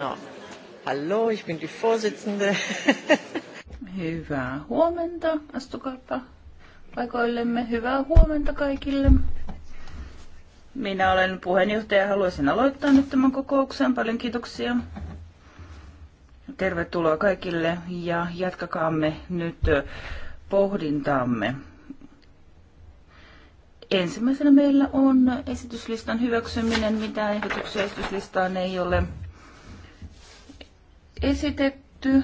No. Hallo, ich bin die Vorsitzende. Hyvää huomenta. Astukaapa paikoillemme. Hyvää huomenta kaikille. Minä olen puheenjohtaja ja haluaisin aloittaa nyt tämän kokouksen. Paljon kiitoksia. Tervetuloa kaikille ja jatkakaamme nyt pohdintaamme. Ensimmäisenä meillä on esityslistan hyväksyminen. mitä ehdotuksia esityslistaan ei ole esitetty.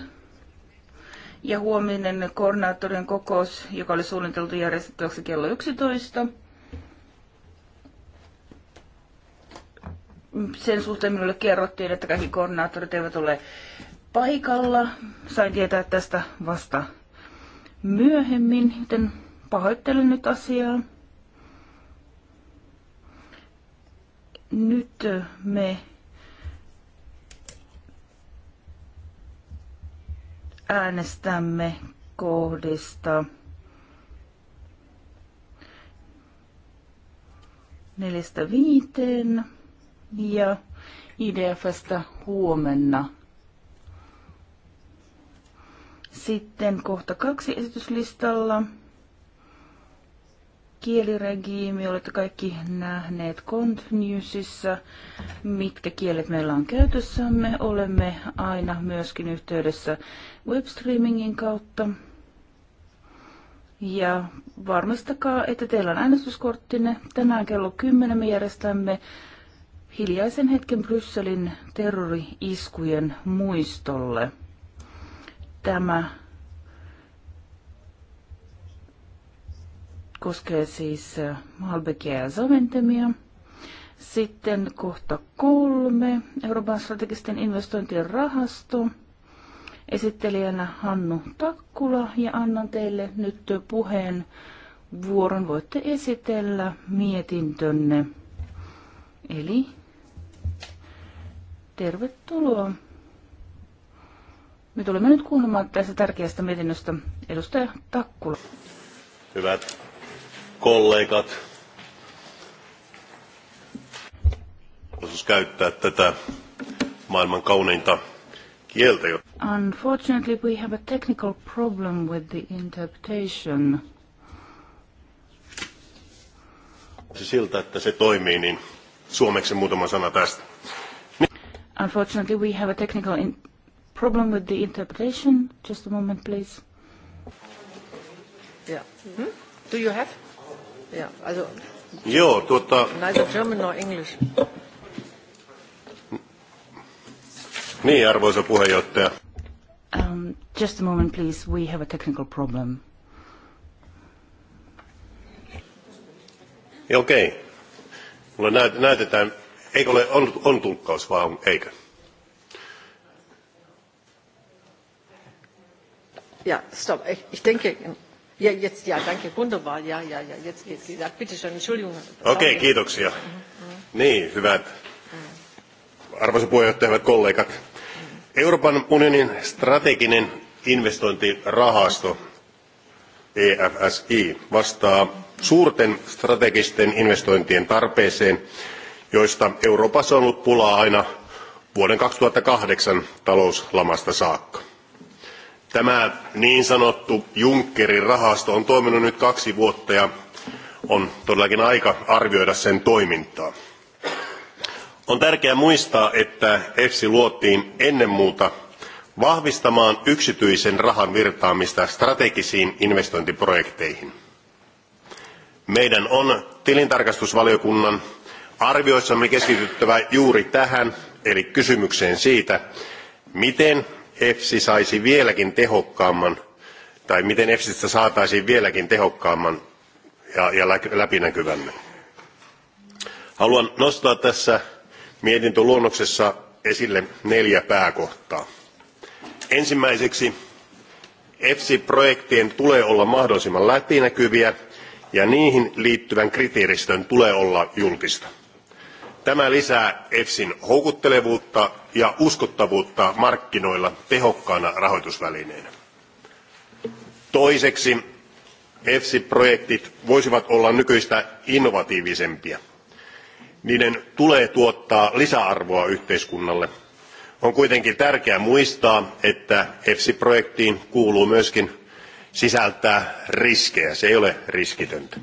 Ja huominen koordinaattorien kokous, joka oli suunniteltu järjestettäväksi kello 11. Sen suhteen minulle kerrottiin, että kaikki koordinaattorit eivät ole paikalla. Sain tietää tästä vasta myöhemmin, joten pahoittelen nyt asiaa. Nyt me äänestämme kohdista 4-5 ja IDFstä huomenna. Sitten kohta kaksi esityslistalla kieliregiimi. Olette kaikki nähneet Contnewsissa, mitkä kielet meillä on käytössämme. Olemme aina myöskin yhteydessä webstreamingin kautta. Ja varmistakaa, että teillä on äänestyskorttinne. Tänään kello 10 me järjestämme hiljaisen hetken Brysselin terrori-iskujen muistolle. Tämä koskee siis äh, Malbekia ja Sitten kohta kolme, Euroopan strategisten investointien rahasto. Esittelijänä Hannu Takkula ja annan teille nyt puheen vuoron. Voitte esitellä mietintönne. Eli tervetuloa. Me tulemme nyt kuulemaan tästä tärkeästä mietinnöstä edustaja Takkula. Hyvät kollegat. Osuus käyttää tätä maailman kauneinta kieltä. Unfortunately we have a technical problem with the interpretation. Se siltä, että se toimii, niin suomeksi muutama sana tästä. Unfortunately we have a technical in problem with the interpretation. Just a moment, please. Yeah. Hmm? Do you have? Ja, also, Joo, tuota... Neither German nor English. Niin, arvoisa puheenjohtaja. Um, just a moment, please. We have a technical problem. Okei. Okay. Mulle näyt, näytetään, eikö ole, on, on tulkkaus vaan on, eikö? Ja, stop. Ich denke, ja, jetzt, ja, danke, wunderbar. Ja, ja, ja, jetzt geht's. Ja, bitte schön, Entschuldigung. Okei, okay, kiitoksia. Mm-hmm. Mm-hmm. Niin, hyvät, arvoisa puheenjohtaja, hyvät kollegat. Euroopan unionin strateginen investointirahasto EFSI vastaa suurten strategisten investointien tarpeeseen, joista Euroopassa on ollut pulaa aina vuoden 2008 talouslamasta saakka Tämä niin sanottu Junckerin rahasto on toiminut nyt kaksi vuotta ja on todellakin aika arvioida sen toimintaa. On tärkeää muistaa, että EFSI luotiin ennen muuta vahvistamaan yksityisen rahan virtaamista strategisiin investointiprojekteihin. Meidän on tilintarkastusvaliokunnan arvioissamme keskityttävä juuri tähän, eli kysymykseen siitä, miten EFSI saisi vieläkin tehokkaamman, tai miten EFSistä saataisiin vieläkin tehokkaamman ja, ja läpinäkyvämmän. Haluan nostaa tässä mietintöluonnoksessa esille neljä pääkohtaa. Ensimmäiseksi EFSI-projektien tulee olla mahdollisimman läpinäkyviä ja niihin liittyvän kriteeristön tulee olla julkista. Tämä lisää EFSin houkuttelevuutta ja uskottavuutta markkinoilla tehokkaana rahoitusvälineenä. Toiseksi EFSI-projektit voisivat olla nykyistä innovatiivisempia. Niiden tulee tuottaa lisäarvoa yhteiskunnalle. On kuitenkin tärkeää muistaa, että EFSI-projektiin kuuluu myöskin sisältää riskejä. Se ei ole riskitöntä.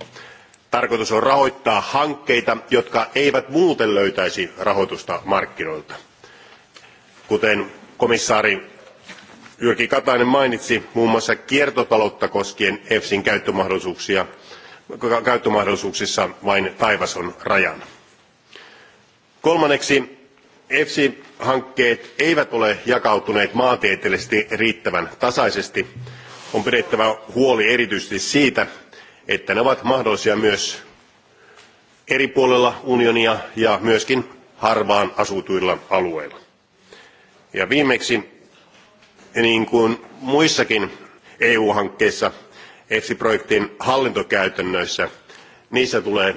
Tarkoitus on rahoittaa hankkeita, jotka eivät muuten löytäisi rahoitusta markkinoilta – kuten komissaari jyrki katainen mainitsi muun muassa kiertotaloutta koskien efsin käyttömahdollisuuksissa vain taivas on rajana. kolmanneksi efsi hankkeet eivät ole jakautuneet maantieteellisesti riittävän tasaisesti. on pidettävä huoli erityisesti siitä että ne ovat mahdollisia myös eri puolilla unionia ja myös harvaan asutuilla alueilla. Ja viimeksi, niin kuin muissakin EU-hankkeissa, EFSI-projektin hallintokäytännöissä, niissä tulee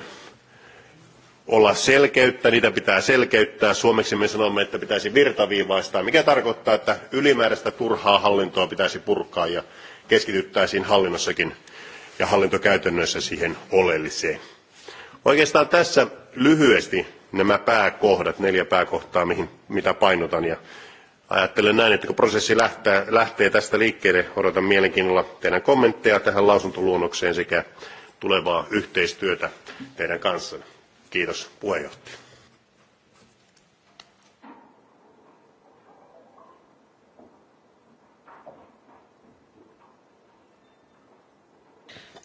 olla selkeyttä, niitä pitää selkeyttää. Suomeksi me sanomme, että pitäisi virtaviivaistaa, mikä tarkoittaa, että ylimääräistä turhaa hallintoa pitäisi purkaa ja keskityttäisiin hallinnossakin ja hallintokäytännöissä siihen oleelliseen. Oikeastaan tässä lyhyesti nämä pääkohdat, neljä pääkohtaa, mihin, mitä painotan ja Ajattelen näin, että kun prosessi lähtee, lähtee tästä liikkeelle, odotan mielenkiinnolla teidän kommentteja tähän lausuntoluonnokseen sekä tulevaa yhteistyötä teidän kanssanne. Kiitos puheenjohtaja.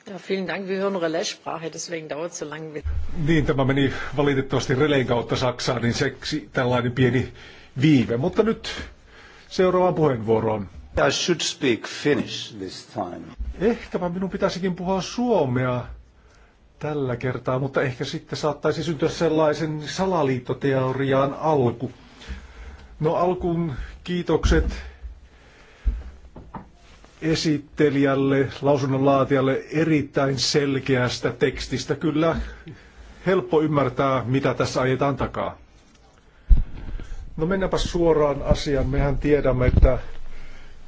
Ja, vielen Dank. Wir hören Relais-Sprache, deswegen dauert so lange. Niin, tämä meni valitettavasti Relayn kautta Saksaan, niin seksi tällainen pieni viive. Mutta nyt seuraavaan puheenvuoroon. I should speak Finnish this time. Ehkäpä minun pitäisikin puhua suomea tällä kertaa, mutta ehkä sitten saattaisi syntyä sellaisen salaliittoteorian alku. No alkuun kiitokset esittelijälle, lausunnonlaatijalle erittäin selkeästä tekstistä. Kyllä helppo ymmärtää, mitä tässä ajetaan takaa. No mennäänpä suoraan asiaan. Mehän tiedämme, että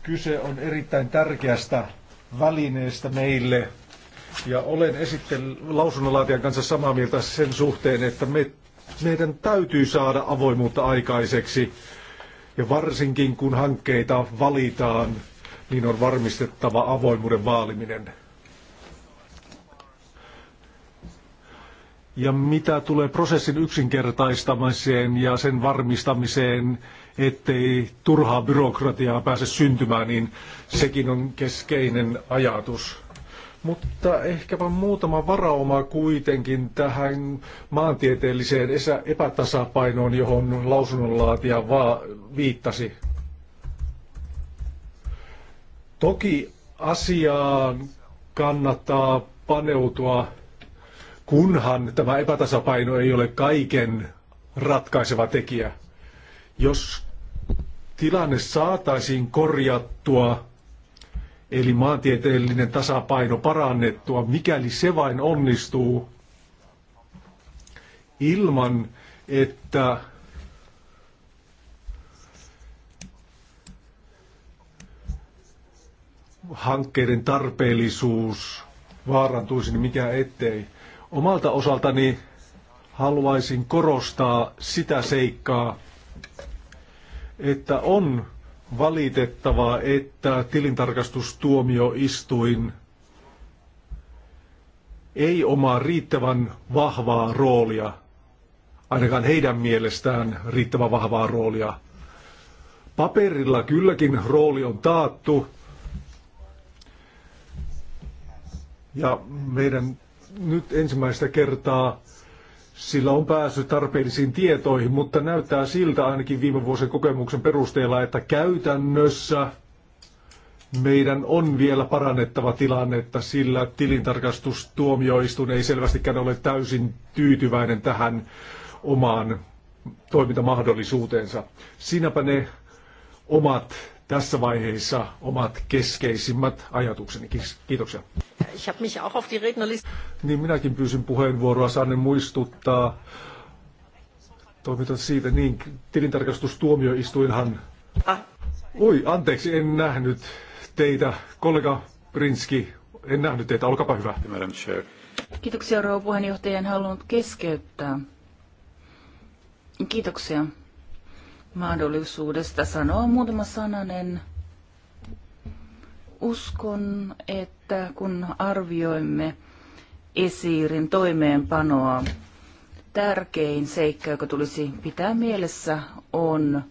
kyse on erittäin tärkeästä välineestä meille. Ja olen esittel lausunnonlaatijan kanssa samaa mieltä sen suhteen, että me, meidän täytyy saada avoimuutta aikaiseksi. Ja varsinkin kun hankkeita valitaan, niin on varmistettava avoimuuden vaaliminen. Ja mitä tulee prosessin yksinkertaistamiseen ja sen varmistamiseen, ettei turhaa byrokratiaa pääse syntymään, niin sekin on keskeinen ajatus. Mutta ehkäpä muutama varauma kuitenkin tähän maantieteelliseen epätasapainoon, johon lausunnonlaatija viittasi. Toki asiaan kannattaa paneutua kunhan tämä epätasapaino ei ole kaiken ratkaiseva tekijä. Jos tilanne saataisiin korjattua, eli maantieteellinen tasapaino parannettua, mikäli se vain onnistuu, ilman että hankkeiden tarpeellisuus vaarantuisi, niin mikä ettei. Omalta osaltani haluaisin korostaa sitä seikkaa, että on valitettavaa, että tilintarkastustuomioistuin ei omaa riittävän vahvaa roolia, ainakaan heidän mielestään riittävän vahvaa roolia. Paperilla kylläkin rooli on taattu, ja meidän nyt ensimmäistä kertaa sillä on päässyt tarpeellisiin tietoihin, mutta näyttää siltä ainakin viime vuosien kokemuksen perusteella, että käytännössä meidän on vielä parannettava tilannetta, sillä tilintarkastustuomioistuin ei selvästikään ole täysin tyytyväinen tähän omaan toimintamahdollisuuteensa. Siinäpä ne omat tässä vaiheessa omat keskeisimmät ajatukseni. Kiitoksia. Ich mich auch auf die Rednerliste. Niin minäkin pyysin puheenvuoroa, saan muistuttaa. Toimitan siitä niin, tilintarkastustuomioistuinhan. Ah. Oi, anteeksi, en nähnyt teitä. Kollega Prinski, en nähnyt teitä, olkapa hyvä. Madam Chair. Kiitoksia rouva puheenjohtaja, en halunnut keskeyttää. Kiitoksia mahdollisuudesta sanoa muutama sananen. Uskon, että kun arvioimme esiirin toimeenpanoa, tärkein seikka, joka tulisi pitää mielessä, on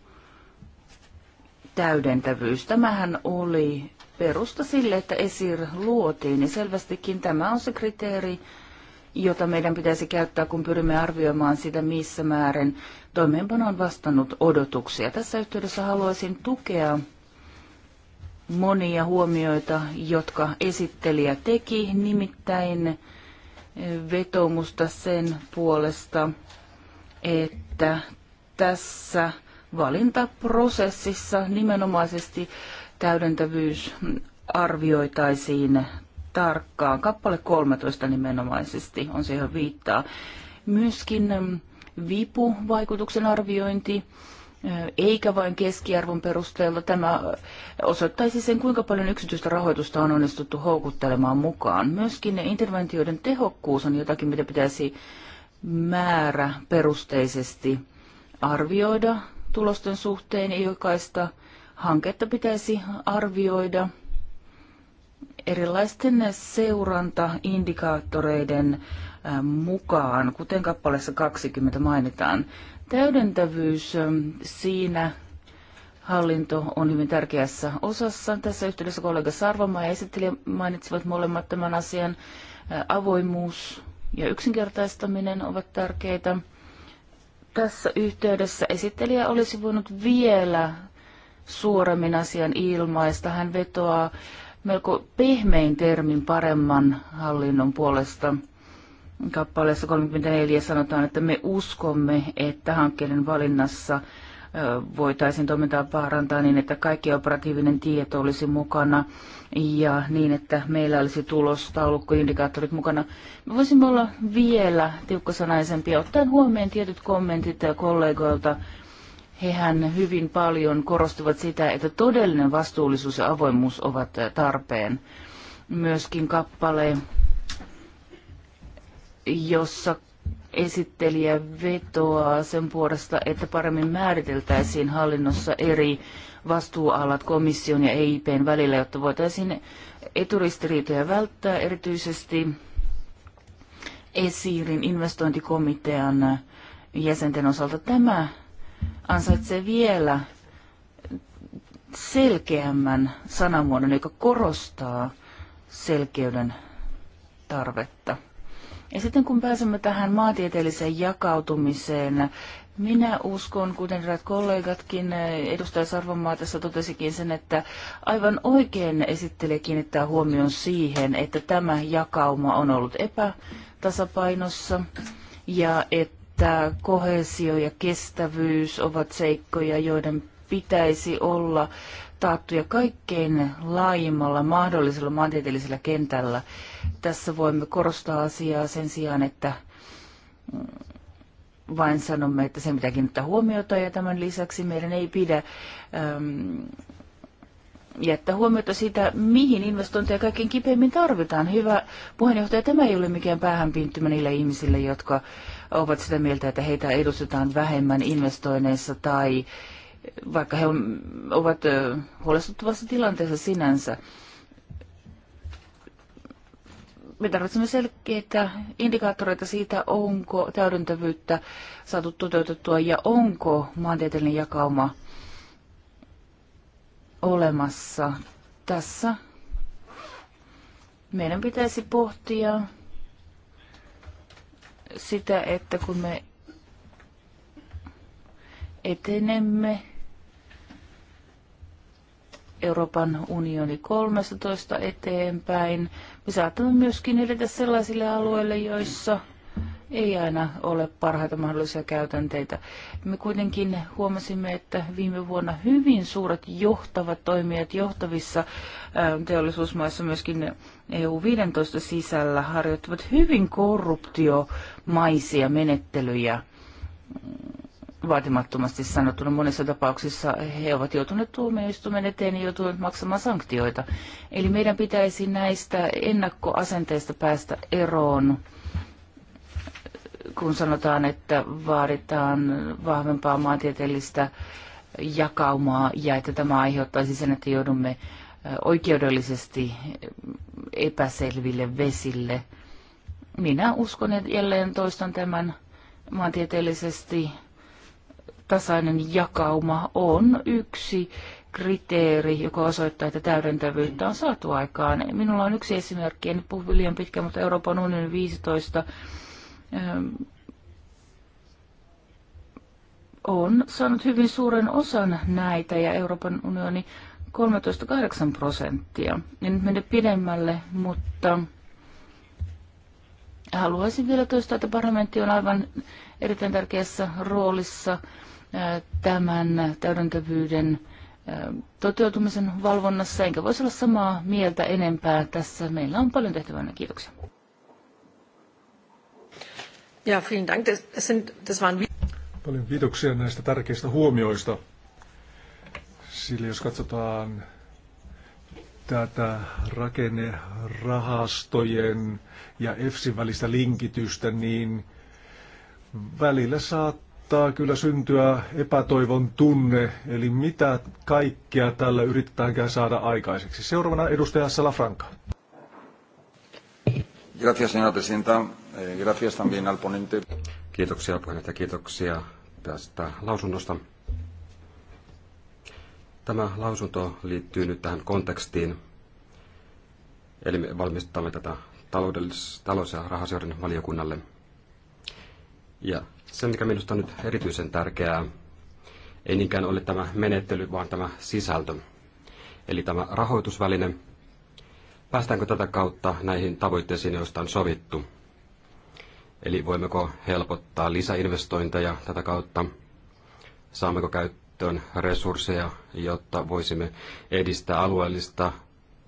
täydentävyys. Tämähän oli perusta sille, että esir luotiin, ja selvästikin tämä on se kriteeri, jota meidän pitäisi käyttää, kun pyrimme arvioimaan sitä, missä määrin toimeenpano on vastannut odotuksia. Tässä yhteydessä haluaisin tukea monia huomioita, jotka esittelijä teki, nimittäin vetomusta sen puolesta, että tässä valintaprosessissa nimenomaisesti täydentävyys arvioitaisiin tarkkaan. Kappale 13 nimenomaisesti on se, johon viittaa. Myöskin ähm, vipuvaikutuksen arviointi, äh, eikä vain keskiarvon perusteella. Tämä äh, osoittaisi sen, kuinka paljon yksityistä rahoitusta on onnistuttu houkuttelemaan mukaan. Myöskin ne interventioiden tehokkuus on jotakin, mitä pitäisi määrä perusteisesti arvioida tulosten suhteen jokaista hanketta pitäisi arvioida – erilaisten seurantaindikaattoreiden mukaan, kuten kappaleessa 20 mainitaan. Täydentävyys siinä hallinto on hyvin tärkeässä osassa. Tässä yhteydessä kollega Sarvamaa ja esittelijä mainitsivat molemmat tämän asian. Avoimuus ja yksinkertaistaminen ovat tärkeitä. Tässä yhteydessä esittelijä olisi voinut vielä suoremmin asian ilmaista. Hän vetoaa melko pehmein termin paremman hallinnon puolesta. Kappaleessa 34 sanotaan, että me uskomme, että hankkeiden valinnassa voitaisiin toimintaa parantaa niin, että kaikki operatiivinen tieto olisi mukana ja niin, että meillä olisi tulos, taulukko, indikaattorit mukana. Me voisimme olla vielä tiukkasanaisempia, ottaen huomioon tietyt kommentit kollegoilta hehän hyvin paljon korostivat sitä, että todellinen vastuullisuus ja avoimuus ovat tarpeen. Myöskin kappale, jossa esittelijä vetoaa sen puolesta, että paremmin määriteltäisiin hallinnossa eri vastuualat komission ja EIPn välillä, jotta voitaisiin eturistiriitoja välttää erityisesti esiirin investointikomitean jäsenten osalta. Tämä ansaitsee vielä selkeämmän sanamuodon, joka korostaa selkeyden tarvetta. Ja sitten kun pääsemme tähän maantieteelliseen jakautumiseen, minä uskon, kuten eräät kollegatkin, edustaja Sarvomaa tässä totesikin sen, että aivan oikein esittelee kiinnittää huomion siihen, että tämä jakauma on ollut epätasapainossa ja että että kohesio ja kestävyys ovat seikkoja, joiden pitäisi olla taattuja kaikkein laajimmalla mahdollisella maantieteellisellä kentällä. Tässä voimme korostaa asiaa sen sijaan, että vain sanomme, että se pitää kiinnittää huomiota ja tämän lisäksi meidän ei pidä äm, jättää huomiota sitä, mihin investointeja kaikkein kipeimmin tarvitaan. Hyvä puheenjohtaja, tämä ei ole mikään päähänpinttymä niille ihmisille, jotka ovat sitä mieltä, että heitä edustetaan vähemmän investoineissa tai vaikka he ovat huolestuttavassa tilanteessa sinänsä. Me tarvitsemme selkeitä indikaattoreita siitä, onko täydentävyyttä saatu toteutettua ja onko maantieteellinen jakauma olemassa tässä. Meidän pitäisi pohtia sitä, että kun me etenemme Euroopan unioni 13 eteenpäin, me saatamme myöskin edetä sellaisille alueille, joissa ei aina ole parhaita mahdollisia käytänteitä. Me kuitenkin huomasimme, että viime vuonna hyvin suuret johtavat toimijat johtavissa teollisuusmaissa myöskin EU-15 sisällä harjoittavat hyvin korruptiomaisia menettelyjä vaatimattomasti sanottuna. Monissa tapauksissa he ovat joutuneet tuomioistuimen eteen ja joutuneet maksamaan sanktioita. Eli meidän pitäisi näistä ennakkoasenteista päästä eroon kun sanotaan, että vaaditaan vahvempaa maantieteellistä jakaumaa ja että tämä aiheuttaisi sen, että joudumme oikeudellisesti epäselville vesille. Minä uskon, että jälleen toistan tämän maantieteellisesti tasainen jakauma on yksi kriteeri, joka osoittaa, että täydentävyyttä on saatu aikaan. Minulla on yksi esimerkki, en puhu liian pitkään, mutta Euroopan unionin 15 Ehm, on saanut hyvin suuren osan näitä ja Euroopan unioni 13,8 prosenttia. En nyt mene pidemmälle, mutta haluaisin vielä toistaa, että parlamentti on aivan erittäin tärkeässä roolissa tämän täydentävyyden toteutumisen valvonnassa, enkä voisi olla samaa mieltä enempää tässä. Meillä on paljon tehtävänä. Kiitoksia. Ja, vielen Dank. Das, sind, das waren... Paljon kiitoksia näistä tärkeistä huomioista. Sillä jos katsotaan tätä rakennerahastojen ja EFSin välistä linkitystä, niin välillä saattaa kyllä syntyä epätoivon tunne, eli mitä kaikkea tällä yritetäänkään saada aikaiseksi. Seuraavana edustaja Salafranca. Gracias, señora presidenta. Eh, gracias también al ponente. Kiitoksia puheenjohtaja, kiitoksia tästä lausunnosta. Tämä lausunto liittyy nyt tähän kontekstiin. Eli me valmistamme tätä talous- ja rahasioiden valiokunnalle. Ja se, mikä minusta on nyt erityisen tärkeää, ei niinkään ole tämä menettely, vaan tämä sisältö. Eli tämä rahoitusväline. Päästäänkö tätä kautta näihin tavoitteisiin, joista on sovittu? Eli voimmeko helpottaa lisäinvestointeja tätä kautta? Saammeko käyttöön resursseja, jotta voisimme edistää alueellista,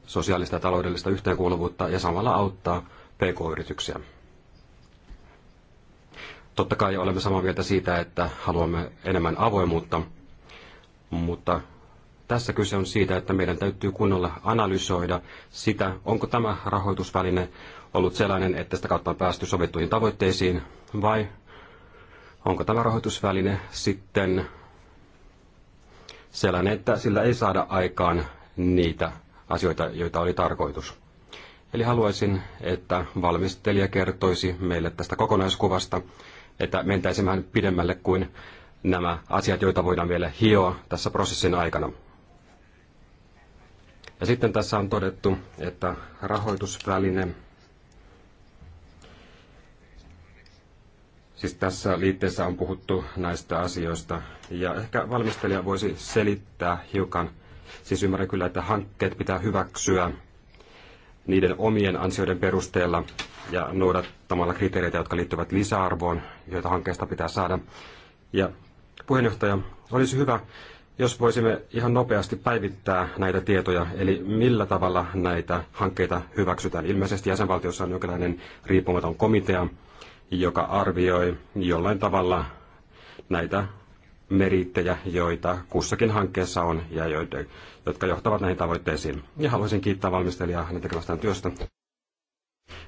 sosiaalista ja taloudellista yhteenkuuluvuutta ja samalla auttaa pk-yrityksiä? Totta kai olemme samaa mieltä siitä, että haluamme enemmän avoimuutta, mutta tässä kyse on siitä, että meidän täytyy kunnolla analysoida sitä, onko tämä rahoitusväline ollut sellainen, että sitä kautta on päästy sovittuihin tavoitteisiin, vai onko tämä rahoitusväline sitten sellainen, että sillä ei saada aikaan niitä asioita, joita oli tarkoitus. Eli haluaisin, että valmistelija kertoisi meille tästä kokonaiskuvasta, että mentäisiin vähän pidemmälle kuin nämä asiat, joita voidaan vielä hioa tässä prosessin aikana. Ja sitten tässä on todettu, että rahoitusväline Siis tässä liitteessä on puhuttu näistä asioista ja ehkä valmistelija voisi selittää hiukan. Siis ymmärrän kyllä, että hankkeet pitää hyväksyä niiden omien ansioiden perusteella ja noudattamalla kriteereitä, jotka liittyvät lisäarvoon, joita hankkeesta pitää saada. Ja puheenjohtaja, olisi hyvä, jos voisimme ihan nopeasti päivittää näitä tietoja, eli millä tavalla näitä hankkeita hyväksytään. Ilmeisesti jäsenvaltiossa on jonkinlainen riippumaton komitea, joka arvioi jollain tavalla näitä merittejä, joita kussakin hankkeessa on ja joita, jotka johtavat näihin tavoitteisiin. Ja haluaisin kiittää valmistelijaa hänen tekemästään työstä.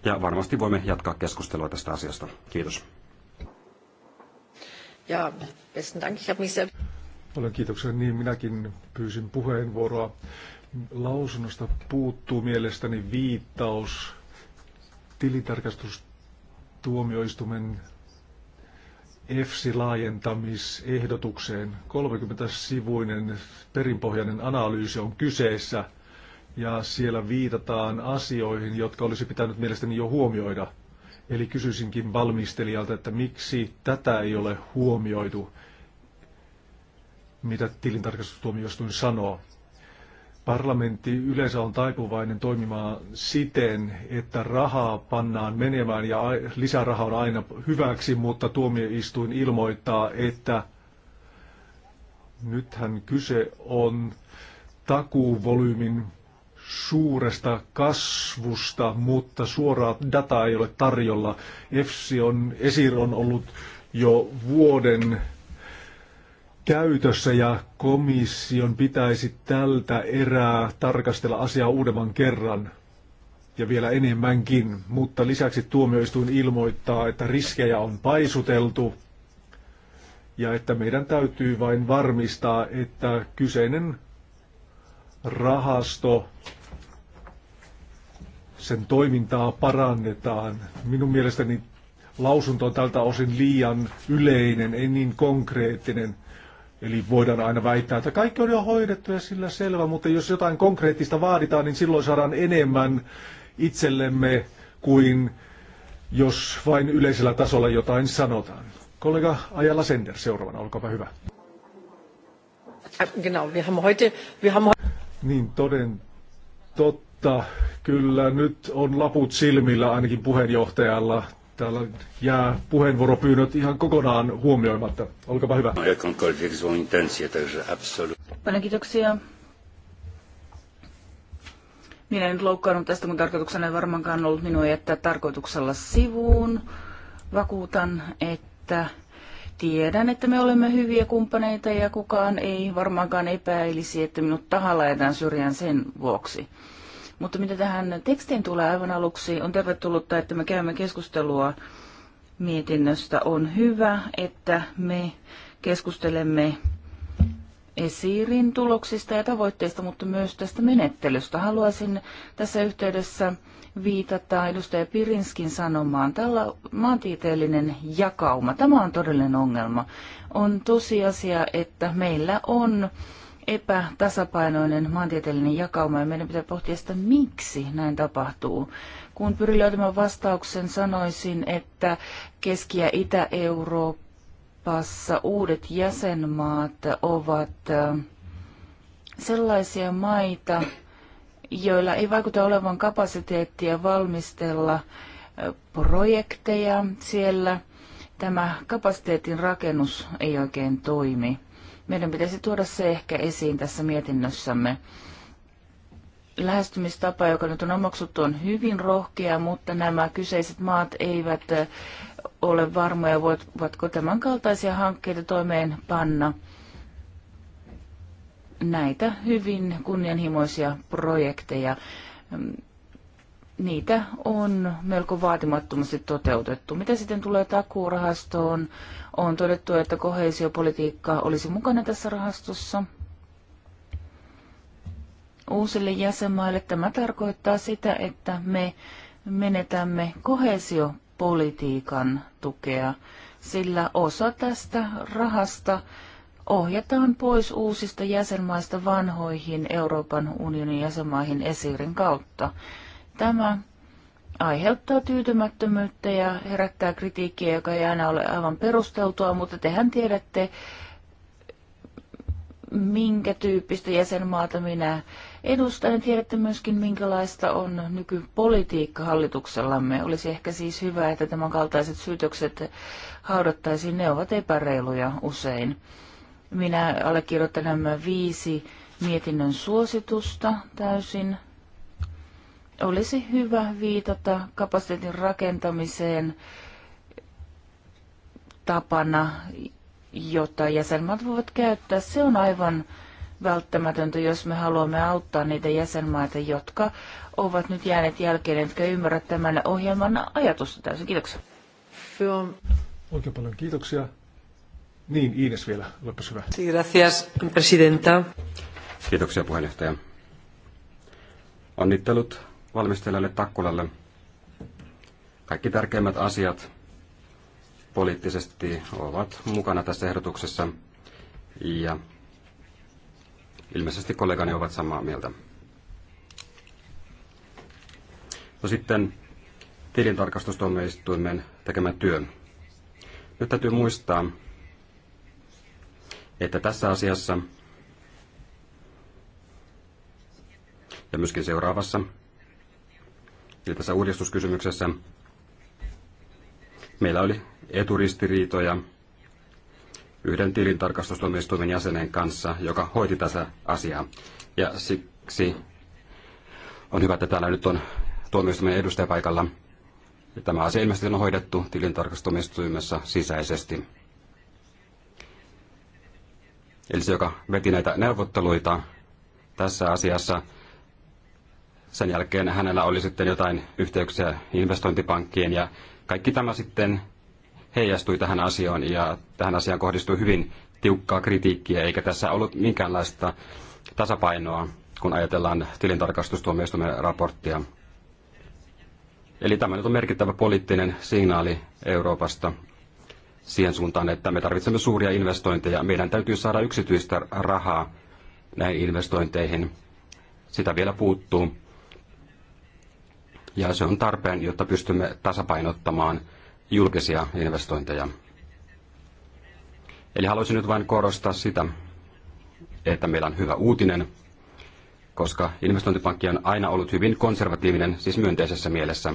Ja varmasti voimme jatkaa keskustelua tästä asiasta. Kiitos. Ja, besten dank. Ich mich sehr... Olen kiitoksia. Niin minäkin pyysin puheenvuoroa. Lausunnosta puuttuu mielestäni viittaus tilintarkastus tuomioistuimen EFSI-laajentamisehdotukseen. 30-sivuinen perinpohjainen analyysi on kyseessä ja siellä viitataan asioihin, jotka olisi pitänyt mielestäni jo huomioida. Eli kysyisinkin valmistelijalta, että miksi tätä ei ole huomioitu, mitä tilintarkastustuomioistuin sanoo. Parlamentti yleensä on taipuvainen toimimaan siten, että rahaa pannaan menemään ja lisäraha on aina hyväksi, mutta tuomioistuin ilmoittaa, että nythän kyse on takuuvolyymin suuresta kasvusta, mutta suoraa dataa ei ole tarjolla. EFSI on, ESIR on ollut jo vuoden käytössä ja komission pitäisi tältä erää tarkastella asiaa uudemman kerran ja vielä enemmänkin, mutta lisäksi tuomioistuin ilmoittaa, että riskejä on paisuteltu ja että meidän täytyy vain varmistaa, että kyseinen rahasto, sen toimintaa parannetaan. Minun mielestäni lausunto on tältä osin liian yleinen, ei niin konkreettinen. Eli voidaan aina väittää, että kaikki on jo hoidettu ja sillä selvä, mutta jos jotain konkreettista vaaditaan, niin silloin saadaan enemmän itsellemme kuin jos vain yleisellä tasolla jotain sanotaan. Kollega Ajala Sender seuraavana, olkaapa hyvä. Genau, wir haben heute, wir haben Niin, toden totta. Kyllä nyt on laput silmillä ainakin puheenjohtajalla Täällä jää puheenvuoropyynnöt ihan kokonaan huomioimatta. Olkapa hyvä. No, Paljon kiitoksia. Minä en nyt loukkaannut tästä, kun tarkoituksena ei varmaankaan ollut minua jättää tarkoituksella sivuun. Vakuutan, että tiedän, että me olemme hyviä kumppaneita ja kukaan ei varmaankaan epäilisi, että minut tahalla jätän syrjään sen vuoksi. Mutta mitä tähän tekstiin tulee aivan aluksi, on tervetullutta, että me käymme keskustelua mietinnöstä. On hyvä, että me keskustelemme esiirin tuloksista ja tavoitteista, mutta myös tästä menettelystä. Haluaisin tässä yhteydessä viitata edustaja Pirinskin sanomaan. Tällä maantieteellinen jakauma, tämä on todellinen ongelma. On tosiasia, että meillä on epätasapainoinen maantieteellinen jakauma ja meidän pitää pohtia sitä, miksi näin tapahtuu. Kun pyrin löytämään vastauksen, sanoisin, että Keski- ja Itä-Euroopassa uudet jäsenmaat ovat sellaisia maita, joilla ei vaikuta olevan kapasiteettia valmistella projekteja siellä. Tämä kapasiteetin rakennus ei oikein toimi. Meidän pitäisi tuoda se ehkä esiin tässä mietinnössämme. Lähestymistapa, joka nyt on omaksuttu, on hyvin rohkea, mutta nämä kyseiset maat eivät ole varmoja, voivatko tämän kaltaisia hankkeita toimeen panna. Näitä hyvin kunnianhimoisia projekteja niitä on melko vaatimattomasti toteutettu. Mitä sitten tulee takuurahastoon? On todettu, että kohesiopolitiikka olisi mukana tässä rahastossa. Uusille jäsenmaille tämä tarkoittaa sitä, että me menetämme kohesiopolitiikan tukea, sillä osa tästä rahasta ohjataan pois uusista jäsenmaista vanhoihin Euroopan unionin jäsenmaihin esirin kautta. Tämä aiheuttaa tyytymättömyyttä ja herättää kritiikkiä, joka ei aina ole aivan perusteltua, mutta tehän tiedätte, minkä tyyppistä jäsenmaata minä edustan ja tiedätte myöskin, minkälaista on nykypolitiikka hallituksellamme. Olisi ehkä siis hyvä, että tämän kaltaiset syytökset haudattaisiin. Ne ovat epäreiluja usein. Minä allekirjoitan nämä viisi mietinnön suositusta täysin olisi hyvä viitata kapasiteetin rakentamiseen tapana, jota jäsenmaat voivat käyttää. Se on aivan välttämätöntä, jos me haluamme auttaa niitä jäsenmaita, jotka ovat nyt jääneet jälkeen, jotka ymmärrät tämän ohjelman ajatusta täysin. Kiitoksia. Oikein paljon kiitoksia. Niin, Iines vielä, olepas hyvä. Gracias, presidenta. Kiitoksia puheenjohtaja. Onnittelut valmistelijalle Takkulalle kaikki tärkeimmät asiat poliittisesti ovat mukana tässä ehdotuksessa ja ilmeisesti kollegani ovat samaa mieltä. No sitten tilintarkastustuomioistuimen tekemä työ. Nyt täytyy muistaa, että tässä asiassa ja myöskin seuraavassa Eli tässä uudistuskysymyksessä meillä oli eturistiriitoja yhden tilintarkastustuomioistuimen jäsenen kanssa, joka hoiti tässä asiaa. Ja siksi on hyvä, että täällä nyt on tuomioistuimen edustaja paikalla. Tämä asia ilmeisesti on hoidettu tilintarkastustuomioistuimessa sisäisesti. Eli se, joka veti näitä neuvotteluita tässä asiassa, sen jälkeen hänellä oli sitten jotain yhteyksiä investointipankkiin ja kaikki tämä sitten heijastui tähän asiaan ja tähän asiaan kohdistui hyvin tiukkaa kritiikkiä eikä tässä ollut minkäänlaista tasapainoa, kun ajatellaan tilintarkastustuomioistuimen raporttia. Eli tämä nyt on merkittävä poliittinen signaali Euroopasta siihen suuntaan, että me tarvitsemme suuria investointeja. Meidän täytyy saada yksityistä rahaa näihin investointeihin. Sitä vielä puuttuu ja se on tarpeen, jotta pystymme tasapainottamaan julkisia investointeja. Eli haluaisin nyt vain korostaa sitä, että meillä on hyvä uutinen, koska investointipankki on aina ollut hyvin konservatiivinen, siis myönteisessä mielessä.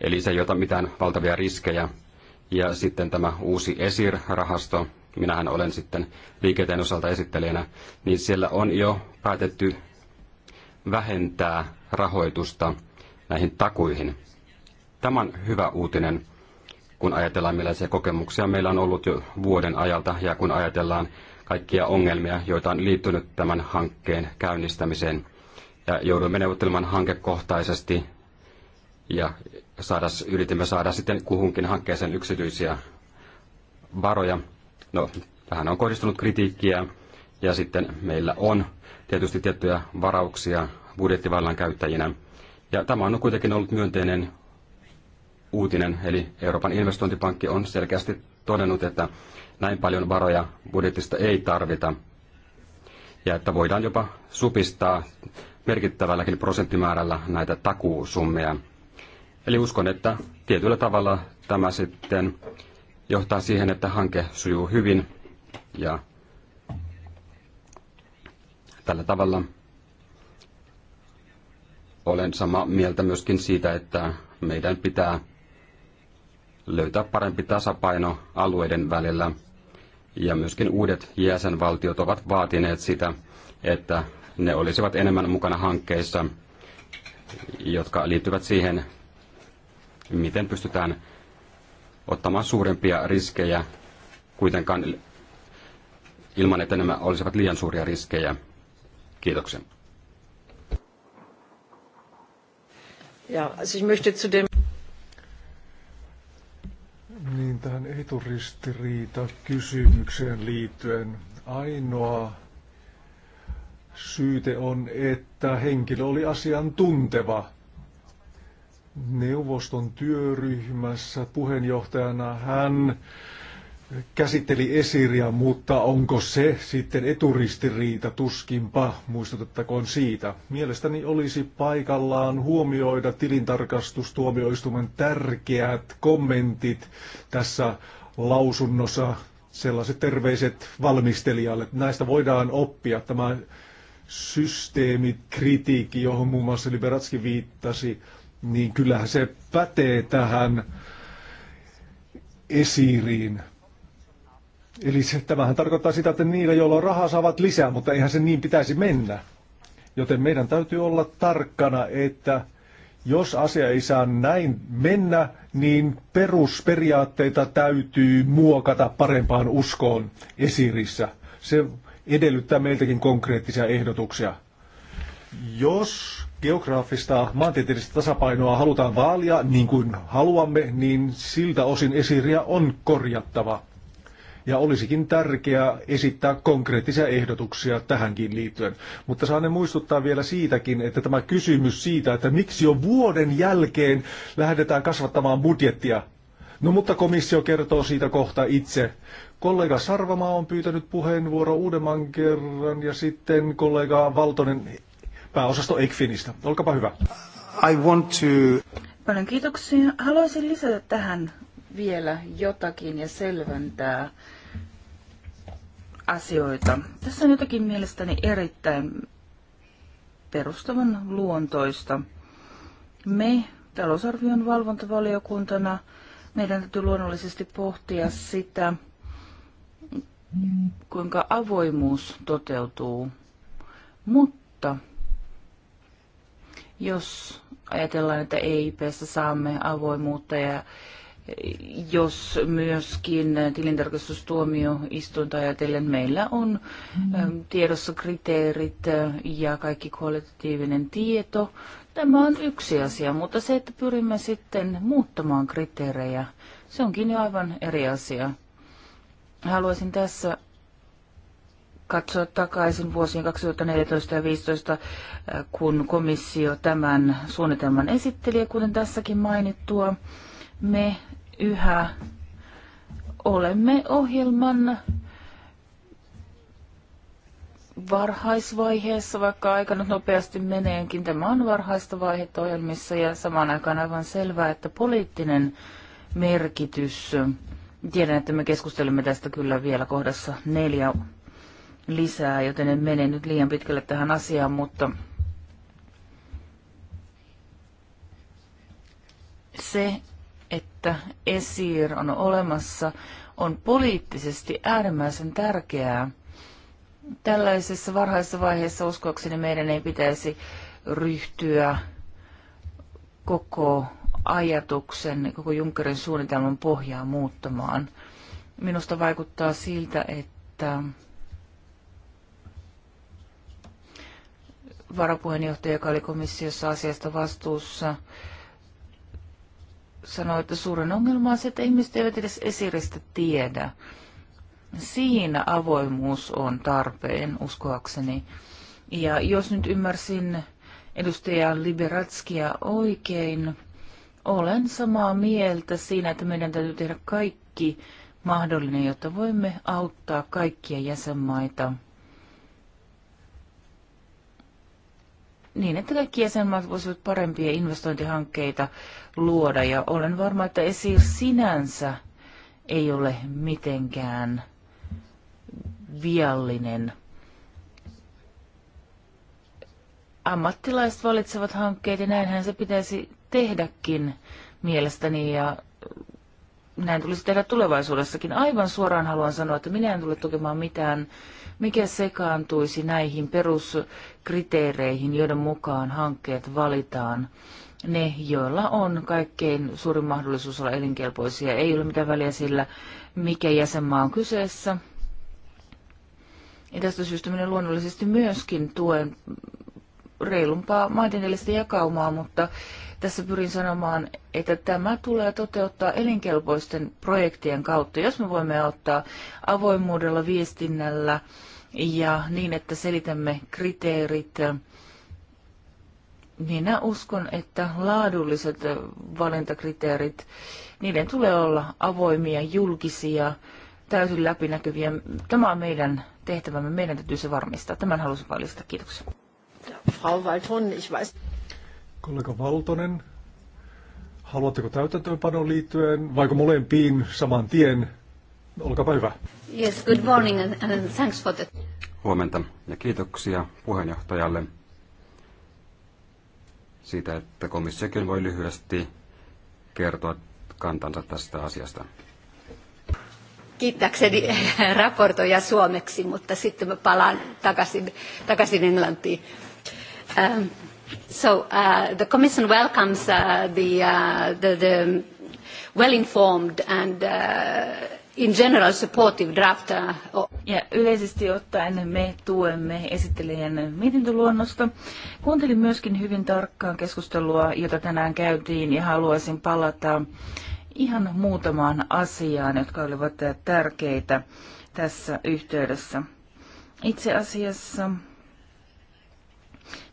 Eli se ei ota mitään valtavia riskejä. Ja sitten tämä uusi ESIR-rahasto, minähän olen sitten liikenteen osalta esittelijänä, niin siellä on jo päätetty vähentää rahoitusta näihin takuihin. Tämä on hyvä uutinen, kun ajatellaan millaisia kokemuksia meillä on ollut jo vuoden ajalta ja kun ajatellaan kaikkia ongelmia, joita on liittynyt tämän hankkeen käynnistämiseen. Ja joudumme neuvottelemaan hankekohtaisesti ja saada, yritimme saada sitten kuhunkin hankkeeseen yksityisiä varoja. No, tähän on kohdistunut kritiikkiä ja sitten meillä on tietysti tiettyjä varauksia budjettivallan käyttäjinä. Ja tämä on kuitenkin ollut myönteinen uutinen, eli Euroopan investointipankki on selkeästi todennut, että näin paljon varoja budjetista ei tarvita, ja että voidaan jopa supistaa merkittävälläkin prosenttimäärällä näitä takuusummeja. Eli uskon, että tietyllä tavalla tämä sitten johtaa siihen, että hanke sujuu hyvin ja tällä tavalla olen samaa mieltä myöskin siitä, että meidän pitää löytää parempi tasapaino alueiden välillä. Ja myöskin uudet jäsenvaltiot ovat vaatineet sitä, että ne olisivat enemmän mukana hankkeissa, jotka liittyvät siihen, miten pystytään ottamaan suurempia riskejä kuitenkaan ilman, että nämä olisivat liian suuria riskejä. Kiitoksia. Ja, also ich möchte zu dem niin tähän eturistiriita kysymykseen liittyen ainoa syyte on, että henkilö oli asiantunteva. Neuvoston työryhmässä puheenjohtajana hän käsitteli esiriä, mutta onko se sitten eturistiriita tuskinpa, muistutettakoon siitä. Mielestäni olisi paikallaan huomioida tilintarkastustuomioistuimen tärkeät kommentit tässä lausunnossa, sellaiset terveiset valmistelijalle. Näistä voidaan oppia tämä systeemikritiikki, kritiikki, johon muun muassa Liberatski viittasi, niin kyllähän se pätee tähän esiriin. Eli se, tämähän tarkoittaa sitä, että niillä, joilla on rahaa, saavat lisää, mutta eihän se niin pitäisi mennä. Joten meidän täytyy olla tarkkana, että jos asia ei saa näin mennä, niin perusperiaatteita täytyy muokata parempaan uskoon esirissä. Se edellyttää meiltäkin konkreettisia ehdotuksia. Jos geograafista maantieteellistä tasapainoa halutaan vaalia niin kuin haluamme, niin siltä osin esiriä on korjattava. Ja olisikin tärkeää esittää konkreettisia ehdotuksia tähänkin liittyen. Mutta saan muistuttaa vielä siitäkin, että tämä kysymys siitä, että miksi jo vuoden jälkeen lähdetään kasvattamaan budjettia. No mutta komissio kertoo siitä kohta itse. Kollega Sarvamaa on pyytänyt puheenvuoro uudemman kerran ja sitten kollega Valtonen pääosasto Ekfinistä. Olkapa hyvä. I want to... Paljon kiitoksia. Haluaisin lisätä tähän vielä jotakin ja selventää asioita. Tässä on jotakin mielestäni erittäin perustavan luontoista. Me talousarvion valvontavaliokuntana meidän täytyy luonnollisesti pohtia sitä, kuinka avoimuus toteutuu. Mutta jos ajatellaan, että EIPssä saamme avoimuutta ja jos myöskin tilintarkastustuomioistuinta ajatellen meillä on mm-hmm. ähm, tiedossa kriteerit äh, ja kaikki kvalitatiivinen tieto. Tämä on yksi asia, mutta se, että pyrimme sitten muuttamaan kriteerejä, se onkin jo aivan eri asia. Haluaisin tässä katsoa takaisin vuosien 2014 ja 2015, äh, kun komissio tämän suunnitelman esitteli, ja kuten tässäkin mainittua, me yhä olemme ohjelman varhaisvaiheessa, vaikka aika nyt nopeasti meneenkin. Tämä on varhaista vaihetta ohjelmissa ja samaan aikaan aivan selvää, että poliittinen merkitys. Tiedän, että me keskustelemme tästä kyllä vielä kohdassa neljä lisää, joten en mene nyt liian pitkälle tähän asiaan, mutta se, että Esir on olemassa, on poliittisesti äärimmäisen tärkeää. Tällaisessa varhaisessa vaiheessa uskoakseni meidän ei pitäisi ryhtyä koko ajatuksen, koko Junckerin suunnitelman pohjaa muuttamaan. Minusta vaikuttaa siltä, että varapuheenjohtaja, joka oli komissiossa asiasta vastuussa, sanoi, että suurin ongelma on se, että ihmiset eivät edes esiristä tiedä. Siinä avoimuus on tarpeen, uskoakseni. Ja jos nyt ymmärsin edustaja Liberatskia oikein, olen samaa mieltä siinä, että meidän täytyy tehdä kaikki mahdollinen, jotta voimme auttaa kaikkia jäsenmaita niin, että kaikki jäsenmaat voisivat parempia investointihankkeita luoda. Ja olen varma, että ESIR sinänsä ei ole mitenkään viallinen. Ammattilaiset valitsevat hankkeet ja näinhän se pitäisi tehdäkin mielestäni ja näin tulisi tehdä tulevaisuudessakin. Aivan suoraan haluan sanoa, että minä en tule tukemaan mitään mikä sekaantuisi näihin peruskriteereihin, joiden mukaan hankkeet valitaan. Ne, joilla on kaikkein suurin mahdollisuus olla elinkelpoisia, ei ole mitään väliä sillä, mikä jäsenmaa on kyseessä. Ja tästä syystä minä luonnollisesti myöskin tuen reilumpaa maantieteellistä jakaumaa, mutta tässä pyrin sanomaan, että tämä tulee toteuttaa elinkelpoisten projektien kautta, jos me voimme auttaa avoimuudella, viestinnällä ja niin, että selitämme kriteerit. Minä niin uskon, että laadulliset valintakriteerit, niiden tulee olla avoimia, julkisia, täysin läpinäkyviä. Tämä on meidän tehtävämme, meidän täytyy se varmistaa. Tämän halusin paljastaa. Kiitoksia. Frau Walton, ich weiß... Kollega Valtonen, haluatteko täytäntöönpanoon liittyen, vaiko molempiin saman tien? Olkaa hyvä. Yes, good morning and thanks for the... Huomenta ja kiitoksia puheenjohtajalle siitä, että komissiokin voi lyhyesti kertoa kantansa tästä asiasta. Kiittääkseni raportoja suomeksi, mutta sitten mä palaan takaisin, takaisin Englantiin. Ähm. So uh, the Commission welcomes uh, the, uh, the, the well-informed and uh, in general supportive draft. Uh, ja yleisesti ottaen me tuemme esittelijän mietintöluonnosta. Kuuntelin myöskin hyvin tarkkaan keskustelua, jota tänään käytiin, ja haluaisin palata ihan muutamaan asiaan, jotka olivat tärkeitä tässä yhteydessä. Itse asiassa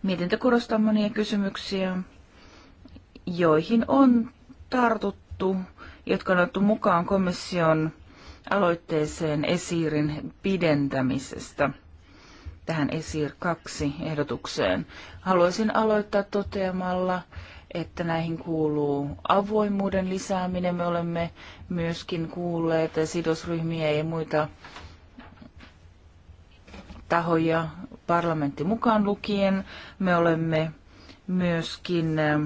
Mietintö korostaa monia kysymyksiä, joihin on tartuttu, jotka on otettu mukaan komission aloitteeseen esiirin pidentämisestä tähän esir 2 ehdotukseen. Haluaisin aloittaa toteamalla, että näihin kuuluu avoimuuden lisääminen. Me olemme myöskin kuulleet sidosryhmiä ja muita tahoja, parlamentti mukaan lukien. Me olemme myöskin eh,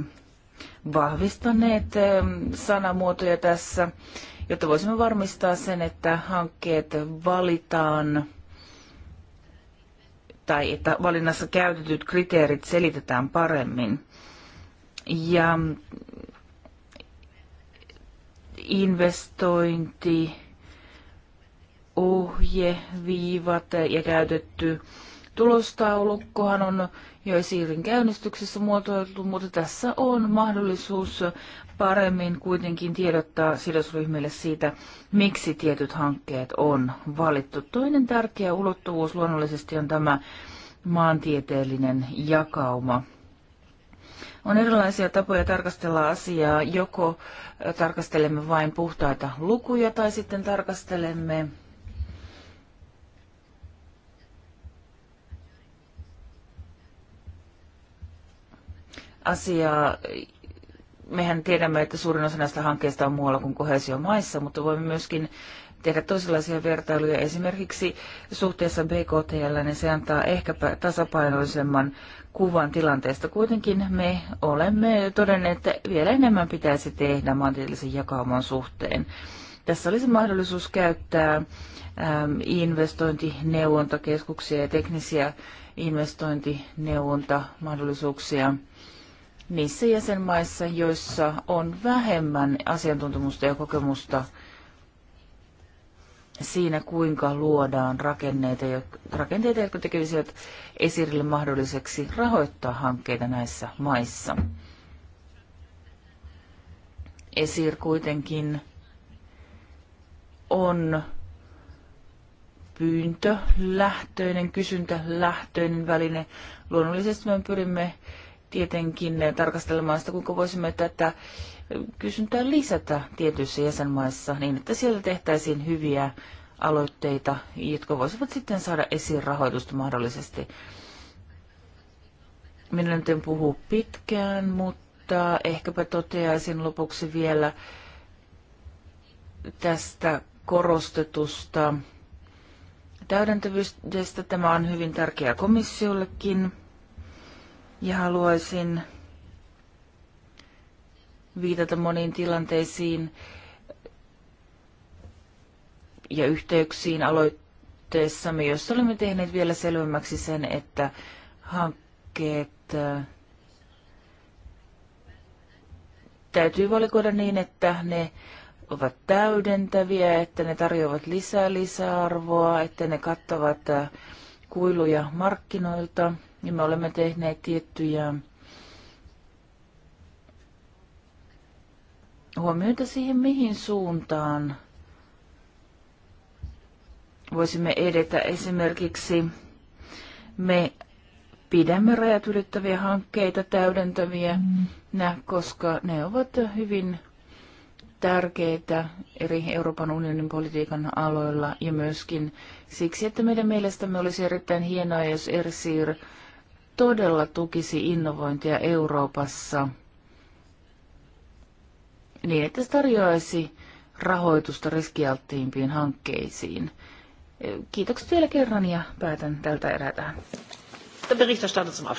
vahvistaneet eh, sanamuotoja tässä, jotta voisimme varmistaa sen, että hankkeet valitaan tai että valinnassa käytetyt kriteerit selitetään paremmin. Ja investointi viivat ja käytetty tulostaulukkohan on jo siirin käynnistyksessä muotoiltu, mutta tässä on mahdollisuus paremmin kuitenkin tiedottaa sidosryhmille siitä, miksi tietyt hankkeet on valittu. Toinen tärkeä ulottuvuus luonnollisesti on tämä maantieteellinen jakauma. On erilaisia tapoja tarkastella asiaa, joko tarkastelemme vain puhtaita lukuja tai sitten tarkastelemme asiaa. Mehän tiedämme, että suurin osa näistä hankkeista on muualla kuin kohesiomaissa, mutta voimme myöskin tehdä toisenlaisia vertailuja. Esimerkiksi suhteessa BKTL, niin se antaa ehkä tasapainoisemman kuvan tilanteesta. Kuitenkin me olemme todenneet, että vielä enemmän pitäisi tehdä maantieteellisen jakauman suhteen. Tässä olisi mahdollisuus käyttää ähm, investointineuvontakeskuksia ja teknisiä investointineuvontamahdollisuuksia mahdollisuuksia niissä jäsenmaissa, joissa on vähemmän asiantuntemusta ja kokemusta siinä, kuinka luodaan rakenneita, rakenteita, jotka tekevät esirille mahdolliseksi rahoittaa hankkeita näissä maissa. Esir kuitenkin on pyyntölähtöinen, kysyntälähtöinen väline. Luonnollisesti me pyrimme tietenkin tarkastelemaan sitä, kuinka voisimme tätä kysyntää lisätä tietyissä jäsenmaissa niin, että siellä tehtäisiin hyviä aloitteita, jotka voisivat sitten saada esiin rahoitusta mahdollisesti. Minä nyt en puhu pitkään, mutta ehkäpä toteaisin lopuksi vielä tästä korostetusta täydentävyydestä. Tämä on hyvin tärkeää komissiollekin ja haluaisin viitata moniin tilanteisiin ja yhteyksiin aloitteessamme, jossa olemme tehneet vielä selvemmäksi sen, että hankkeet äh, täytyy valikoida niin, että ne ovat täydentäviä, että ne tarjoavat lisää lisäarvoa, että ne kattavat äh, kuiluja markkinoilta – niin me olemme tehneet tiettyjä huomioita siihen, mihin suuntaan voisimme edetä. Esimerkiksi me pidämme rajat ylittäviä hankkeita täydentäviä, koska ne ovat hyvin tärkeitä eri Euroopan unionin politiikan aloilla ja myöskin siksi, että meidän mielestämme olisi erittäin hienoa, jos ERSIR todella tukisi innovointia Euroopassa niin, että se tarjoaisi rahoitusta riskialttiimpiin hankkeisiin. Kiitokset vielä kerran ja päätän tältä erätään. tähän.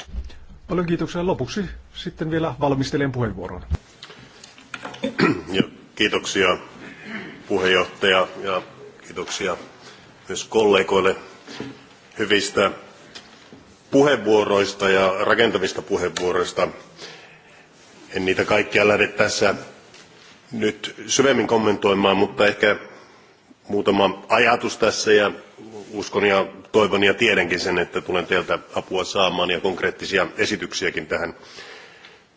Paljon kiitoksia. Lopuksi sitten vielä valmistelen puheenvuoron. Ja kiitoksia puheenjohtaja ja kiitoksia myös kollegoille hyvistä puheenvuoroista ja rakentavista puheenvuoroista. En niitä kaikkia lähde tässä nyt syvemmin kommentoimaan, mutta ehkä muutama ajatus tässä ja uskon ja toivon ja tiedänkin sen, että tulen teiltä apua saamaan ja konkreettisia esityksiäkin tähän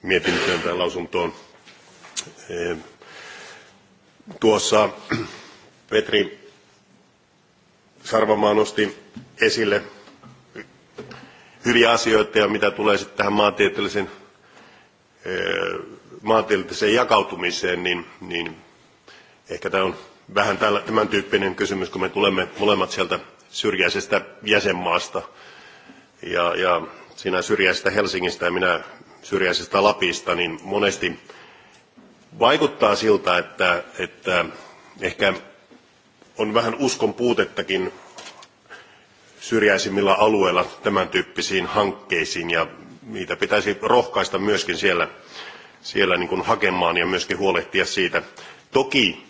mietintöön tai lausuntoon. Eh, tuossa Petri Sarvamaa nosti esille hyviä asioita ja mitä tulee sitten tähän maantieteelliseen, eh, maantieteelliseen jakautumiseen, niin, niin ehkä tämä on vähän tämän tyyppinen kysymys, kun me tulemme molemmat sieltä syrjäisestä jäsenmaasta ja, ja sinä syrjäisestä Helsingistä ja minä syrjäisestä Lapista, niin monesti vaikuttaa siltä, että, että ehkä on vähän uskon puutettakin syrjäisimmillä alueilla tämän tyyppisiin hankkeisiin ja niitä pitäisi rohkaista myöskin siellä, siellä niin kuin hakemaan ja myöskin huolehtia siitä. Toki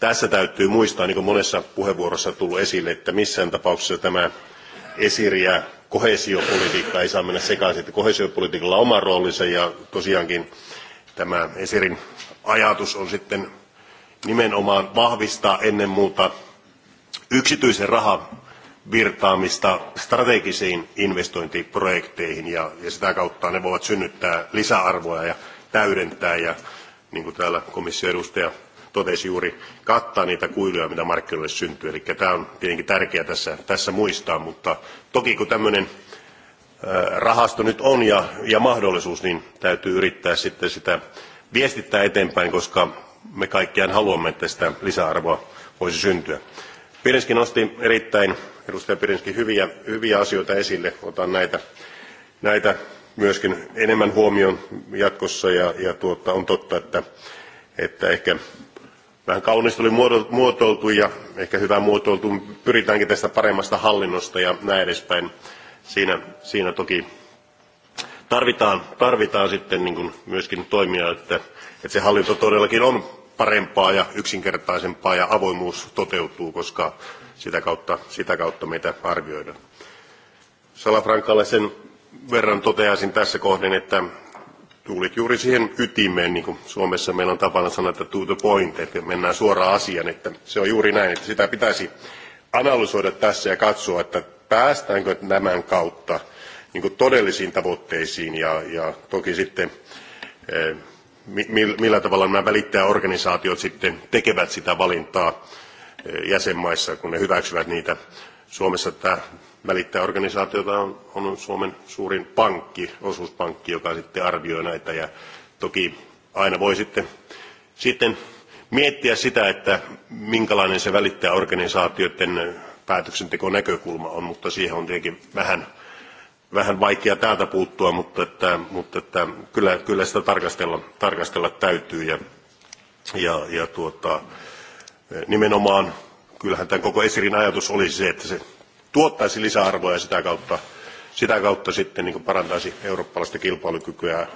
tässä täytyy muistaa, niin kuin monessa puheenvuorossa tullut esille, että missään tapauksessa tämä esiri ja kohesiopolitiikka ei saa mennä sekaisin, että kohesiopolitiikalla on oma roolinsa ja tosiaankin tämä esirin ajatus on sitten nimenomaan vahvistaa ennen muuta yksityisen rahan virtaamista strategisiin investointiprojekteihin ja, ja sitä kautta ne voivat synnyttää lisäarvoa ja täydentää ja niin kuin täällä komission edustaja totesi juuri, kattaa niitä kuiluja, mitä markkinoille syntyy. Eli tämä on tietenkin tärkeää tässä, tässä muistaa, mutta toki kun tämmöinen rahasto nyt on ja, ja mahdollisuus, niin täytyy yrittää sitten sitä viestittää eteenpäin, koska me kaikkiaan haluamme, että sitä lisäarvoa voisi syntyä. Pirinski nosti erittäin, edustaja Pirinski, hyviä, hyviä asioita esille. Otan näitä, näitä myöskin enemmän huomioon jatkossa ja, ja tuota, on totta, että, että ehkä vähän kaunista oli muotoiltu ja ehkä hyvä muotoiltu, pyritäänkin tästä paremmasta hallinnosta ja näin edespäin. Siinä, siinä toki tarvitaan, tarvitaan sitten niin myöskin toimia, että, että se hallinto todellakin on parempaa ja yksinkertaisempaa ja avoimuus toteutuu, koska sitä kautta, sitä kautta meitä arvioidaan. Salafrankalle sen verran toteaisin tässä kohden, että tuulit juuri siihen ytimeen, niin kuin Suomessa meillä on tapana sanoa, että to the point, että mennään suoraan asiaan, että se on juuri näin, että sitä pitäisi analysoida tässä ja katsoa, että päästäänkö tämän kautta niin todellisiin tavoitteisiin ja, ja toki sitten eh, millä tavalla nämä välittäjäorganisaatiot sitten tekevät sitä valintaa eh, jäsenmaissa, kun ne hyväksyvät niitä. Suomessa tämä välittäjäorganisaatiota on, on Suomen suurin pankki, osuuspankki, joka sitten arvioi näitä. Ja toki aina voi sitten, sitten miettiä sitä, että minkälainen se välittäjäorganisaatioiden eh, päätöksentekonäkökulma on, mutta siihen on tietenkin vähän vähän vaikea täältä puuttua, mutta, että, mutta että kyllä, kyllä sitä tarkastella, tarkastella täytyy. Ja, ja, ja tuota, nimenomaan kyllähän tämän koko Esirin ajatus olisi se, että se tuottaisi lisäarvoa ja sitä kautta, sitä kautta sitten niin parantaisi eurooppalaista kilpailukykyä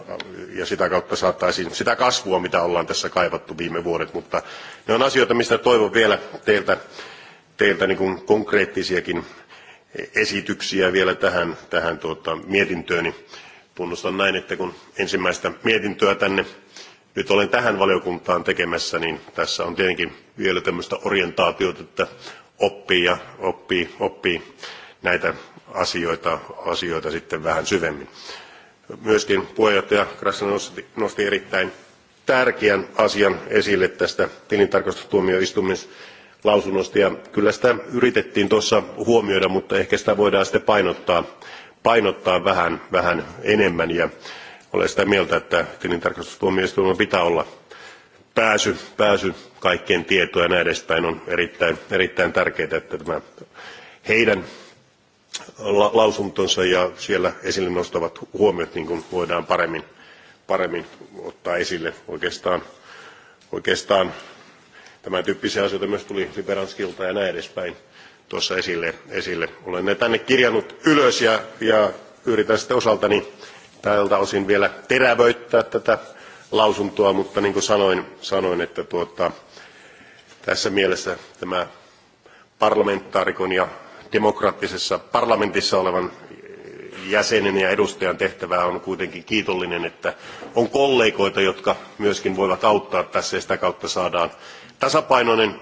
ja sitä kautta saattaisiin sitä kasvua, mitä ollaan tässä kaivattu viime vuodet. Mutta ne on asioita, mistä toivon vielä teiltä, teiltä niin konkreettisiakin esityksiä vielä tähän, tähän tuota, niin Tunnustan näin, että kun ensimmäistä mietintöä tänne nyt olen tähän valiokuntaan tekemässä, niin tässä on tietenkin vielä tämmöistä orientaatiota, että oppii ja oppii, oppii näitä asioita, asioita sitten vähän syvemmin. Myöskin puheenjohtaja Krasna nosti, nosti erittäin tärkeän asian esille tästä tilintarkastustuomioistuimesta lausunnosta ja kyllä sitä yritettiin tuossa huomioida, mutta ehkä sitä voidaan sitten painottaa, painottaa vähän, vähän enemmän ja olen sitä mieltä, että tilintarkastustuomioistuimen pitää olla pääsy, pääsy kaikkien tietoon ja näin edespäin on erittäin, erittäin tärkeää, että tämä heidän la, lausuntonsa ja siellä esille nostavat huomiot niin kuin voidaan paremmin, paremmin ottaa esille oikeastaan, oikeastaan Tämän tyyppisiä asioita myös tuli Liberanskilta ja näin edespäin tuossa esille. esille. Olen ne tänne kirjannut ylös ja, ja yritän sitten osaltani tältä osin vielä terävöittää tätä lausuntoa, mutta niin kuin sanoin, sanoin että tuota, tässä mielessä tämä parlamentaarikon ja demokraattisessa parlamentissa olevan jäsenen ja edustajan tehtävää on kuitenkin kiitollinen, että on kollegoita, jotka myöskin voivat auttaa tässä ja sitä kautta saadaan tasapainoinen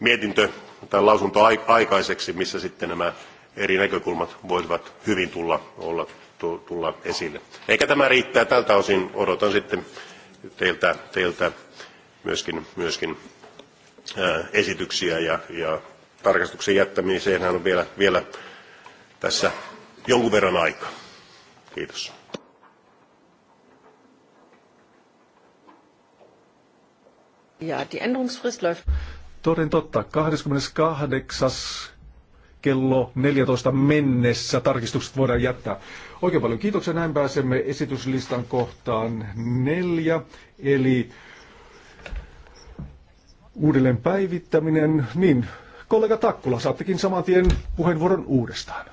mietintö tai lausunto aikaiseksi, missä sitten nämä eri näkökulmat voisivat hyvin tulla, olla, tulla esille. Eikä tämä riittää tältä osin. Odotan sitten teiltä, teiltä myöskin, myöskin ää, esityksiä ja, ja tarkastuksen jättämiseenhän on vielä, vielä tässä jonkun verran aikaa. Kiitos. Ja, die Änderungsfrist läuft. Toden totta, 28. kello 14 mennessä tarkistukset voidaan jättää. Oikein paljon kiitoksia. Näin pääsemme esityslistan kohtaan neljä, eli uudelleen päivittäminen. Niin, kollega Takkula, saattekin saman tien puheenvuoron uudestaan.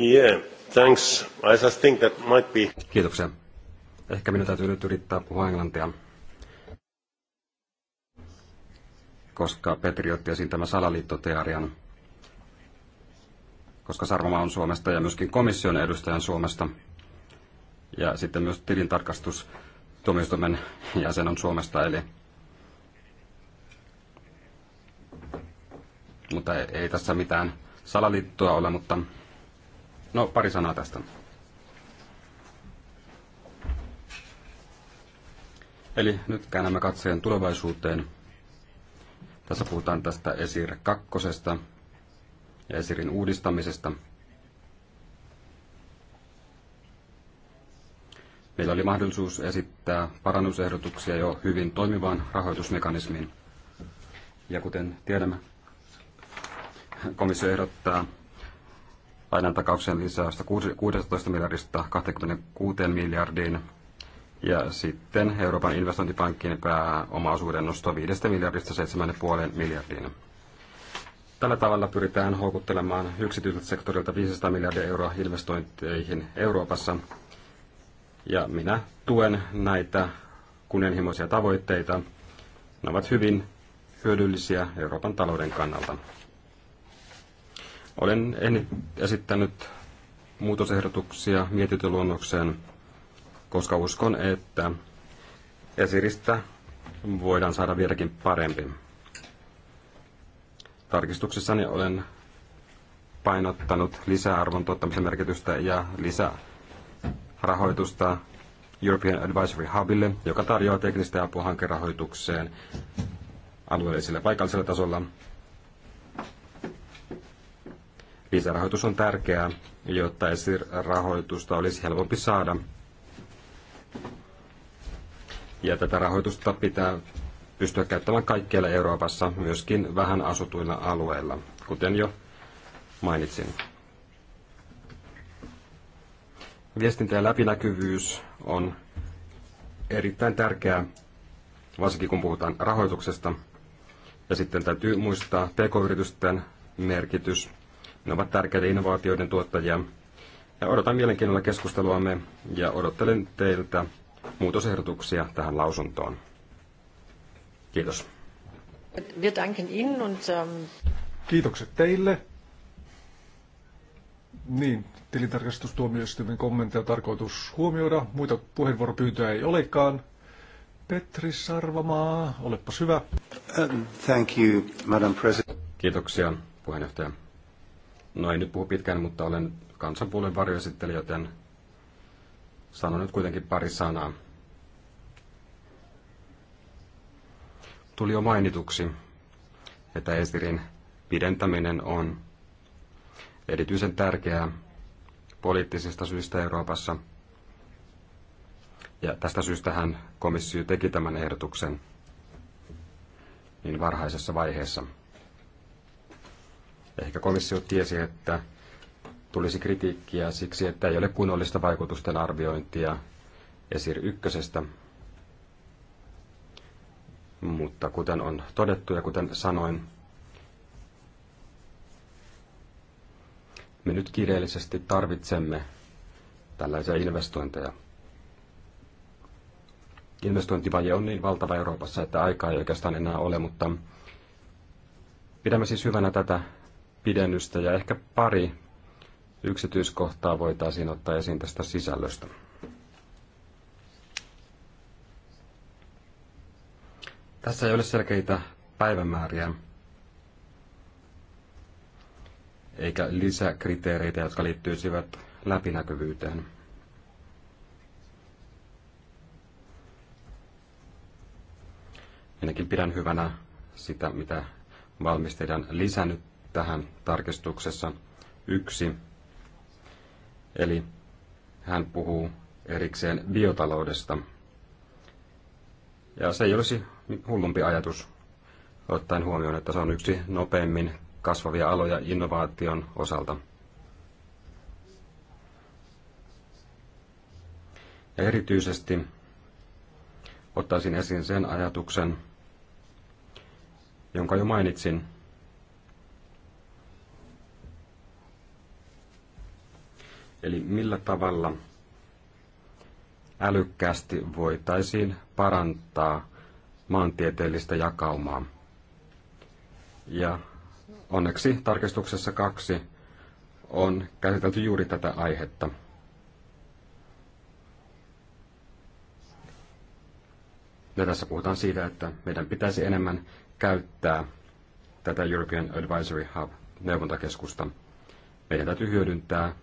Yeah, thanks. I just think that might be... Kiitoksia. Ehkä minun täytyy nyt yrittää puhua englantia. koska Petri otti esiin tämän salaliittoteorian, koska Sarvama on Suomesta ja myöskin komission edustajan Suomesta. Ja sitten myös tilintarkastus tuomioistuimen jäsen on Suomesta, eli mutta ei, ei tässä mitään salaliittoa ole, mutta no pari sanaa tästä. Eli nyt käännämme katseen tulevaisuuteen. Tässä puhutaan tästä ESIR 2 ja ESIRin uudistamisesta. Meillä oli mahdollisuus esittää parannusehdotuksia jo hyvin toimivaan rahoitusmekanismiin. Ja kuten tiedämme, komissio ehdottaa lainantakauksen lisäystä 16 miljardista 26 miljardiin ja sitten Euroopan investointipankin pääomaosuuden nosto 5 miljardista 7,5 miljardiin. Tällä tavalla pyritään houkuttelemaan yksityiseltä sektorilta 500 miljardia euroa investointeihin Euroopassa. Ja minä tuen näitä kunnianhimoisia tavoitteita. Ne ovat hyvin hyödyllisiä Euroopan talouden kannalta. Olen esittänyt muutosehdotuksia mietintöluonnokseen koska uskon, että esiristä voidaan saada vieläkin parempi. Tarkistuksessani olen painottanut lisäarvon tuottamisen merkitystä ja lisärahoitusta European Advisory Hubille, joka tarjoaa teknistä apua hankerahoitukseen alueellisella paikallisella tasolla. Lisärahoitus on tärkeää, jotta esirahoitusta olisi helpompi saada ja tätä rahoitusta pitää pystyä käyttämään kaikkialla Euroopassa, myöskin vähän asutuilla alueilla, kuten jo mainitsin. Viestintä ja läpinäkyvyys on erittäin tärkeää, varsinkin kun puhutaan rahoituksesta. Ja sitten täytyy muistaa pk-yritysten merkitys. Ne ovat tärkeitä innovaatioiden tuottajia. Ja odotan mielenkiinnolla keskusteluamme ja odottelen teiltä muutosehdotuksia tähän lausuntoon. Kiitos. Ähm, Kiitokset teille. Niin, tilintarkastustuomioistuimen kommentteja tarkoitus huomioida. Muita puheenvuoropyyntöjä ei olekaan. Petri Sarvamaa, olepa hyvä. Um, thank you, Madam President. Kiitoksia, puheenjohtaja. No en nyt puhu pitkään, mutta olen kansanpuolen varjoesitteli, joten sanon nyt kuitenkin pari sanaa. Tuli jo mainituksi, että Esirin pidentäminen on erityisen tärkeää poliittisista syistä Euroopassa. Ja tästä hän komissio teki tämän ehdotuksen niin varhaisessa vaiheessa. Ehkä komissio tiesi, että tulisi kritiikkiä siksi, että ei ole kunnollista vaikutusten arviointia ESIR ykkösestä. Mutta kuten on todettu ja kuten sanoin, me nyt kiireellisesti tarvitsemme tällaisia investointeja. Investointivaje on niin valtava Euroopassa, että aikaa ei oikeastaan enää ole, mutta pidämme siis hyvänä tätä pidennystä ja ehkä pari yksityiskohtaa voitaisiin ottaa esiin tästä sisällöstä. Tässä ei ole selkeitä päivämääriä eikä lisäkriteereitä, jotka liittyisivät läpinäkyvyyteen. Minäkin pidän hyvänä sitä, mitä valmistajan lisännyt tähän tarkistuksessa. Yksi Eli hän puhuu erikseen biotaloudesta. Ja se ei olisi hullumpi ajatus, ottaen huomioon, että se on yksi nopeimmin kasvavia aloja innovaation osalta. Ja erityisesti ottaisin esiin sen ajatuksen, jonka jo mainitsin, Eli millä tavalla älykkäästi voitaisiin parantaa maantieteellistä jakaumaa. Ja onneksi tarkistuksessa kaksi on käsitelty juuri tätä aihetta. Ja tässä puhutaan siitä, että meidän pitäisi enemmän käyttää tätä European Advisory Hub neuvontakeskusta. Meidän täytyy hyödyntää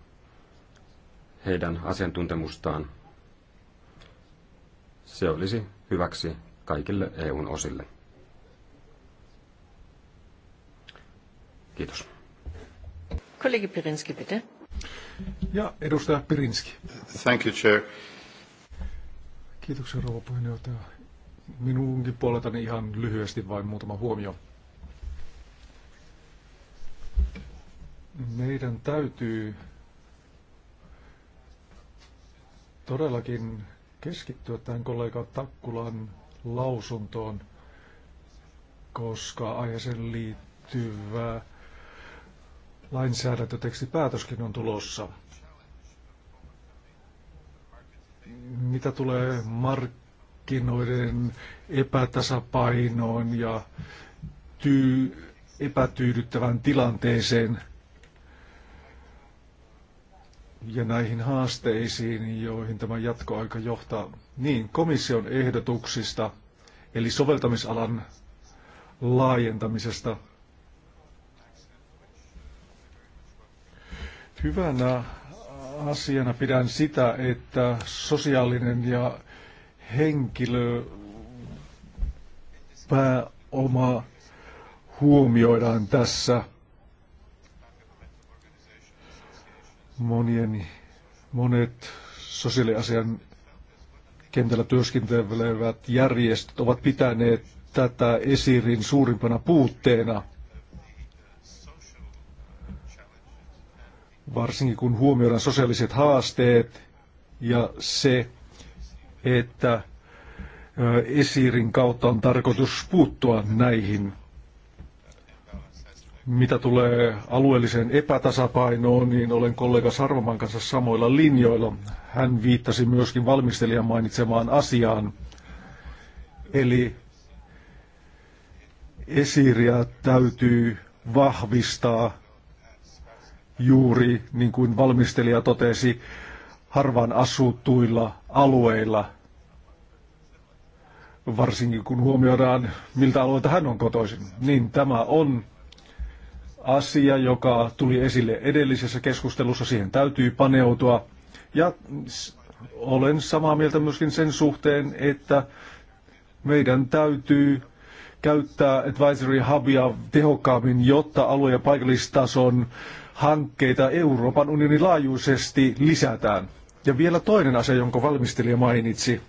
heidän asiantuntemustaan. Se olisi hyväksi kaikille EUn osille. Kiitos. Kollegi Pirinski, bitte. Ja edustaja Pirinski. Thank you, Chair. Kiitoksia, rouva puheenjohtaja. Minunkin puoleltani ihan lyhyesti vain muutama huomio. Meidän täytyy todellakin keskittyä tämän kollega Takkulan lausuntoon, koska aiheeseen liittyvä päätöskin on tulossa. Mitä tulee markkinoiden epätasapainoon ja tyy- epätyydyttävään tilanteeseen – ja näihin haasteisiin, joihin tämä jatkoaika johtaa. Niin, komission ehdotuksista, eli soveltamisalan laajentamisesta. Hyvänä asiana pidän sitä, että sosiaalinen ja henkilö pääoma huomioidaan tässä – monien, monet sosiaaliasian kentällä työskentelevät järjestöt ovat pitäneet tätä esirin suurimpana puutteena. Varsinkin kun huomioidaan sosiaaliset haasteet ja se, että esirin kautta on tarkoitus puuttua näihin mitä tulee alueelliseen epätasapainoon, niin olen kollega Sarvaman kanssa samoilla linjoilla. Hän viittasi myöskin valmistelijan mainitsemaan asiaan. Eli esiriä täytyy vahvistaa juuri, niin kuin valmistelija totesi, harvaan asuttuilla alueilla, varsinkin kun huomioidaan, miltä alueelta hän on kotoisin. Niin tämä on asia, joka tuli esille edellisessä keskustelussa, siihen täytyy paneutua. Ja olen samaa mieltä myöskin sen suhteen, että meidän täytyy käyttää Advisory Hubia tehokkaammin, jotta alue- ja paikallistason hankkeita Euroopan unionin laajuisesti lisätään. Ja vielä toinen asia, jonka valmistelija mainitsi,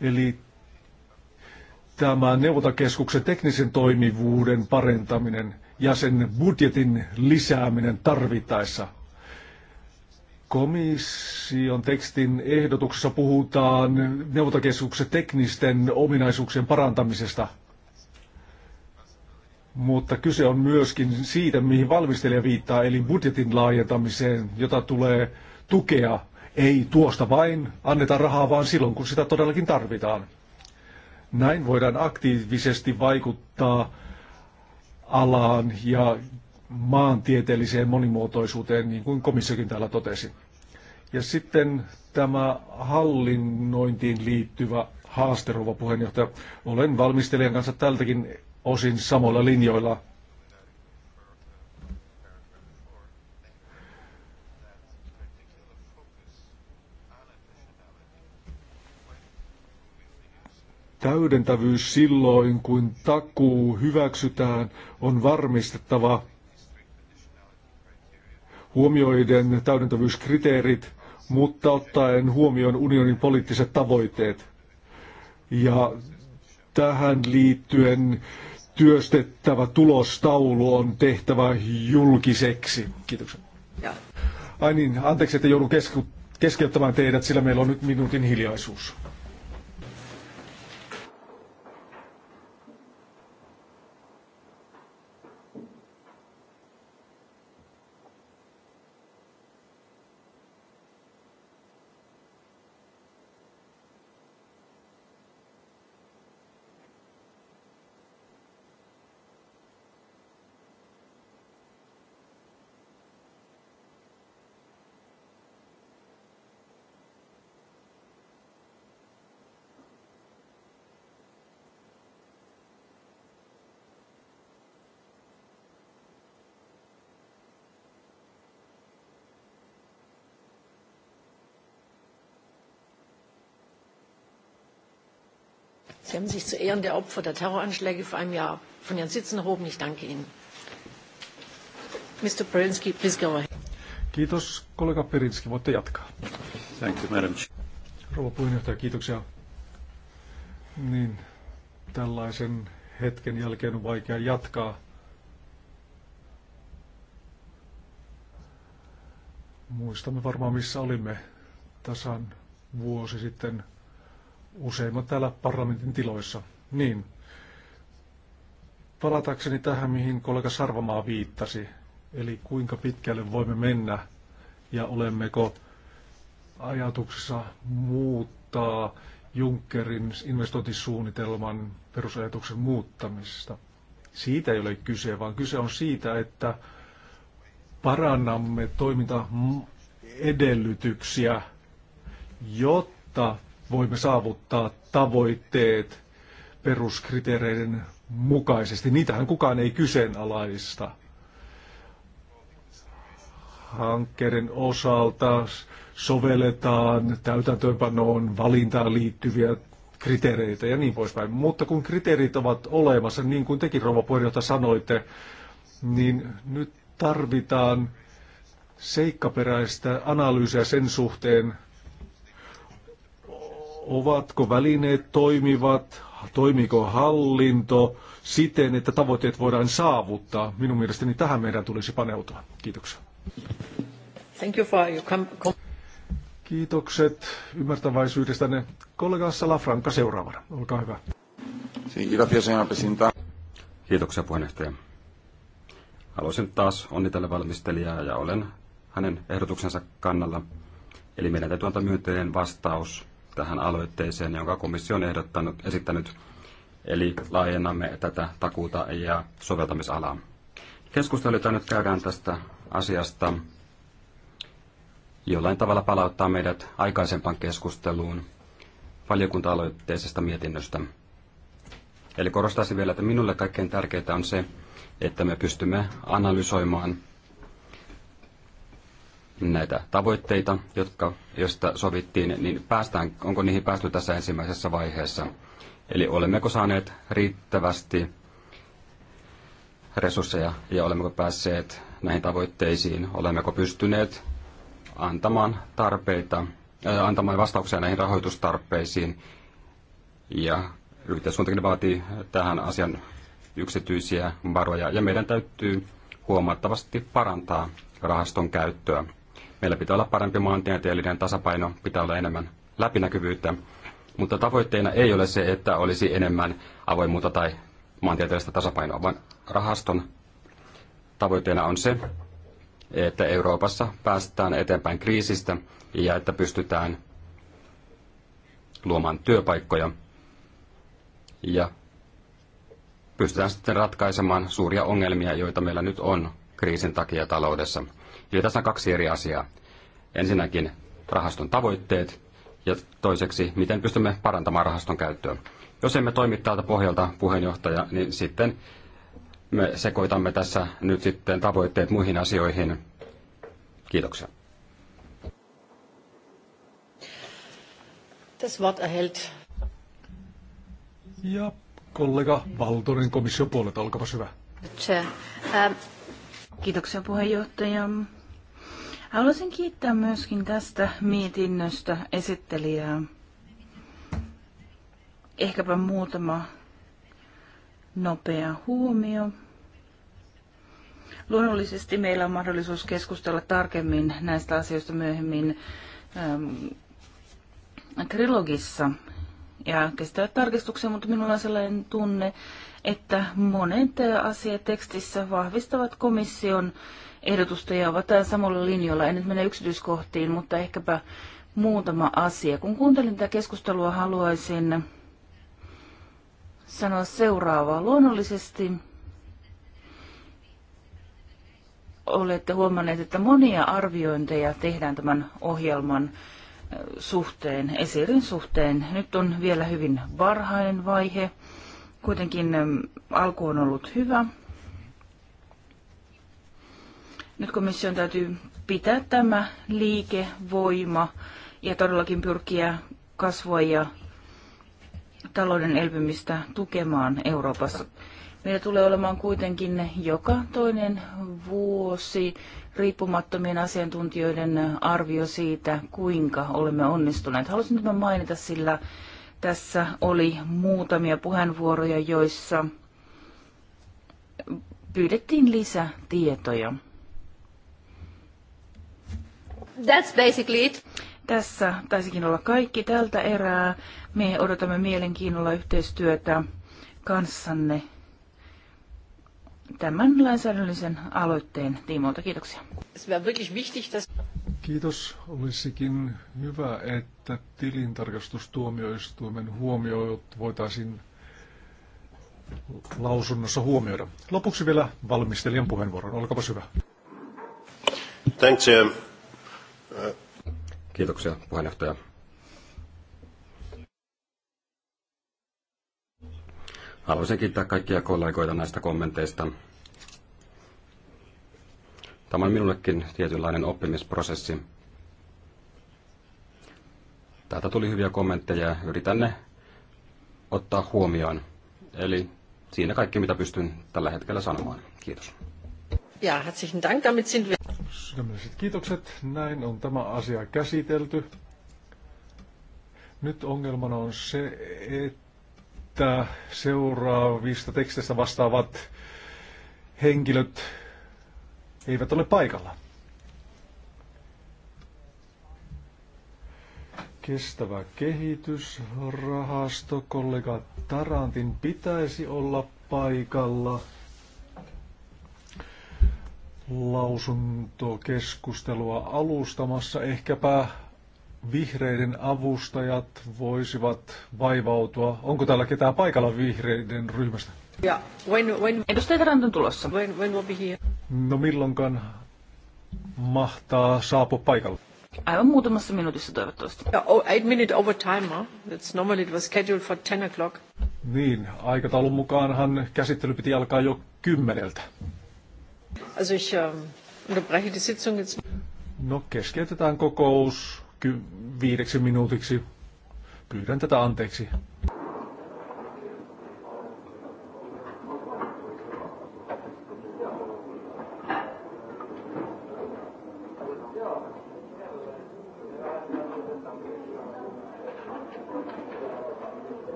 eli tämä neuvontakeskuksen teknisen toimivuuden parentaminen ja sen budjetin lisääminen tarvittaessa. Komission tekstin ehdotuksessa puhutaan neuvontakeskuksen teknisten ominaisuuksien parantamisesta, mutta kyse on myöskin siitä, mihin valmistelija viittaa, eli budjetin laajentamiseen, jota tulee tukea. Ei tuosta vain anneta rahaa, vaan silloin, kun sitä todellakin tarvitaan. Näin voidaan aktiivisesti vaikuttaa alaan ja maantieteelliseen monimuotoisuuteen, niin kuin komissiokin täällä totesi. Ja sitten tämä hallinnointiin liittyvä haaste, rouva puheenjohtaja. Olen valmistelijan kanssa tältäkin osin samoilla linjoilla. Täydentävyys silloin, kun takuu hyväksytään, on varmistettava huomioiden täydentävyyskriteerit, mutta ottaen huomioon unionin poliittiset tavoitteet. Ja tähän liittyen työstettävä tulostaulu on tehtävä julkiseksi. Kiitoksia. Ja. Ai niin, anteeksi, että joudun keskeyttämään teidät, sillä meillä on nyt minuutin hiljaisuus. Sie haben sich zu Ehren der Opfer der Terroranschläge vor einem Jahr von Ihren Sitzen erhoben. Ich danke Ihnen. Mr. Perinsky, please go ahead. Kiitos, kollega Perinski. Voitte jatkaa. Thank you, madam. Rouva puheenjohtaja, kiitoksia. Niin, tällaisen hetken jälkeen on vaikea jatkaa. Muistamme varmaan, missä olimme tasan vuosi sitten – useimmat täällä parlamentin tiloissa. Niin, palatakseni tähän, mihin kollega Sarvamaa viittasi, eli kuinka pitkälle voimme mennä ja olemmeko ajatuksessa muuttaa Junckerin investointisuunnitelman perusajatuksen muuttamista. Siitä ei ole kyse, vaan kyse on siitä, että parannamme toimintaedellytyksiä, jotta voimme saavuttaa tavoitteet peruskriteereiden mukaisesti. Niitähän kukaan ei kyseenalaista. Hankkeiden osalta sovelletaan täytäntöönpanoon valintaan liittyviä kriteereitä ja niin poispäin. Mutta kun kriteerit ovat olemassa, niin kuin tekin Rova puheenjohtaja sanoitte, niin nyt tarvitaan seikkaperäistä analyysiä sen suhteen, Ovatko välineet toimivat? toimiko hallinto siten, että tavoitteet voidaan saavuttaa? Minun mielestäni tähän meidän tulisi paneutua. Kiitoksia. Thank you for your Kiitokset ymmärtäväisyydestänne. Kollega Salafranka seuraavana. Olkaa hyvä. Kiitoksia puheenjohtaja. Haluaisin taas onnitella valmistelijaa ja olen hänen ehdotuksensa kannalla. Eli meidän täytyy antaa myönteinen vastaus tähän aloitteeseen, jonka komissio on ehdottanut, esittänyt. Eli laajennamme tätä takuuta ja soveltamisalaa. Keskustelu, nyt käydään tästä asiasta, jollain tavalla palauttaa meidät aikaisempaan keskusteluun valiokunta-aloitteisesta mietinnöstä. Eli korostaisin vielä, että minulle kaikkein tärkeintä on se, että me pystymme analysoimaan näitä tavoitteita, jotka, joista sovittiin, niin päästään, onko niihin päästy tässä ensimmäisessä vaiheessa? Eli olemmeko saaneet riittävästi resursseja ja olemmeko päässeet näihin tavoitteisiin, olemmeko pystyneet antamaan tarpeita, ää, äh, antamaan vastauksia näihin rahoitustarpeisiin ja yhteiskuntakin vaatii tähän asian yksityisiä varoja ja meidän täytyy huomattavasti parantaa rahaston käyttöä. Meillä pitää olla parempi maantieteellinen tasapaino, pitää olla enemmän läpinäkyvyyttä, mutta tavoitteena ei ole se, että olisi enemmän avoimuutta tai maantieteellistä tasapainoa, vaan rahaston tavoitteena on se, että Euroopassa päästään eteenpäin kriisistä ja että pystytään luomaan työpaikkoja ja pystytään sitten ratkaisemaan suuria ongelmia, joita meillä nyt on kriisin takia taloudessa. Eli tässä on kaksi eri asiaa. Ensinnäkin rahaston tavoitteet ja toiseksi, miten pystymme parantamaan rahaston käyttöä. Jos emme toimi täältä pohjalta puheenjohtaja, niin sitten me sekoitamme tässä nyt sitten tavoitteet muihin asioihin. Kiitoksia. Das Wort erhält. Ja kollega Valtonen komission puolelta, olkapas hyvä. Um- Kiitoksia puheenjohtaja. Haluaisin kiittää myöskin tästä mietinnöstä esittelijää. Ehkäpä muutama nopea huomio. Luonnollisesti meillä on mahdollisuus keskustella tarkemmin näistä asioista myöhemmin ähm, trilogissa ja kestää tarkistuksia, mutta minulla on sellainen tunne, että monet äh, asiat tekstissä vahvistavat komission äh, ehdotusta ja ovat samalla linjalla. En nyt mene yksityiskohtiin, mutta ehkäpä muutama asia. Kun kuuntelin tätä keskustelua, haluaisin sanoa seuraavaa. Luonnollisesti olette huomanneet, että monia arviointeja tehdään tämän ohjelman suhteen, esirin suhteen. Nyt on vielä hyvin varhainen vaihe. Kuitenkin alku on ollut hyvä. Nyt komission täytyy pitää tämä liikevoima ja todellakin pyrkiä kasvua ja talouden elpymistä tukemaan Euroopassa. Meillä tulee olemaan kuitenkin joka toinen vuosi riippumattomien asiantuntijoiden arvio siitä, kuinka olemme onnistuneet. Haluaisin tämän mainita, sillä tässä oli muutamia puheenvuoroja, joissa pyydettiin lisätietoja. That's basically it. Tässä taisikin olla kaikki tältä erää. Me odotamme mielenkiinnolla yhteistyötä kanssanne tämän lainsäädännöllisen aloitteen tiimoilta. Kiitoksia. Kiitos. Olisikin hyvä, että tilintarkastustuomioistuimen huomioit voitaisiin lausunnossa huomioida. Lopuksi vielä valmistelijan puheenvuoron. Olkaapa hyvä. Thanks, Kiitoksia puheenjohtaja. Haluaisin kiittää kaikkia kollegoita näistä kommenteista. Tämä on minullekin tietynlainen oppimisprosessi. Täältä tuli hyviä kommentteja ja yritän ne ottaa huomioon. Eli siinä kaikki, mitä pystyn tällä hetkellä sanomaan. Kiitos. Ja, herzlichen Dank. Damit sind wir... Sydämelliset kiitokset. Näin on tämä asia käsitelty. Nyt ongelmana on se, että seuraavista teksteistä vastaavat henkilöt eivät ole paikalla. Kestävä kehitysrahasto, kollega Tarantin pitäisi olla paikalla lausuntokeskustelua alustamassa. Ehkäpä vihreiden avustajat voisivat vaivautua. Onko täällä ketään paikalla vihreiden ryhmästä? Yeah. When, when, Edustaja on tulossa. When, when we'll be here. No milloinkaan mahtaa saapua paikalle? Aivan muutamassa minuutissa toivottavasti. Oh, eight minute overtime, huh? That's normally it was scheduled for 10 o'clock. Niin, aikataulun mukaanhan käsittely piti alkaa jo kymmeneltä. Also ich ähm, unterbreche die Sitzung jetzt. No keskeytetään kokous viideksi minuutiksi. Pyydän tätä anteeksi.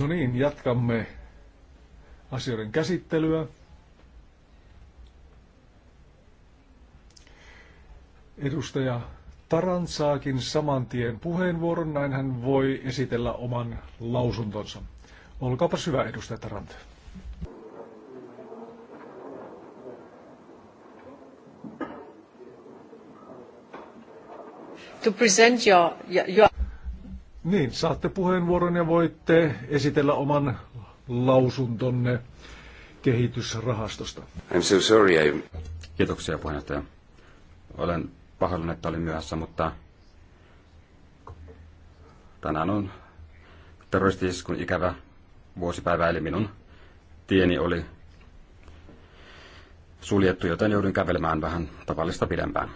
No niin, jatkamme asioiden käsittelyä. Edustaja Taran saakin saman tien puheenvuoron, näin hän voi esitellä oman lausuntonsa. Olkaapa hyvä, edustaja Tarant. To present your, your... Niin, saatte puheenvuoron ja voitte esitellä oman lausuntonne kehitysrahastosta. I'm so sorry, I... Kiitoksia puheenjohtaja. Olen pahoillani, että olin myöhässä, mutta tänään on terroristiiskun ikävä vuosipäivä, eli minun tieni oli suljettu, joten joudun kävelemään vähän tavallista pidempään.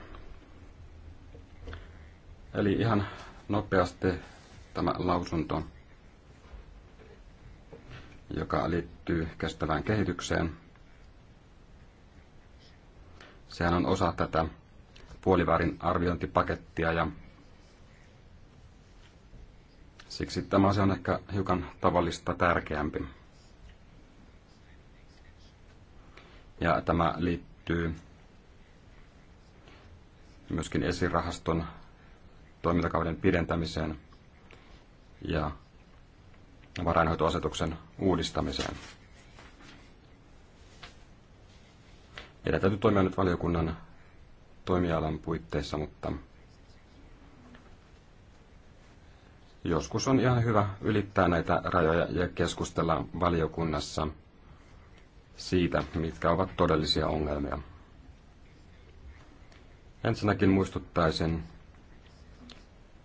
Eli ihan nopeasti tämä lausunto, joka liittyy kestävään kehitykseen. Sehän on osa tätä puolivärin arviointipakettia ja siksi tämä asia on ehkä hiukan tavallista tärkeämpi. Ja tämä liittyy myöskin esirahaston toimintakauden pidentämiseen – ja varainhoitoasetuksen uudistamiseen. Meidän täytyy toimia nyt valiokunnan toimialan puitteissa, mutta joskus on ihan hyvä ylittää näitä rajoja ja keskustella valiokunnassa siitä, mitkä ovat todellisia ongelmia. Ensinnäkin muistuttaisin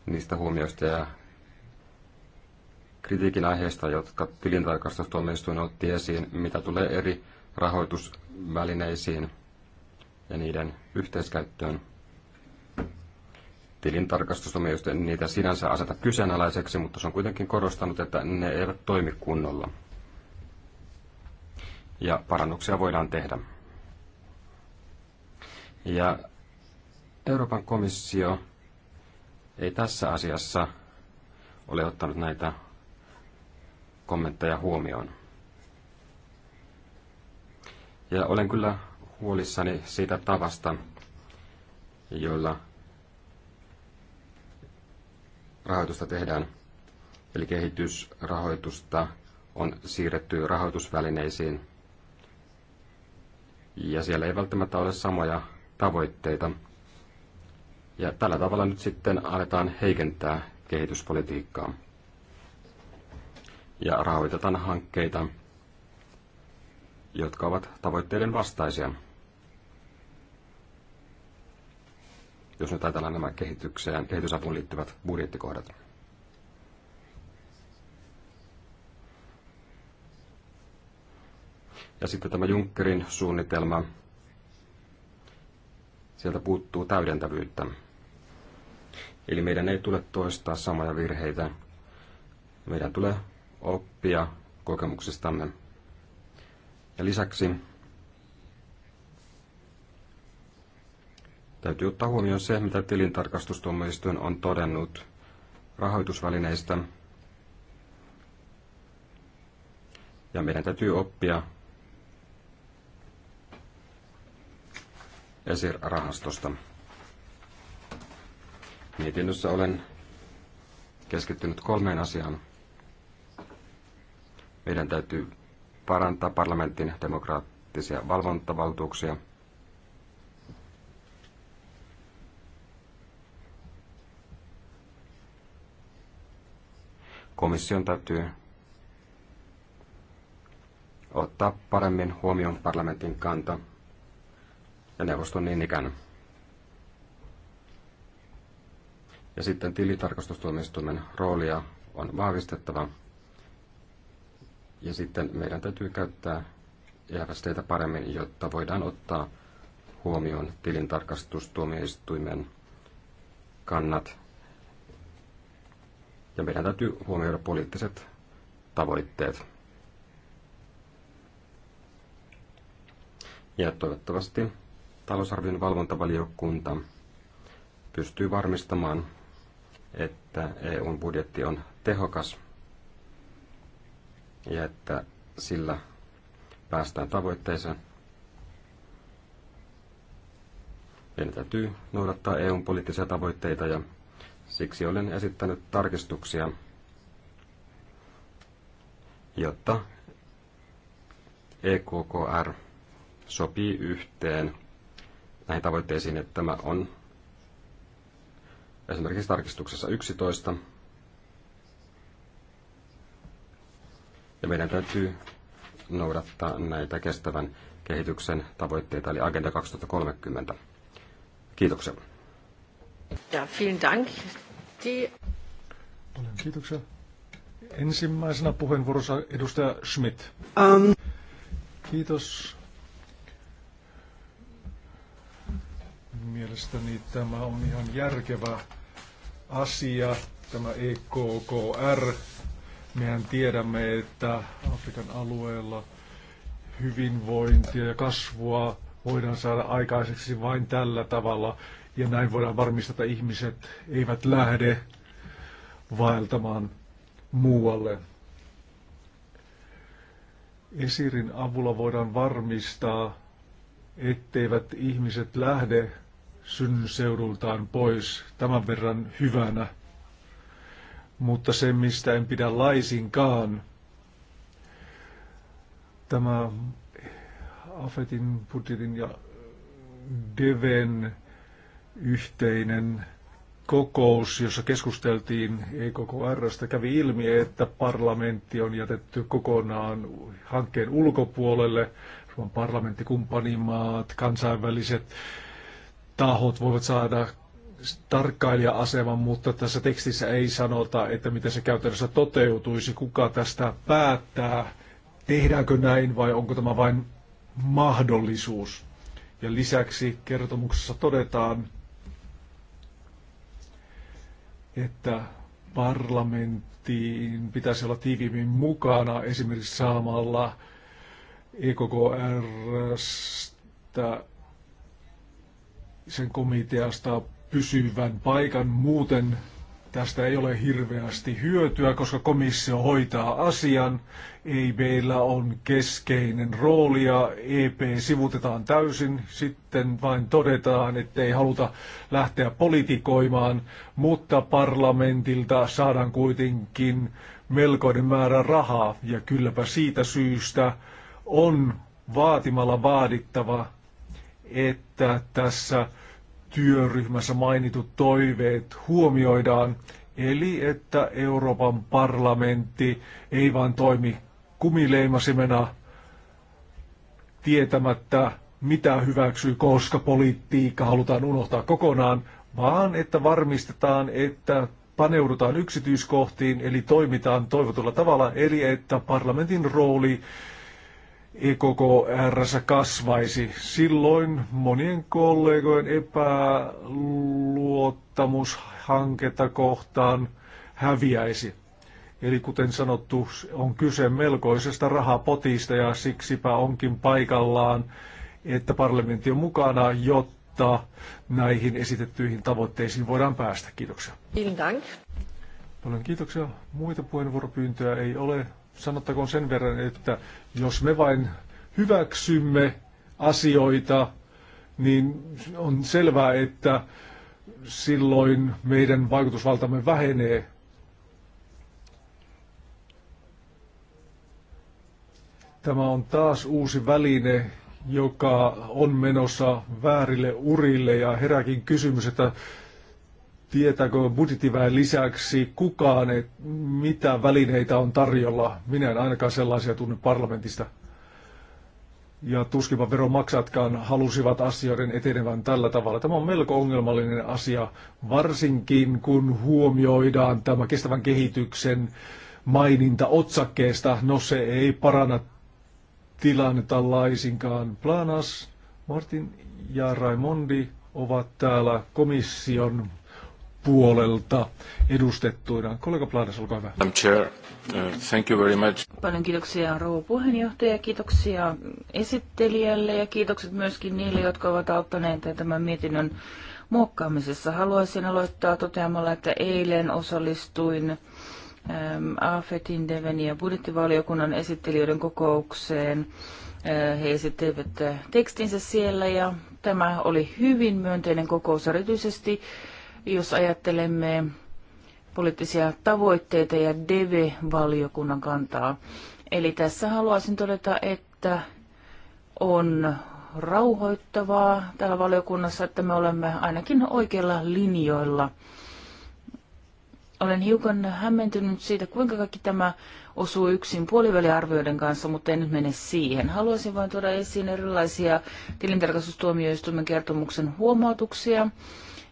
niistä huomioista ja kritiikin aiheista, jotka tilintarkastustuomioistuin otti esiin, mitä tulee eri rahoitusvälineisiin ja niiden yhteiskäyttöön. Tilintarkastustuomioistuin niitä sinänsä aseta kyseenalaiseksi, mutta se on kuitenkin korostanut, että ne eivät toimi kunnolla. Ja parannuksia voidaan tehdä. Ja Euroopan komissio ei tässä asiassa ole ottanut näitä kommentteja huomioon. Ja olen kyllä huolissani siitä tavasta, jolla rahoitusta tehdään. Eli kehitysrahoitusta on siirretty rahoitusvälineisiin. Ja siellä ei välttämättä ole samoja tavoitteita. Ja tällä tavalla nyt sitten aletaan heikentää kehityspolitiikkaa ja rahoitetaan hankkeita, jotka ovat tavoitteiden vastaisia. Jos nyt ajatellaan nämä kehitykseen, kehitysapuun liittyvät budjettikohdat. Ja sitten tämä Junckerin suunnitelma. Sieltä puuttuu täydentävyyttä. Eli meidän ei tule toistaa samoja virheitä. Meidän tulee oppia kokemuksistamme. Ja lisäksi täytyy ottaa huomioon se, mitä tilintarkastustuomioistuin on todennut rahoitusvälineistä. Ja meidän täytyy oppia esirahastosta. Mietinnössä olen keskittynyt kolmeen asiaan. Meidän täytyy parantaa parlamentin demokraattisia valvontavaltuuksia. Komission täytyy ottaa paremmin huomioon parlamentin kanta ja neuvoston niin ikään. Ja sitten tilitarkastustuomioistuimen roolia on vahvistettava ja sitten meidän täytyy käyttää järjesteitä paremmin, jotta voidaan ottaa huomioon tilintarkastustuomioistuimen kannat. Ja meidän täytyy huomioida poliittiset tavoitteet. Ja toivottavasti talousarvion valvontavaliokunta pystyy varmistamaan, että EUn budjetti on tehokas ja että sillä päästään tavoitteeseen. Meidän täytyy noudattaa EUn poliittisia tavoitteita ja siksi olen esittänyt tarkistuksia, jotta EKKR sopii yhteen näihin tavoitteisiin, että tämä on esimerkiksi tarkistuksessa 11 Ja meidän täytyy noudattaa näitä kestävän kehityksen tavoitteita, eli Agenda 2030. Kiitoksia. Ja, vielen dank. Die... kiitoksia. Ensimmäisenä puheenvuorossa edustaja Schmidt. Um. Kiitos. Mielestäni tämä on ihan järkevä asia, tämä EKKR Mehän tiedämme, että Afrikan alueella hyvinvointia ja kasvua voidaan saada aikaiseksi vain tällä tavalla. Ja näin voidaan varmistaa, että ihmiset eivät lähde vaeltamaan muualle. Esirin avulla voidaan varmistaa, etteivät ihmiset lähde synnyseudultaan pois tämän verran hyvänä mutta se, mistä en pidä laisinkaan, tämä Afetin, Putinin ja Deven yhteinen kokous, jossa keskusteltiin EKKRstä, kävi ilmi, että parlamentti on jätetty kokonaan hankkeen ulkopuolelle. Suomen parlamenttikumppanimaat, kansainväliset tahot voivat saada tarkkailija-aseman, mutta tässä tekstissä ei sanota, että miten se käytännössä toteutuisi, kuka tästä päättää, tehdäänkö näin vai onko tämä vain mahdollisuus. Ja lisäksi kertomuksessa todetaan, että parlamenttiin pitäisi olla tiiviimmin mukana esimerkiksi saamalla EKKRstä sen komiteasta pysyvän paikan. Muuten tästä ei ole hirveästi hyötyä, koska komissio hoitaa asian. EIBllä on keskeinen rooli ja EP sivutetaan täysin. Sitten vain todetaan, että ei haluta lähteä politikoimaan, mutta parlamentilta saadaan kuitenkin melkoinen määrä rahaa. Ja kylläpä siitä syystä on vaatimalla vaadittava, että tässä työryhmässä mainitut toiveet huomioidaan, eli että Euroopan parlamentti ei vain toimi kumileimasimena tietämättä, mitä hyväksyy, koska politiikka halutaan unohtaa kokonaan, vaan että varmistetaan, että paneudutaan yksityiskohtiin, eli toimitaan toivotulla tavalla, eli että parlamentin rooli EKKR kasvaisi. Silloin monien kollegojen epäluottamus hanketta kohtaan häviäisi. Eli kuten sanottu, on kyse melkoisesta rahapotista ja siksipä onkin paikallaan, että parlamentti on mukana, jotta näihin esitettyihin tavoitteisiin voidaan päästä. Kiitoksia. Paljon kiitoksia. Muita puheenvuoropyyntöjä ei ole sanottakoon sen verran, että jos me vain hyväksymme asioita, niin on selvää, että silloin meidän vaikutusvaltamme vähenee. Tämä on taas uusi väline, joka on menossa väärille urille ja heräkin kysymys, että tietääkö budjettiväen lisäksi kukaan, että mitä välineitä on tarjolla. Minä en ainakaan sellaisia tunne parlamentista. Ja tuskipa veronmaksajatkaan halusivat asioiden etenevän tällä tavalla. Tämä on melko ongelmallinen asia, varsinkin kun huomioidaan tämä kestävän kehityksen maininta otsakkeesta. No se ei paranna tilannetta laisinkaan. Planas, Martin ja Raimondi ovat täällä komission puolelta edustettuina. Kollega Plaadas, olkaa hyvä. I'm chair. Uh, thank you very much. Paljon kiitoksia rouva puheenjohtaja, kiitoksia esittelijälle ja kiitokset myöskin niille, jotka ovat auttaneet tämän mietinnön muokkaamisessa. Haluaisin aloittaa toteamalla, että eilen osallistuin ähm, AFETin, Deven ja budjettivaliokunnan esittelijöiden kokoukseen. Äh, he esittelivät äh, tekstinsä siellä ja tämä oli hyvin myönteinen kokous erityisesti jos ajattelemme poliittisia tavoitteita ja deve valiokunnan kantaa. Eli tässä haluaisin todeta, että on rauhoittavaa täällä valiokunnassa, että me olemme ainakin oikeilla linjoilla. Olen hiukan hämmentynyt siitä, kuinka kaikki tämä osuu yksin puoliväliarvioiden kanssa, mutta en nyt mene siihen. Haluaisin vain tuoda esiin erilaisia tilintarkastustuomioistuimen kertomuksen huomautuksia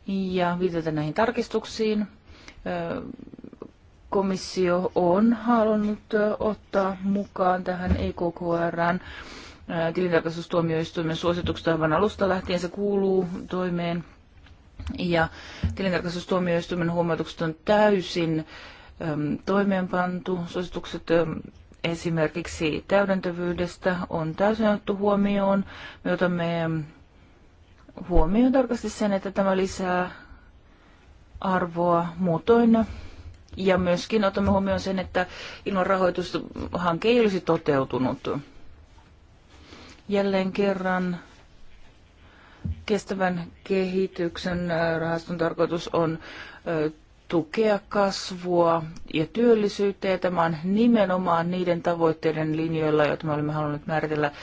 ja viitata näihin tarkistuksiin. Komissio on halunnut ottaa mukaan tähän EKKRn tilintarkastustuomioistuimen suositukset aivan alusta lähtien. Se kuuluu toimeen ja tilintarkastustuomioistuimen huomautukset on täysin toimeenpantu. Suositukset esimerkiksi täydentävyydestä on täysin otettu huomioon. Me otamme huomioon tarkasti sen, että tämä lisää arvoa muutoin. Ja myöskin otamme huomioon sen, että ilman rahoitushanke ei olisi toteutunut. Jälleen kerran kestävän kehityksen äh, rahaston tarkoitus on äh, tukea kasvua ja työllisyyttä, ja tämä on nimenomaan niiden tavoitteiden linjoilla, joita me olemme halunneet määritellä ähm,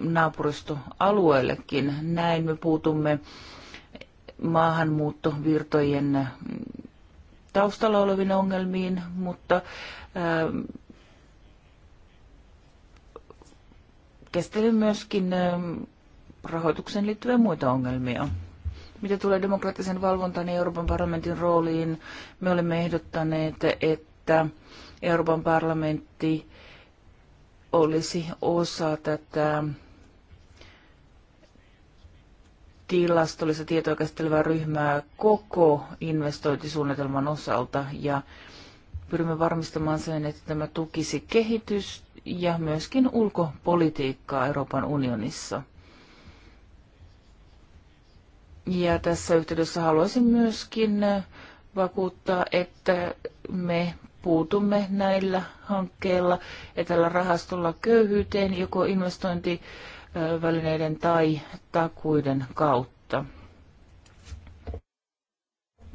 naapuristoalueellekin. Näin me puutumme maahanmuuttovirtojen mm, taustalla oleviin ongelmiin, mutta ähm, käsittelen myöskin ähm, rahoitukseen liittyviä muita ongelmia. Mitä tulee demokraattisen valvontaan ja Euroopan parlamentin rooliin, me olemme ehdottaneet, että Euroopan parlamentti olisi osa tätä tilastollista tietoa käsittelevää ryhmää koko investointisuunnitelman osalta ja pyrimme varmistamaan sen, että tämä tukisi kehitys ja myöskin ulkopolitiikkaa Euroopan unionissa. Ja tässä yhteydessä haluaisin myöskin äh, vakuuttaa, että me puutumme näillä hankkeilla ja tällä rahastolla köyhyyteen joko investointivälineiden tai takuiden kautta.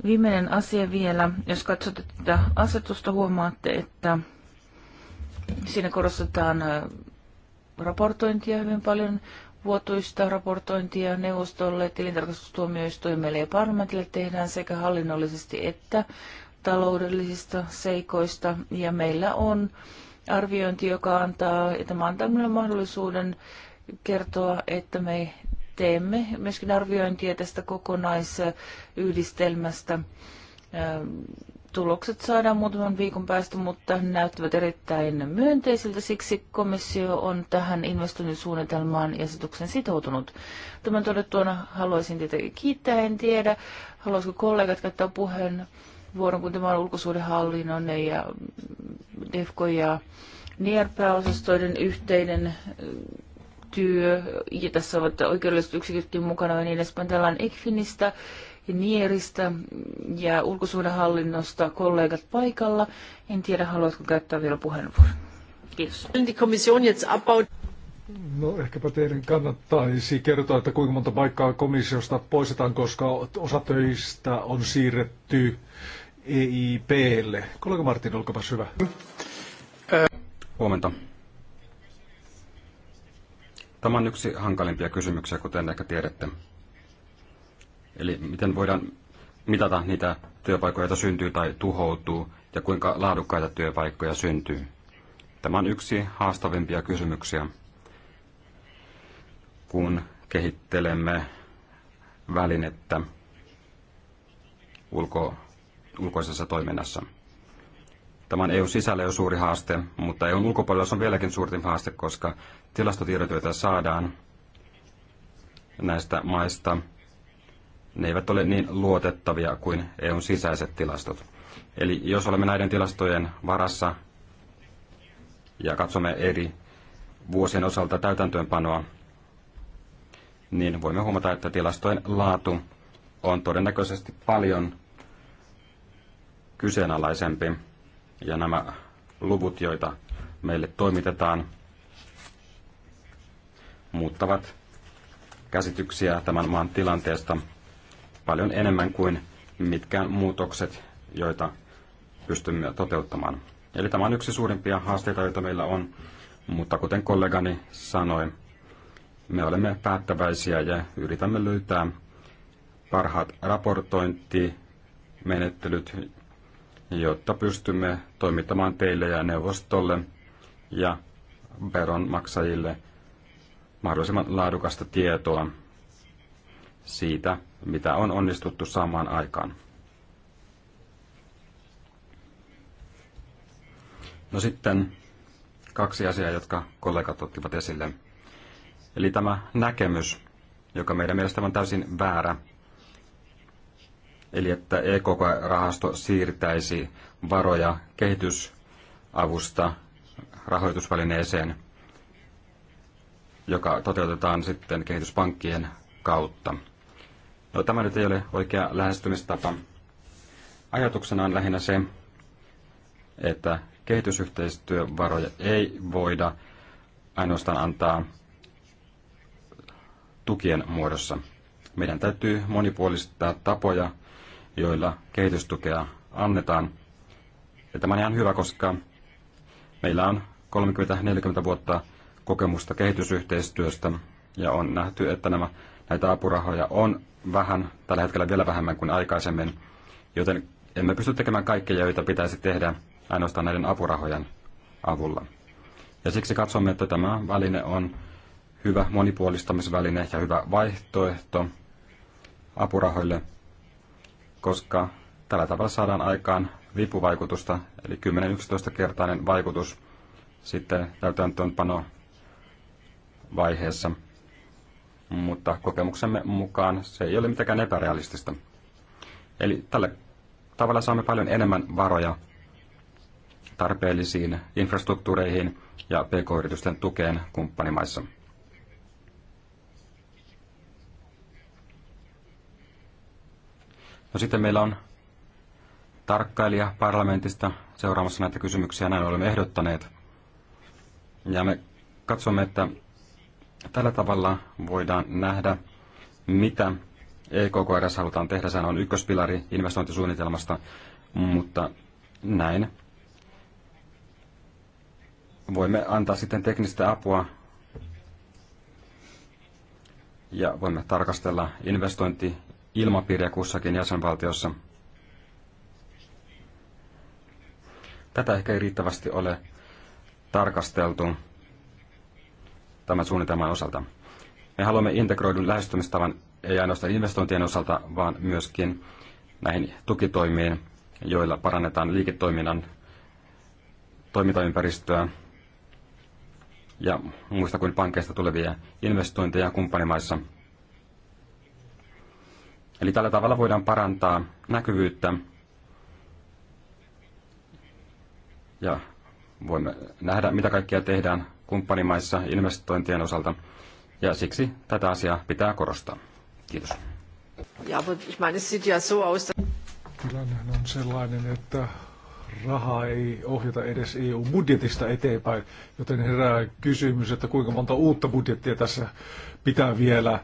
Viimeinen asia vielä. Jos katsotte tätä asetusta, huomaatte, että siinä korostetaan äh, raportointia hyvin paljon vuotuista raportointia neuvostolle, tilintarkastustuomioistuimelle ja parlamentille tehdään sekä hallinnollisesti että taloudellisista seikoista. Ja meillä on arviointi, joka antaa, ja tämä antaa meille mahdollisuuden kertoa, että me teemme myöskin arviointia tästä kokonaisyhdistelmästä tulokset saadaan muutaman viikon päästä, mutta näyttävät erittäin myönteisiltä. Siksi komissio on tähän investointisuunnitelmaan ja asetuksen sitoutunut. Tämän todettuna haluaisin tietenkin kiittää, en tiedä. Haluaisiko kollegat käyttää puheen vuoron, kun tämä on ulkosuhdehallinnon ja DEFCO ja NIR-pääosastoiden yhteinen äh, työ, ja tässä ovat oikeudelliset yksikötkin mukana ja niin edespäin. Täällä on ECFINistä, Nieristä ja ulkosuhdehallinnosta kollegat paikalla. En tiedä, haluatko käyttää vielä puheenvuoron. Kiitos. No ehkäpä teidän kannattaisi kertoa, että kuinka monta paikkaa komissiosta poistetaan, koska osa töistä on siirretty EIPlle. Kollega Martin, olkaa hyvä. Huomenta. Tämä on yksi hankalimpia kysymyksiä, kuten ehkä tiedätte. Eli miten voidaan mitata niitä työpaikkoja, joita syntyy tai tuhoutuu, ja kuinka laadukkaita työpaikkoja syntyy? Tämä on yksi haastavimpia kysymyksiä, kun kehittelemme välinettä ulko, ulkoisessa toiminnassa. Tämä on EU-sisällä jo suuri haaste, mutta EUn ulkopuolella se on vieläkin suurin haaste, koska tilastotiedot, joita saadaan näistä maista, ne eivät ole niin luotettavia kuin EUn sisäiset tilastot. Eli jos olemme näiden tilastojen varassa ja katsomme eri vuosien osalta täytäntöönpanoa, niin voimme huomata, että tilastojen laatu on todennäköisesti paljon kyseenalaisempi. Ja nämä luvut, joita meille toimitetaan, muuttavat käsityksiä tämän maan tilanteesta – paljon enemmän kuin mitkään muutokset, joita pystymme toteuttamaan. Eli tämä on yksi suurimpia haasteita, joita meillä on, mutta kuten kollegani sanoi, me olemme päättäväisiä ja yritämme löytää parhaat raportointimenettelyt, jotta pystymme toimittamaan teille ja neuvostolle ja veronmaksajille mahdollisimman laadukasta tietoa siitä, mitä on onnistuttu saamaan aikaan. No sitten kaksi asiaa, jotka kollegat ottivat esille. Eli tämä näkemys, joka meidän mielestä on täysin väärä, eli että EKK-rahasto siirtäisi varoja kehitysavusta rahoitusvälineeseen, joka toteutetaan sitten kehityspankkien kautta. No tämä nyt ei ole oikea lähestymistapa. Ajatuksena on lähinnä se, että kehitysyhteistyövaroja ei voida ainoastaan antaa tukien muodossa. Meidän täytyy monipuolistaa tapoja, joilla kehitystukea annetaan. Ja tämä on ihan hyvä, koska meillä on 30-40 vuotta kokemusta kehitysyhteistyöstä ja on nähty, että nämä Näitä apurahoja on vähän, tällä hetkellä vielä vähemmän kuin aikaisemmin, joten emme pysty tekemään kaikkea, joita pitäisi tehdä ainoastaan näiden apurahojen avulla. Ja siksi katsomme, että tämä väline on hyvä monipuolistamisväline ja hyvä vaihtoehto apurahoille, koska tällä tavalla saadaan aikaan vipuvaikutusta, eli 10-11-kertainen vaikutus sitten täytäntöönpano vaiheessa – mutta kokemuksemme mukaan se ei ole mitenkään epärealistista. Eli tällä tavalla saamme paljon enemmän varoja tarpeellisiin infrastruktuureihin ja pk-yritysten tukeen kumppanimaissa. No sitten meillä on tarkkailija parlamentista seuraamassa näitä kysymyksiä, näin olemme ehdottaneet. Ja me katsomme, että Tällä tavalla voidaan nähdä, mitä EKKRS halutaan tehdä. Sehän on ykköspilari investointisuunnitelmasta, mutta näin voimme antaa sitten teknistä apua ja voimme tarkastella investointi-ilmapiiriä kussakin jäsenvaltiossa. Tätä ehkä ei riittävästi ole tarkasteltu tämän suunnitelman osalta. Me haluamme integroidun lähestymistavan ei ainoastaan investointien osalta, vaan myöskin näihin tukitoimiin, joilla parannetaan liiketoiminnan toimintaympäristöä ja muista kuin pankeista tulevia investointeja kumppanimaissa. Eli tällä tavalla voidaan parantaa näkyvyyttä ja voimme nähdä, mitä kaikkea tehdään kumppanimaissa investointien osalta, ja siksi tätä asiaa pitää korostaa. Kiitos. Ja, mutta ich Tilannehan on sellainen, että rahaa ei ohjata edes EU-budjetista eteenpäin, joten herää kysymys, että kuinka monta uutta budjettia tässä pitää vielä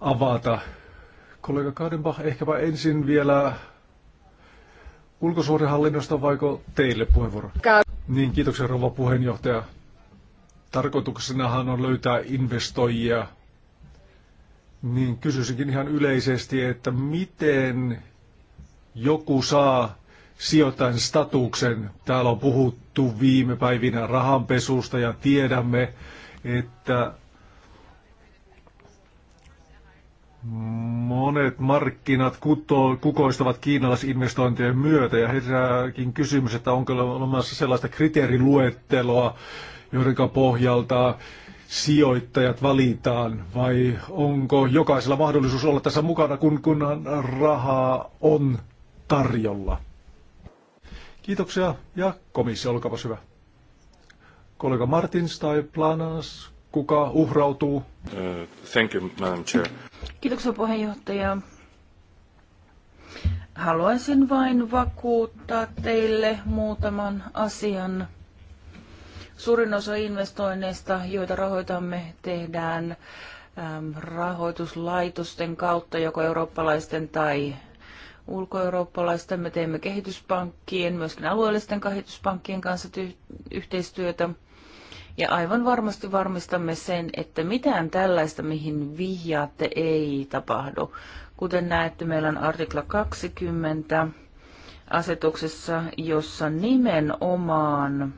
avata. Kollega Kaudenbach, ehkäpä ensin vielä ulkosuorihallinnosta vaiko teille puheenvuoro? Niin, kiitoksia rouva puheenjohtaja. Tarkoituksenahan on löytää investoijia. Niin kysyisinkin ihan yleisesti, että miten joku saa sijoittajan statuksen. Täällä on puhuttu viime päivinä rahanpesusta ja tiedämme, että Monet markkinat kuto, kukoistavat kiinalaisinvestointien myötä ja herääkin kysymys, että onko olemassa sellaista kriteeriluetteloa, joiden pohjalta sijoittajat valitaan, vai onko jokaisella mahdollisuus olla tässä mukana, kun kunnan rahaa on tarjolla? Kiitoksia ja komissio, olkaa hyvä. Kollega Martins tai Planas, kuka uhrautuu? Uh, thank you, Madam Chair. Kiitoksia puheenjohtaja. Haluaisin vain vakuuttaa teille muutaman asian. Suurin osa investoinneista, joita rahoitamme, tehdään rahoituslaitosten kautta, joko eurooppalaisten tai ulkoeurooppalaisten. Me teemme kehityspankkien, myöskin alueellisten kehityspankkien kanssa yhteistyötä. Ja aivan varmasti varmistamme sen, että mitään tällaista, mihin vihjaatte, ei tapahdu. Kuten näette, meillä on artikla 20 asetuksessa, jossa nimenomaan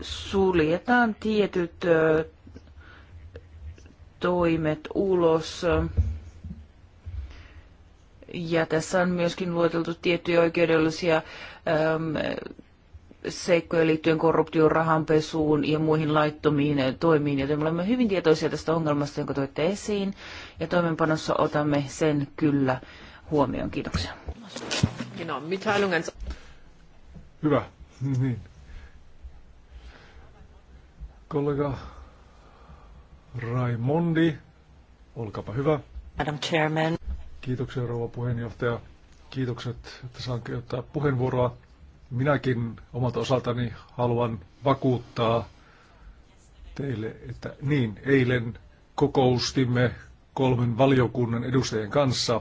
suljetaan tietyt toimet ulos. Ja tässä on myöskin luoteltu tiettyjä oikeudellisia äm, seikkoja liittyen korruptioon, rahanpesuun ja muihin laittomiin toimiin, joten me olemme hyvin tietoisia tästä ongelmasta, jonka toitte esiin, ja toimenpanossa otamme sen kyllä huomioon. Kiitoksia. Hyvä. Niin. Kollega Raimondi, olkaapa hyvä. Madam Chairman. Kiitoksia rouva puheenjohtaja. Kiitokset, että saan käyttää puheenvuoroa. Minäkin omalta osaltani haluan vakuuttaa teille, että niin, eilen kokoustimme kolmen valiokunnan edustajien kanssa.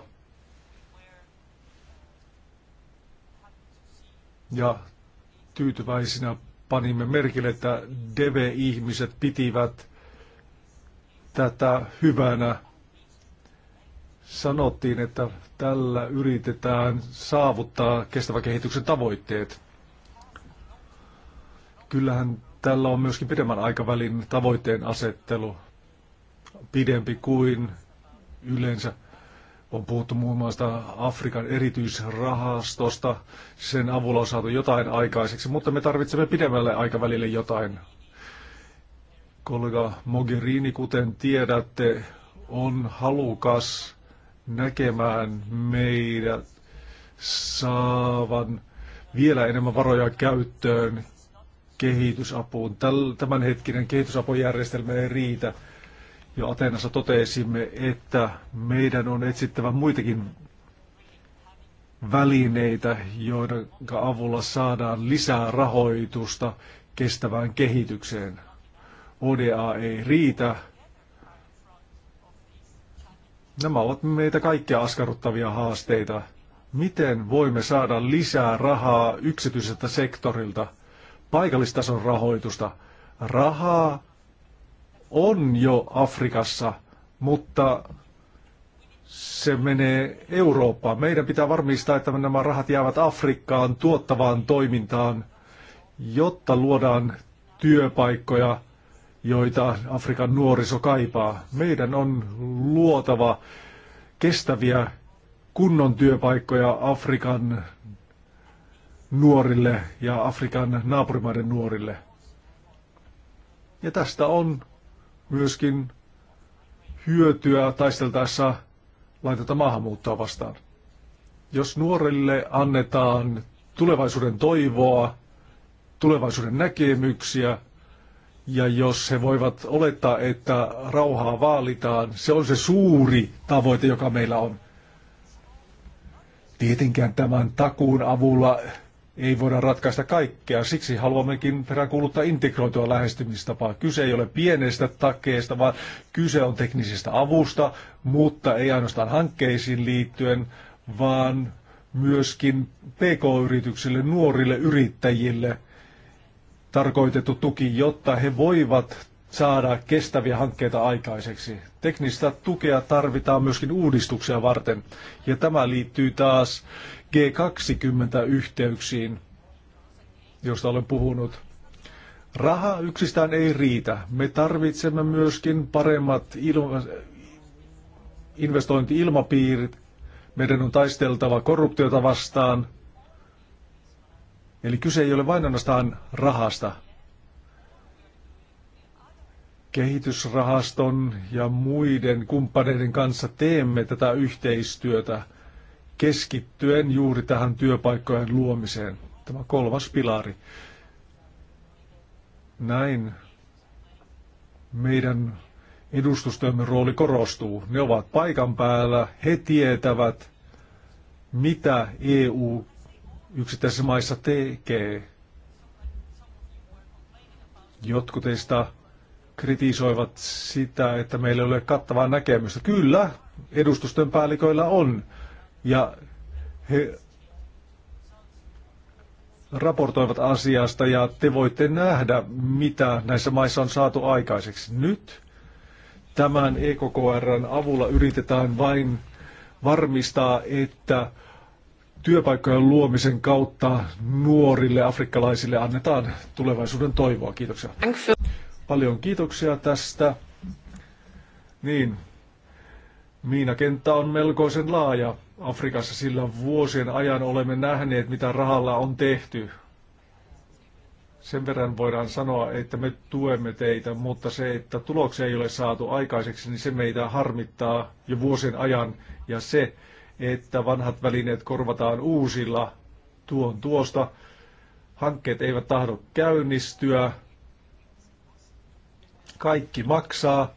Ja tyytyväisinä panimme merkille, että DV-ihmiset pitivät tätä hyvänä. Sanottiin, että tällä yritetään saavuttaa kestävän kehityksen tavoitteet. Kyllähän tällä on myöskin pidemmän aikavälin tavoitteen asettelu, pidempi kuin yleensä on puhuttu muun muassa Afrikan erityisrahastosta. Sen avulla on saatu jotain aikaiseksi, mutta me tarvitsemme pidemmälle aikavälille jotain. Kollega Mogherini, kuten tiedätte, on halukas näkemään meidät saavan vielä enemmän varoja käyttöön kehitysapuun. Tämänhetkinen kehitysapujärjestelmä ei riitä jo Atenassa totesimme, että meidän on etsittävä muitakin välineitä, joiden avulla saadaan lisää rahoitusta kestävään kehitykseen. ODA ei riitä. Nämä ovat meitä kaikkia askarruttavia haasteita. Miten voimme saada lisää rahaa yksityiseltä sektorilta, paikallistason rahoitusta, rahaa, on jo Afrikassa, mutta se menee Eurooppaan. Meidän pitää varmistaa, että nämä rahat jäävät Afrikkaan tuottavaan toimintaan, jotta luodaan työpaikkoja, joita Afrikan nuoriso kaipaa. Meidän on luotava kestäviä kunnon työpaikkoja Afrikan nuorille ja Afrikan naapurimaiden nuorille. Ja tästä on myöskin hyötyä taisteltaessa laitetta maahanmuuttoa vastaan. Jos nuorille annetaan tulevaisuuden toivoa, tulevaisuuden näkemyksiä, ja jos he voivat olettaa, että rauhaa vaalitaan, se on se suuri tavoite, joka meillä on. Tietenkään tämän takuun avulla ei voida ratkaista kaikkea. Siksi haluammekin peräänkuuluttaa integroitua lähestymistapaa. Kyse ei ole pienestä takeesta, vaan kyse on teknisestä avusta, mutta ei ainoastaan hankkeisiin liittyen, vaan myöskin PK-yrityksille, nuorille yrittäjille tarkoitettu tuki, jotta he voivat saada kestäviä hankkeita aikaiseksi. Teknistä tukea tarvitaan myöskin uudistuksia varten. Ja tämä liittyy taas G20-yhteyksiin, josta olen puhunut. Raha yksistään ei riitä. Me tarvitsemme myöskin paremmat ilma- investointi-ilmapiirit. Meidän on taisteltava korruptiota vastaan. Eli kyse ei ole vain ainoastaan rahasta. Kehitysrahaston ja muiden kumppaneiden kanssa teemme tätä yhteistyötä – keskittyen juuri tähän työpaikkojen luomiseen. Tämä kolmas pilari. Näin meidän edustustömme rooli korostuu. Ne ovat paikan päällä, he tietävät, mitä EU yksittäisissä maissa tekee. Jotkut teistä kritisoivat sitä, että meillä ei ole kattavaa näkemystä. Kyllä, edustusten päälliköillä on ja he raportoivat asiasta ja te voitte nähdä, mitä näissä maissa on saatu aikaiseksi. Nyt tämän EKKRn avulla yritetään vain varmistaa, että työpaikkojen luomisen kautta nuorille afrikkalaisille annetaan tulevaisuuden toivoa. Kiitoksia. Paljon kiitoksia tästä. Niin, miinakenttä on melkoisen laaja. Afrikassa, sillä vuosien ajan olemme nähneet, mitä rahalla on tehty. Sen verran voidaan sanoa, että me tuemme teitä, mutta se, että tuloksia ei ole saatu aikaiseksi, niin se meitä harmittaa jo vuosien ajan. Ja se, että vanhat välineet korvataan uusilla tuon tuosta, hankkeet eivät tahdo käynnistyä, kaikki maksaa,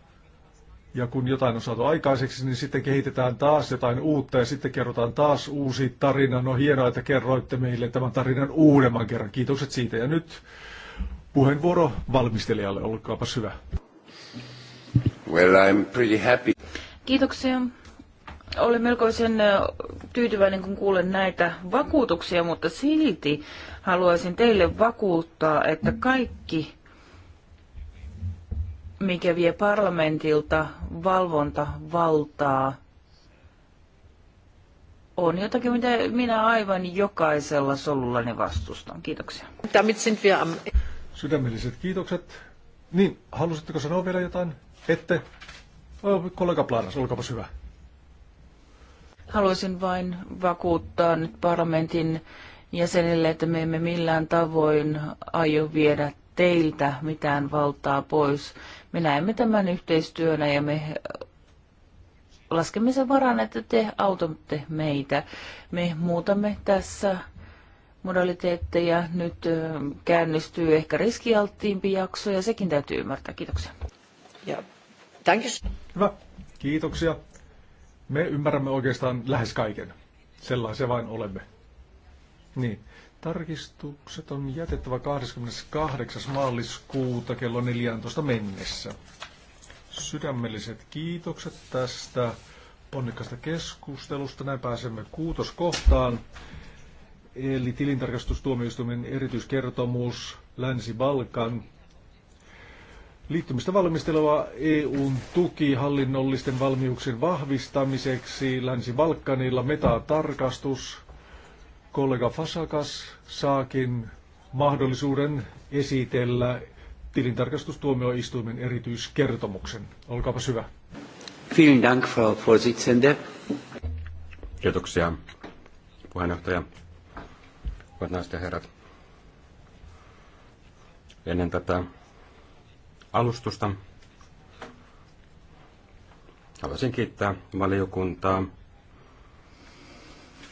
ja kun jotain on saatu aikaiseksi, niin sitten kehitetään taas jotain uutta ja sitten kerrotaan taas uusi tarina. No hienoa, että kerroitte meille tämän tarinan uudemman kerran. Kiitokset siitä. Ja nyt puheenvuoro valmistelijalle. Olkaapas hyvä. Well, I'm pretty happy. Kiitoksia. Olen melkoisen tyytyväinen, kun kuulen näitä vakuutuksia, mutta silti haluaisin teille vakuuttaa, että kaikki mikä vie parlamentilta valvontavaltaa, on jotakin, mitä minä aivan jokaisella solullani vastustan. Kiitoksia. Sydämelliset kiitokset. Niin, halusitteko sanoa vielä jotain? Ette? Oh, kollega Planas, olkaapa hyvä. Haluaisin vain vakuuttaa nyt parlamentin jäsenille, että me emme millään tavoin aio viedä teiltä mitään valtaa pois. Me näemme tämän yhteistyönä ja me laskemme sen varan, että te autatte meitä. Me muutamme tässä modaliteetteja. Nyt käännistyy ehkä riskialttiimpi jakso ja sekin täytyy ymmärtää. Kiitoksia. Ja, thanks. Hyvä. Kiitoksia. Me ymmärrämme oikeastaan lähes kaiken. Sellaisia vain olemme. Niin. Tarkistukset on jätettävä 28. maaliskuuta kello 14 mennessä. Sydämelliset kiitokset tästä ponnikasta keskustelusta. Näin pääsemme kuutoskohtaan. Eli tilintarkastustuomioistuimen erityiskertomus Länsi-Balkan liittymistä valmisteleva EUn tuki hallinnollisten valmiuksien vahvistamiseksi Länsi-Balkanilla, metatarkastus, kollega Fasakas saakin mahdollisuuden esitellä tilintarkastustuomioistuimen erityiskertomuksen. Olkaapa hyvä. Vielen Dank, Frau Vorsitzende. Kiitoksia, puheenjohtaja. Hyvät naiset ja herrat. Ennen tätä alustusta haluaisin kiittää valiokuntaa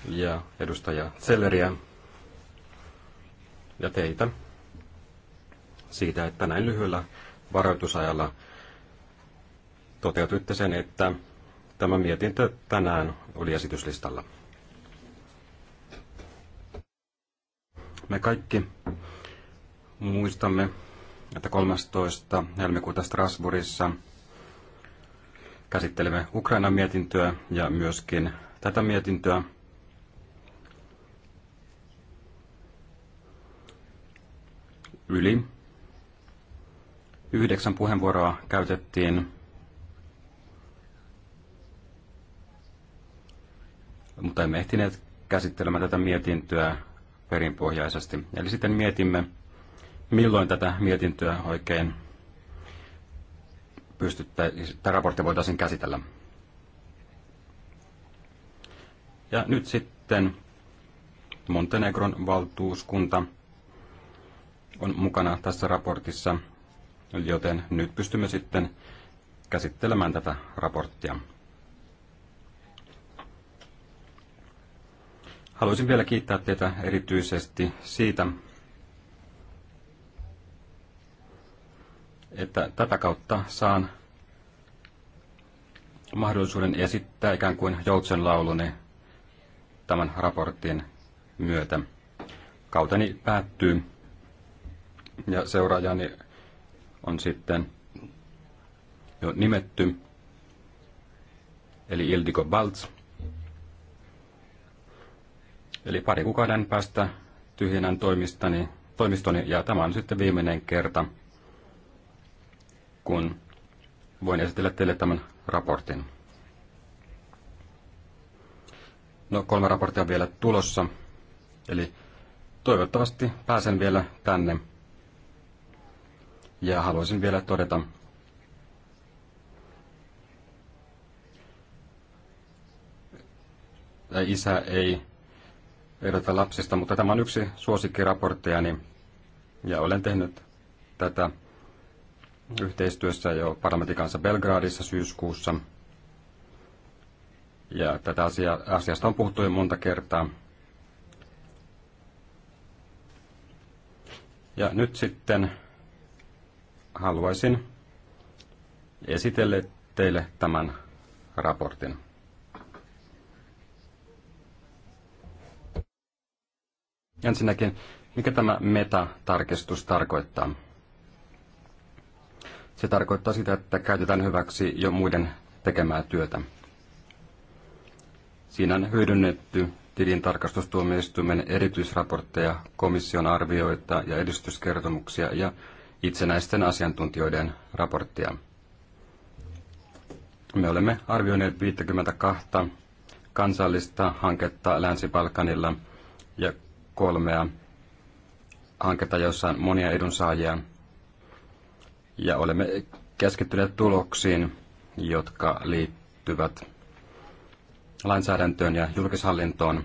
ja edustaja Zelleriä ja teitä siitä, että näin lyhyellä varoitusajalla toteutuitte sen, että tämä mietintö tänään oli esityslistalla. Me kaikki muistamme, että 13. helmikuuta Strasbourgissa käsittelemme Ukrainan mietintöä ja myöskin tätä mietintöä. yli. Yhdeksän puheenvuoroa käytettiin mutta emme ehtineet käsittelemään tätä mietintöä perinpohjaisesti. Eli sitten mietimme, milloin tätä mietintöä oikein pystyttäisiin, tämä raportti voitaisiin käsitellä. Ja nyt sitten Montenegron valtuuskunta on mukana tässä raportissa, joten nyt pystymme sitten käsittelemään tätä raporttia. Haluaisin vielä kiittää teitä erityisesti siitä, että tätä kautta saan mahdollisuuden esittää ikään kuin joutsenlauluni tämän raportin myötä. Kauteni päättyy ja seuraajani on sitten jo nimetty, eli Ildiko Balts. Eli pari kuukauden päästä tyhjennän toimistani, toimistoni, ja tämä on sitten viimeinen kerta, kun voin esitellä teille tämän raportin. No, kolme raporttia on vielä tulossa, eli toivottavasti pääsen vielä tänne ja haluaisin vielä todeta, isä ei erota lapsista, mutta tämä on yksi suosikkiraporttejani ja olen tehnyt tätä yhteistyössä jo parlamentin kanssa Belgradissa syyskuussa. Ja tätä asia, asiasta on puhuttu jo monta kertaa. Ja nyt sitten haluaisin esitellä teille tämän raportin. Ensinnäkin, mikä tämä metatarkistus tarkoittaa? Se tarkoittaa sitä, että käytetään hyväksi jo muiden tekemää työtä. Siinä on hyödynnetty tilintarkastustuomioistuimen erityisraportteja, komission arvioita ja edistyskertomuksia ja itsenäisten asiantuntijoiden raporttia. Me olemme arvioineet 52 kansallista hanketta Länsi-Balkanilla ja kolmea hanketta, joissa on monia edunsaajia. Ja olemme keskittyneet tuloksiin, jotka liittyvät lainsäädäntöön ja julkishallintoon.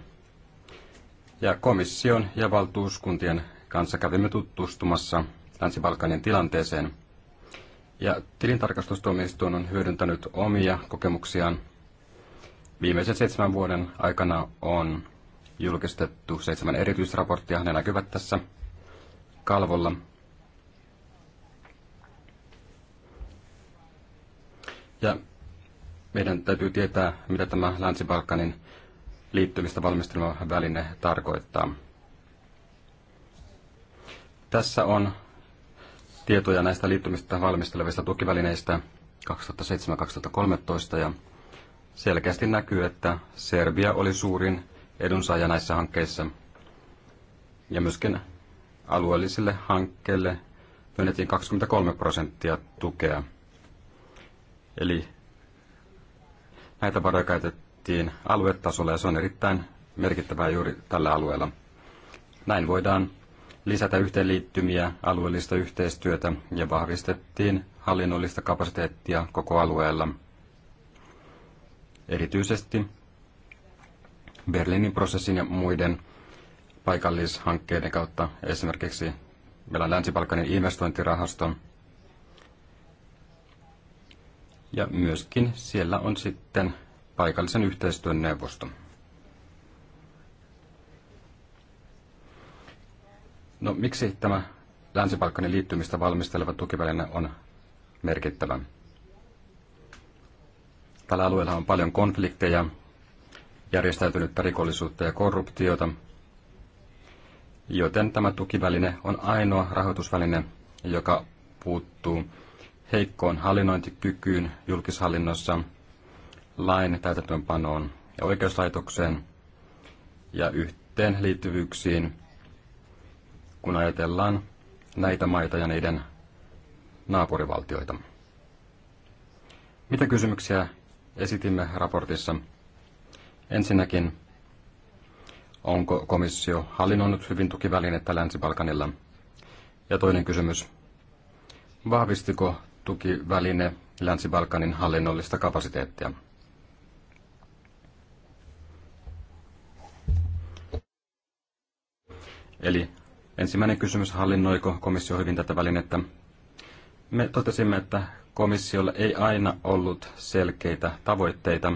Ja komission ja valtuuskuntien kanssa kävimme tutustumassa Länsi-Balkanin tilanteeseen. Ja tilintarkastustuomioistuin on hyödyntänyt omia kokemuksiaan. Viimeisen seitsemän vuoden aikana on julkistettu seitsemän erityisraporttia. Ne näkyvät tässä kalvolla. Ja meidän täytyy tietää, mitä tämä Länsi-Balkanin liittymistä valmistelema väline tarkoittaa. Tässä on tietoja näistä liittymistä valmistelevista tukivälineistä 2007-2013 ja selkeästi näkyy, että Serbia oli suurin edunsaaja näissä hankkeissa ja myöskin alueellisille hankkeille myönnettiin 23 prosenttia tukea. Eli näitä varoja käytettiin aluetasolla ja se on erittäin merkittävää juuri tällä alueella. Näin voidaan lisätä yhteenliittymiä, alueellista yhteistyötä ja vahvistettiin hallinnollista kapasiteettia koko alueella. Erityisesti Berliinin prosessin ja muiden paikallishankkeiden kautta, esimerkiksi meillä on länsi investointirahasto, ja myöskin siellä on sitten paikallisen yhteistyön neuvosto. No miksi tämä länsi liittymistä valmisteleva tukiväline on merkittävä? Tällä alueella on paljon konflikteja, järjestäytynyttä rikollisuutta ja korruptiota, joten tämä tukiväline on ainoa rahoitusväline, joka puuttuu heikkoon hallinnointikykyyn julkishallinnossa, lain täytäntöönpanoon ja oikeuslaitokseen ja yhteenliittyvyyksiin kun ajatellaan näitä maita ja niiden naapurivaltioita. Mitä kysymyksiä esitimme raportissa? Ensinnäkin, onko komissio hallinnoinut hyvin tukivälinettä Länsi-Balkanilla? Ja toinen kysymys, vahvistiko tukiväline Länsi-Balkanin hallinnollista kapasiteettia? Eli Ensimmäinen kysymys, hallinnoiko komissio hyvin tätä välinettä? Me totesimme, että komissiolla ei aina ollut selkeitä tavoitteita,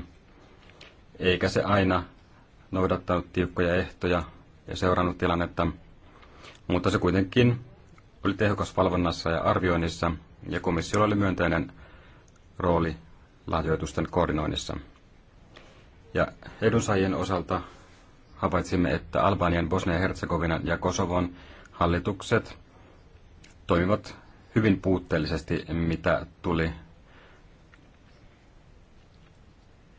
eikä se aina noudattanut tiukkoja ehtoja ja seurannut tilannetta, mutta se kuitenkin oli tehokas valvonnassa ja arvioinnissa, ja komissiolla oli myönteinen rooli lahjoitusten koordinoinnissa. Ja edunsaajien osalta havaitsimme, että Albanian, Bosnia-Herzegovinan ja Kosovon hallitukset toimivat hyvin puutteellisesti, mitä tuli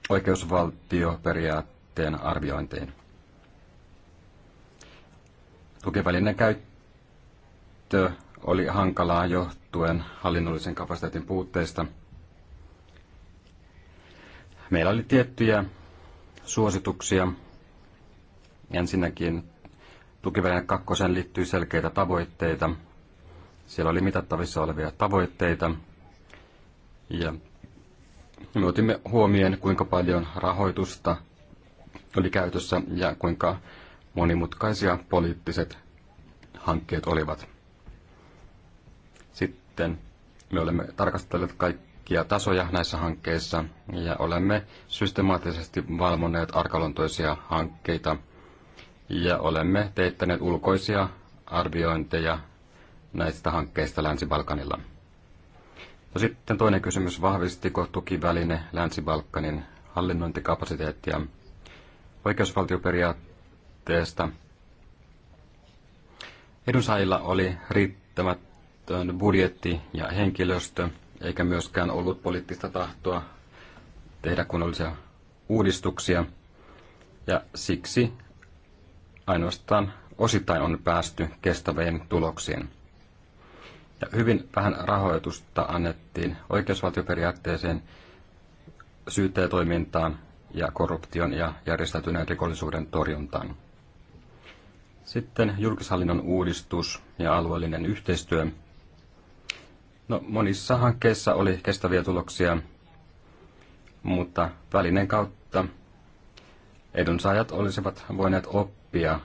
oikeusvaltioperiaatteen arviointiin. Tukivälinen käyttö oli hankalaa johtuen hallinnollisen kapasiteetin puutteista. Meillä oli tiettyjä suosituksia. Ensinnäkin Tukiväline kakkosen liittyy selkeitä tavoitteita. Siellä oli mitattavissa olevia tavoitteita. Ja me otimme huomioon, kuinka paljon rahoitusta oli käytössä ja kuinka monimutkaisia poliittiset hankkeet olivat. Sitten me olemme tarkastelleet kaikkia tasoja näissä hankkeissa ja olemme systemaattisesti valvonneet arkaluontoisia hankkeita – ja olemme teettäneet ulkoisia arviointeja näistä hankkeista Länsi-Balkanilla. No sitten toinen kysymys, vahvistiko tukiväline Länsi-Balkanin hallinnointikapasiteettia oikeusvaltioperiaatteesta? Edunsaajilla oli riittämätön budjetti ja henkilöstö, eikä myöskään ollut poliittista tahtoa tehdä kunnollisia uudistuksia, ja siksi ainoastaan osittain on päästy kestävien tuloksiin. Ja hyvin vähän rahoitusta annettiin oikeusvaltioperiaatteeseen, syyttäjätoimintaan ja korruption ja järjestäytyneen rikollisuuden torjuntaan. Sitten julkishallinnon uudistus ja alueellinen yhteistyö. No, monissa hankkeissa oli kestäviä tuloksia, mutta välinen kautta edunsaajat olisivat voineet oppia oppia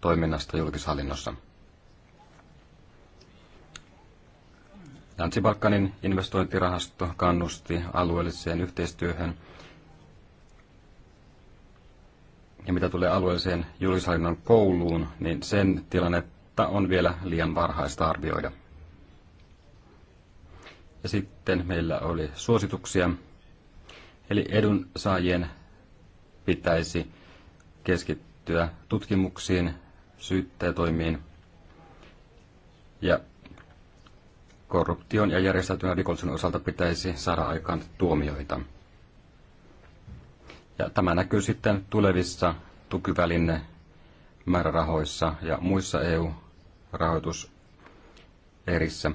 toiminnasta julkishallinnossa. Länsi Balkanin investointirahasto kannusti alueelliseen yhteistyöhön. Ja mitä tulee alueelliseen julkishallinnon kouluun, niin sen tilannetta on vielä liian varhaista arvioida. Ja sitten meillä oli suosituksia. Eli edunsaajien pitäisi keskittyä liittyä tutkimuksiin, syyttäjätoimiin ja korruption ja järjestäytyneen rikollisuuden osalta pitäisi saada aikaan tuomioita. Ja tämä näkyy sitten tulevissa tukiväline määrärahoissa ja muissa eu erissä.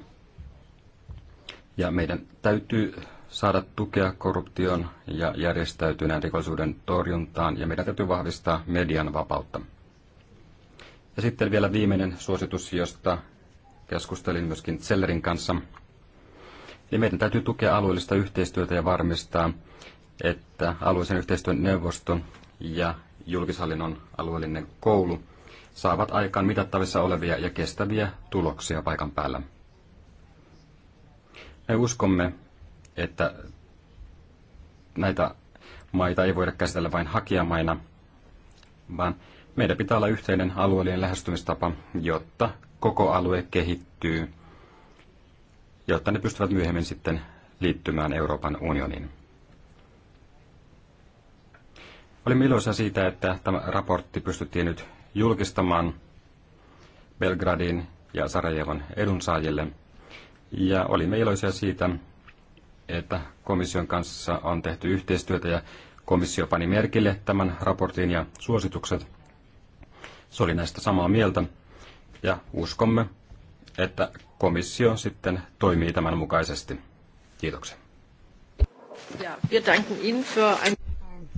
Ja meidän täytyy saada tukea korruption ja järjestäytyneen rikollisuuden torjuntaan ja meidän täytyy vahvistaa median vapautta. Ja sitten vielä viimeinen suositus, josta keskustelin myöskin Zellerin kanssa. Eli meidän täytyy tukea alueellista yhteistyötä ja varmistaa, että alueellisen yhteistyön neuvosto ja julkishallinnon alueellinen koulu saavat aikaan mitattavissa olevia ja kestäviä tuloksia paikan päällä. Me uskomme, että näitä maita ei voida käsitellä vain hakijamaina, vaan meidän pitää olla yhteinen alueellinen lähestymistapa, jotta koko alue kehittyy, jotta ne pystyvät myöhemmin sitten liittymään Euroopan unioniin. Olin iloisia siitä, että tämä raportti pystyttiin nyt julkistamaan Belgradin ja Sarajevon edunsaajille. Ja olimme iloisia siitä, että komission kanssa on tehty yhteistyötä ja komissio pani merkille tämän raportin ja suositukset. Se oli näistä samaa mieltä ja uskomme, että komissio sitten toimii tämän mukaisesti. Kiitoksia.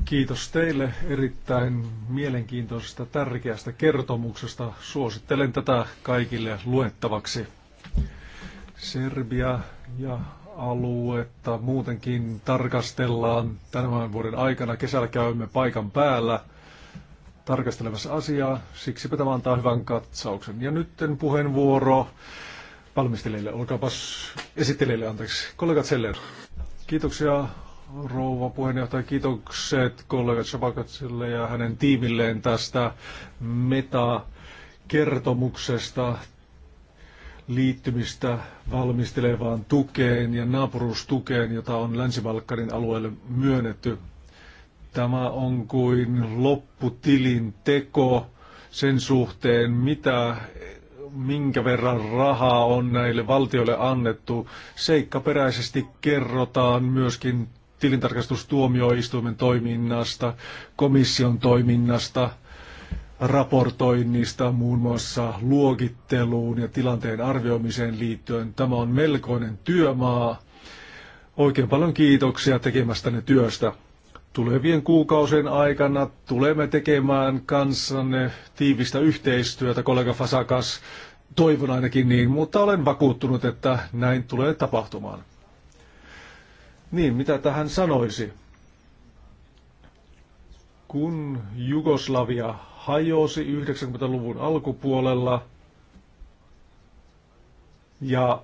Kiitos teille erittäin mielenkiintoisesta tärkeästä kertomuksesta. Suosittelen tätä kaikille luettavaksi. Serbia ja aluetta muutenkin tarkastellaan tämän vuoden aikana. Kesällä käymme paikan päällä tarkastelemassa asiaa, siksi tämä antaa hyvän katsauksen. Ja nyt puheenvuoro valmistelijalle, olkaapas esittelijälle, anteeksi, kollegat Seller. Kiitoksia rouva puheenjohtaja, kiitokset kollega Chabakatsille ja hänen tiimilleen tästä meta kertomuksesta liittymistä valmistelevaan tukeen ja naapuruustukeen, jota on Länsi-Balkanin alueelle myönnetty. Tämä on kuin lopputilin teko sen suhteen, mitä, minkä verran rahaa on näille valtioille annettu. Seikkaperäisesti kerrotaan myöskin tilintarkastustuomioistuimen toiminnasta, komission toiminnasta – raportoinnista, muun muassa luokitteluun ja tilanteen arvioimiseen liittyen. Tämä on melkoinen työmaa. Oikein paljon kiitoksia tekemästänne työstä. Tulevien kuukausien aikana tulemme tekemään kanssanne tiivistä yhteistyötä, kollega Fasakas. Toivon ainakin niin, mutta olen vakuuttunut, että näin tulee tapahtumaan. Niin, mitä tähän sanoisi? Kun Jugoslavia hajosi 90-luvun alkupuolella ja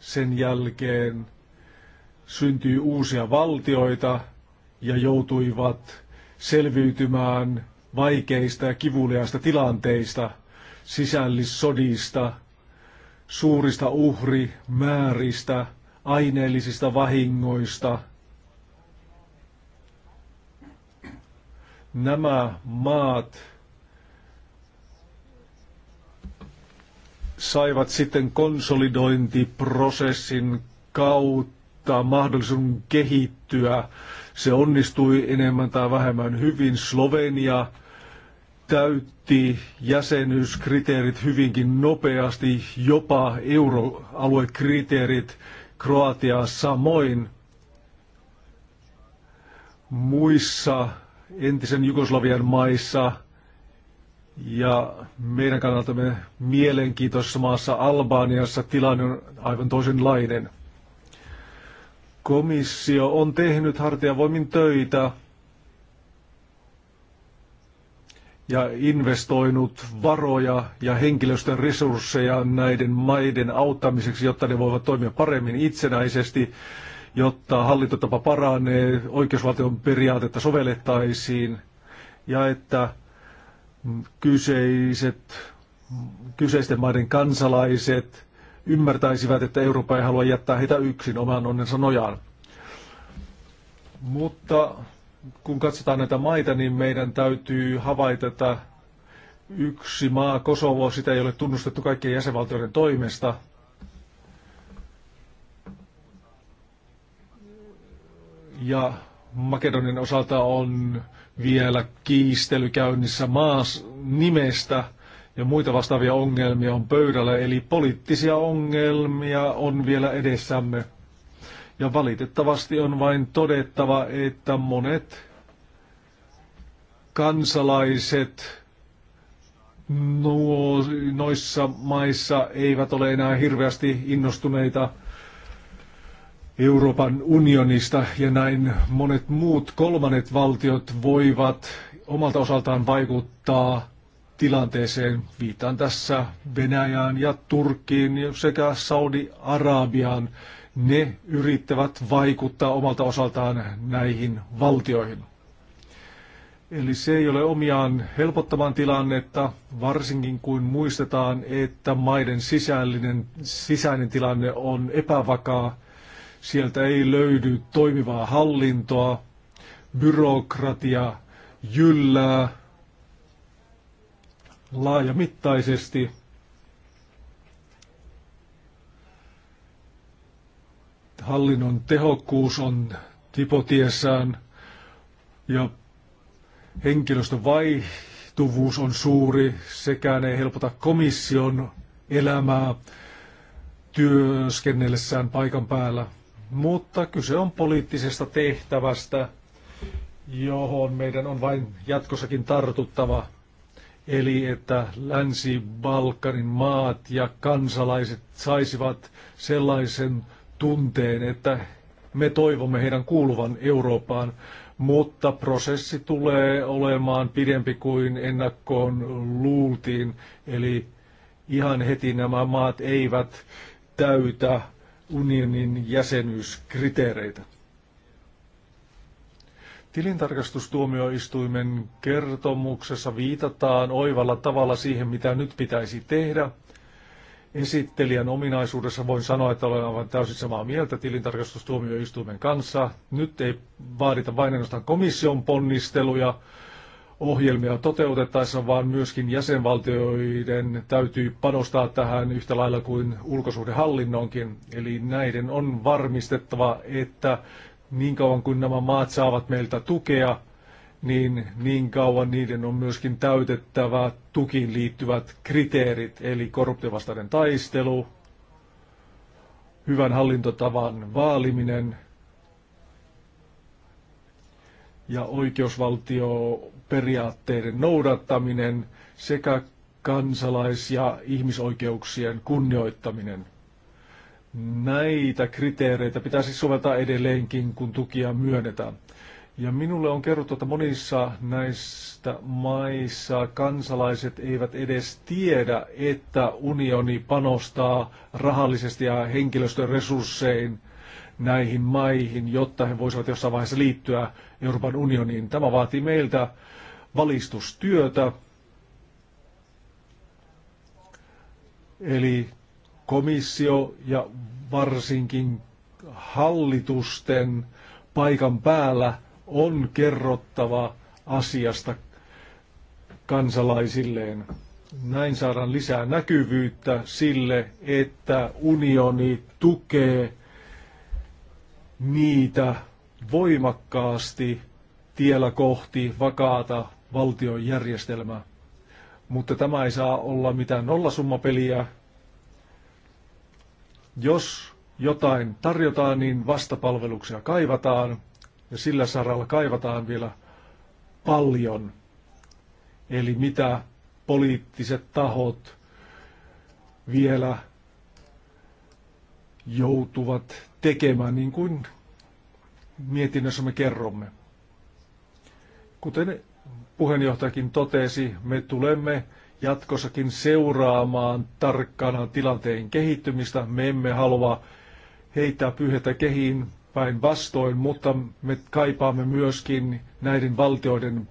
sen jälkeen syntyi uusia valtioita ja joutuivat selviytymään vaikeista ja kivuliaista tilanteista, sisällissodista, suurista uhrimääristä, aineellisista vahingoista. Nämä maat saivat sitten konsolidointiprosessin kautta mahdollisuuden kehittyä. Se onnistui enemmän tai vähemmän hyvin. Slovenia täytti jäsenyyskriteerit hyvinkin nopeasti, jopa euroaluekriteerit, Kroatia samoin. Muissa entisen Jugoslavian maissa – ja meidän me mielenkiintoisessa maassa Albaniassa tilanne on aivan toisenlainen. Komissio on tehnyt hartiavoimin töitä ja investoinut varoja ja henkilöstön resursseja näiden maiden auttamiseksi, jotta ne voivat toimia paremmin itsenäisesti, jotta hallintotapa paranee, oikeusvaltion periaatetta sovellettaisiin ja että kyseiset, kyseisten maiden kansalaiset ymmärtäisivät, että Eurooppa ei halua jättää heitä yksin oman onnensa nojaan. Mutta kun katsotaan näitä maita, niin meidän täytyy havaita, että yksi maa, Kosovo, sitä ei ole tunnustettu kaikkien jäsenvaltioiden toimesta. Ja Makedonian osalta on vielä kiistely käynnissä maas nimestä ja muita vastaavia ongelmia on pöydällä, eli poliittisia ongelmia on vielä edessämme. Ja valitettavasti on vain todettava, että monet kansalaiset nuo, noissa maissa eivät ole enää hirveästi innostuneita Euroopan unionista ja näin monet muut kolmannet valtiot voivat omalta osaltaan vaikuttaa tilanteeseen. Viitaan tässä Venäjään ja Turkkiin sekä Saudi-Arabiaan. Ne yrittävät vaikuttaa omalta osaltaan näihin valtioihin. Eli se ei ole omiaan helpottamaan tilannetta, varsinkin kun muistetaan, että maiden sisäinen tilanne on epävakaa – Sieltä ei löydy toimivaa hallintoa, byrokratia jyllää laajamittaisesti. Hallinnon tehokkuus on tipotiessään ja henkilöstön vaihtuvuus on suuri. Sekään ei helpota komission elämää työskennellessään paikan päällä mutta kyse on poliittisesta tehtävästä, johon meidän on vain jatkossakin tartuttava. Eli että Länsi-Balkanin maat ja kansalaiset saisivat sellaisen tunteen, että me toivomme heidän kuuluvan Eurooppaan, mutta prosessi tulee olemaan pidempi kuin ennakkoon luultiin. Eli ihan heti nämä maat eivät täytä unionin jäsenyyskriteereitä. Tilintarkastustuomioistuimen kertomuksessa viitataan oivalla tavalla siihen, mitä nyt pitäisi tehdä. Esittelijän ominaisuudessa voin sanoa, että olen aivan täysin samaa mieltä tilintarkastustuomioistuimen kanssa. Nyt ei vaadita vain ainoastaan komission ponnisteluja, ohjelmia toteutettaessa, vaan myöskin jäsenvaltioiden täytyy panostaa tähän yhtä lailla kuin ulkosuhdehallinnonkin. Eli näiden on varmistettava, että niin kauan kuin nämä maat saavat meiltä tukea, niin niin kauan niiden on myöskin täytettävä tukiin liittyvät kriteerit, eli korruptiovastainen taistelu, hyvän hallintotavan vaaliminen ja oikeusvaltio periaatteiden noudattaminen sekä kansalais- ja ihmisoikeuksien kunnioittaminen. Näitä kriteereitä pitäisi soveltaa edelleenkin, kun tukia myönnetään. Ja minulle on kerrottu, että monissa näistä maissa kansalaiset eivät edes tiedä, että unioni panostaa rahallisesti ja henkilöstöresurssein näihin maihin, jotta he voisivat jossain vaiheessa liittyä Euroopan unioniin. Tämä vaatii meiltä valistustyötä. Eli komissio ja varsinkin hallitusten paikan päällä on kerrottava asiasta kansalaisilleen. Näin saadaan lisää näkyvyyttä sille, että unioni tukee niitä voimakkaasti tiellä kohti vakaata valtion järjestelmää. Mutta tämä ei saa olla mitään nollasummapeliä. Jos jotain tarjotaan, niin vastapalveluksia kaivataan ja sillä saralla kaivataan vielä paljon. Eli mitä poliittiset tahot vielä joutuvat tekemään, niin kuin mietinnössä me kerromme. Kuten puheenjohtajakin totesi, me tulemme jatkossakin seuraamaan tarkkana tilanteen kehittymistä. Me emme halua heittää pyhätä kehiin päin vastoin, mutta me kaipaamme myöskin näiden valtioiden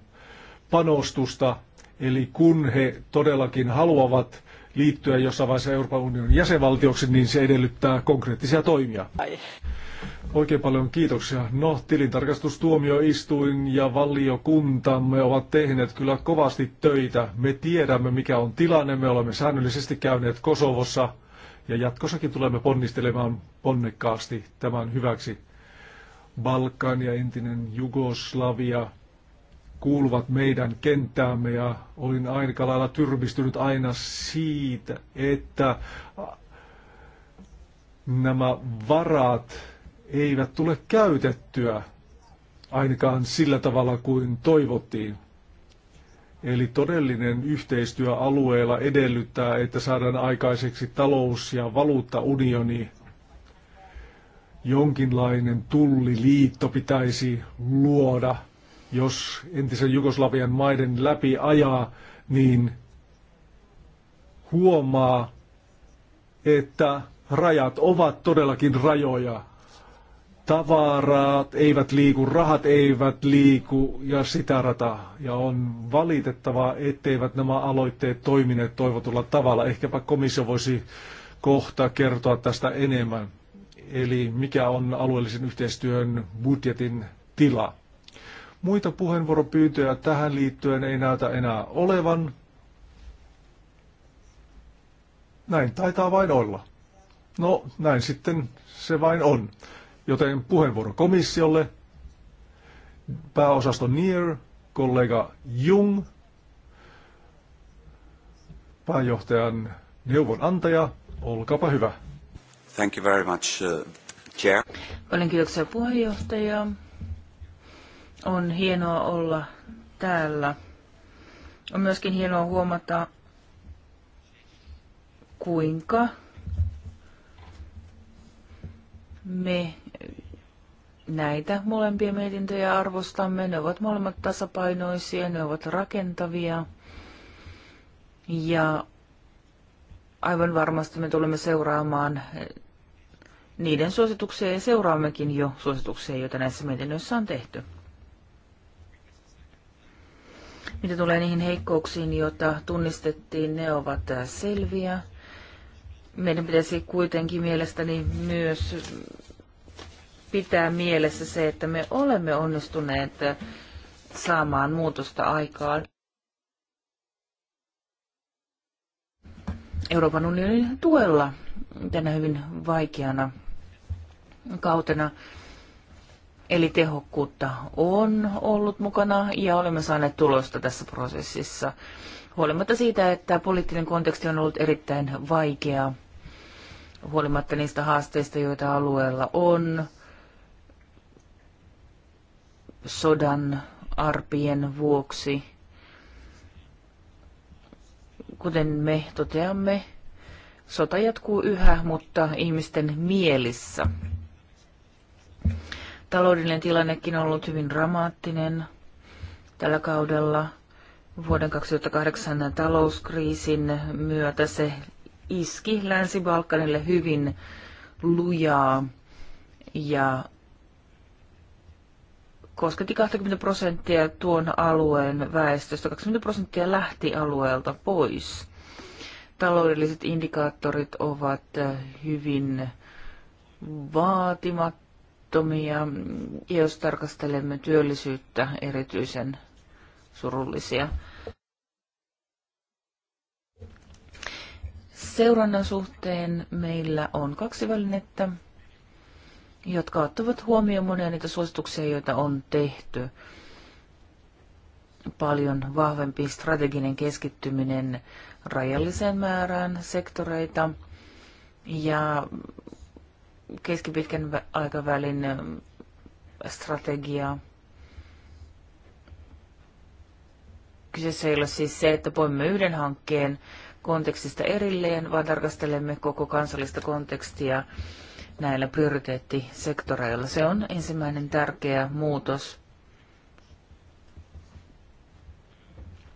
panostusta. Eli kun he todellakin haluavat liittyä jossain vaiheessa Euroopan unionin jäsenvaltioksi, niin se edellyttää konkreettisia toimia. Oikein paljon kiitoksia. No, tilintarkastustuomioistuin ja valiokuntamme ovat tehneet kyllä kovasti töitä. Me tiedämme, mikä on tilanne. Me olemme säännöllisesti käyneet Kosovossa ja jatkossakin tulemme ponnistelemaan ponnekkaasti tämän hyväksi. Balkan ja entinen Jugoslavia kuuluvat meidän kenttäämme ja olin aika lailla tyrmistynyt aina siitä, että nämä varat eivät tule käytettyä ainakaan sillä tavalla kuin toivottiin. Eli todellinen yhteistyö alueella edellyttää, että saadaan aikaiseksi talous- ja valuuttaunioni. Jonkinlainen tulliliitto pitäisi luoda – jos entisen Jugoslavian maiden läpi ajaa, niin huomaa, että rajat ovat todellakin rajoja. Tavarat eivät liiku, rahat eivät liiku ja sitä rata. Ja on valitettavaa, etteivät nämä aloitteet toimineet toivotulla tavalla. Ehkäpä komissio voisi kohta kertoa tästä enemmän. Eli mikä on alueellisen yhteistyön budjetin tila? Muita puheenvuoropyyntöjä tähän liittyen ei näytä enää olevan. Näin taitaa vain olla. No, näin sitten se vain on. Joten puheenvuoro komissiolle. Pääosasto Nier, kollega Jung, pääjohtajan neuvonantaja, olkapa hyvä. Thank you very much, uh, Chair. Olen kiitoksia puheenjohtaja. On hienoa olla täällä. On myöskin hienoa huomata, kuinka me näitä molempia mietintöjä arvostamme. Ne ovat molemmat tasapainoisia, ne ovat rakentavia. Ja aivan varmasti me tulemme seuraamaan niiden suosituksia ja seuraammekin jo suosituksia, joita näissä mietinnöissä on tehty. Mitä tulee niihin heikkouksiin, joita tunnistettiin, ne ovat äh, selviä. Meidän pitäisi kuitenkin mielestäni myös pitää mielessä se, että me olemme onnistuneet äh, saamaan muutosta aikaan. Euroopan unionin tuella tänä hyvin vaikeana kautena. Eli tehokkuutta on ollut mukana ja olemme saaneet tulosta tässä prosessissa. Huolimatta siitä, että poliittinen konteksti on ollut erittäin vaikea, huolimatta niistä haasteista, joita alueella on, sodan arpien vuoksi, kuten me toteamme, sota jatkuu yhä, mutta ihmisten mielissä taloudellinen tilannekin on ollut hyvin dramaattinen tällä kaudella. Vuoden 2008 talouskriisin myötä se iski Länsi-Balkanille hyvin lujaa ja kosketti 20 prosenttia tuon alueen väestöstä. 20 prosenttia lähti alueelta pois. Taloudelliset indikaattorit ovat hyvin vaatimattomia surullisettomia, ja jos tarkastelemme työllisyyttä, erityisen surullisia. Seurannan suhteen meillä on kaksi välinettä, jotka ottavat huomioon monia niitä suosituksia, joita on tehty. Paljon vahvempi strateginen keskittyminen rajalliseen määrään sektoreita ja keskipitkän aikavälin strategia. Kyseessä ei ole siis se, että poimme yhden hankkeen kontekstista erilleen, vaan tarkastelemme koko kansallista kontekstia näillä prioriteettisektoreilla. Se on ensimmäinen tärkeä muutos,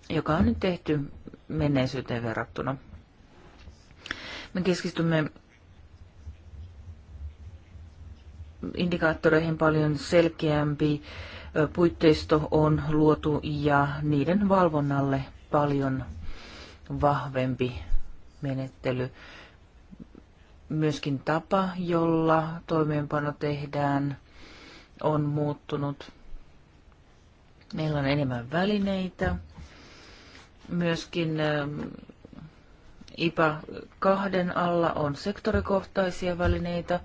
joka on nyt tehty menneisyyteen verrattuna. Me keskistymme indikaattoreihin paljon selkeämpi puitteisto on luotu ja niiden valvonnalle paljon vahvempi menettely. Myöskin tapa, jolla toimeenpano tehdään, on muuttunut. Meillä on enemmän välineitä. Myöskin IPA kahden alla on sektorikohtaisia välineitä.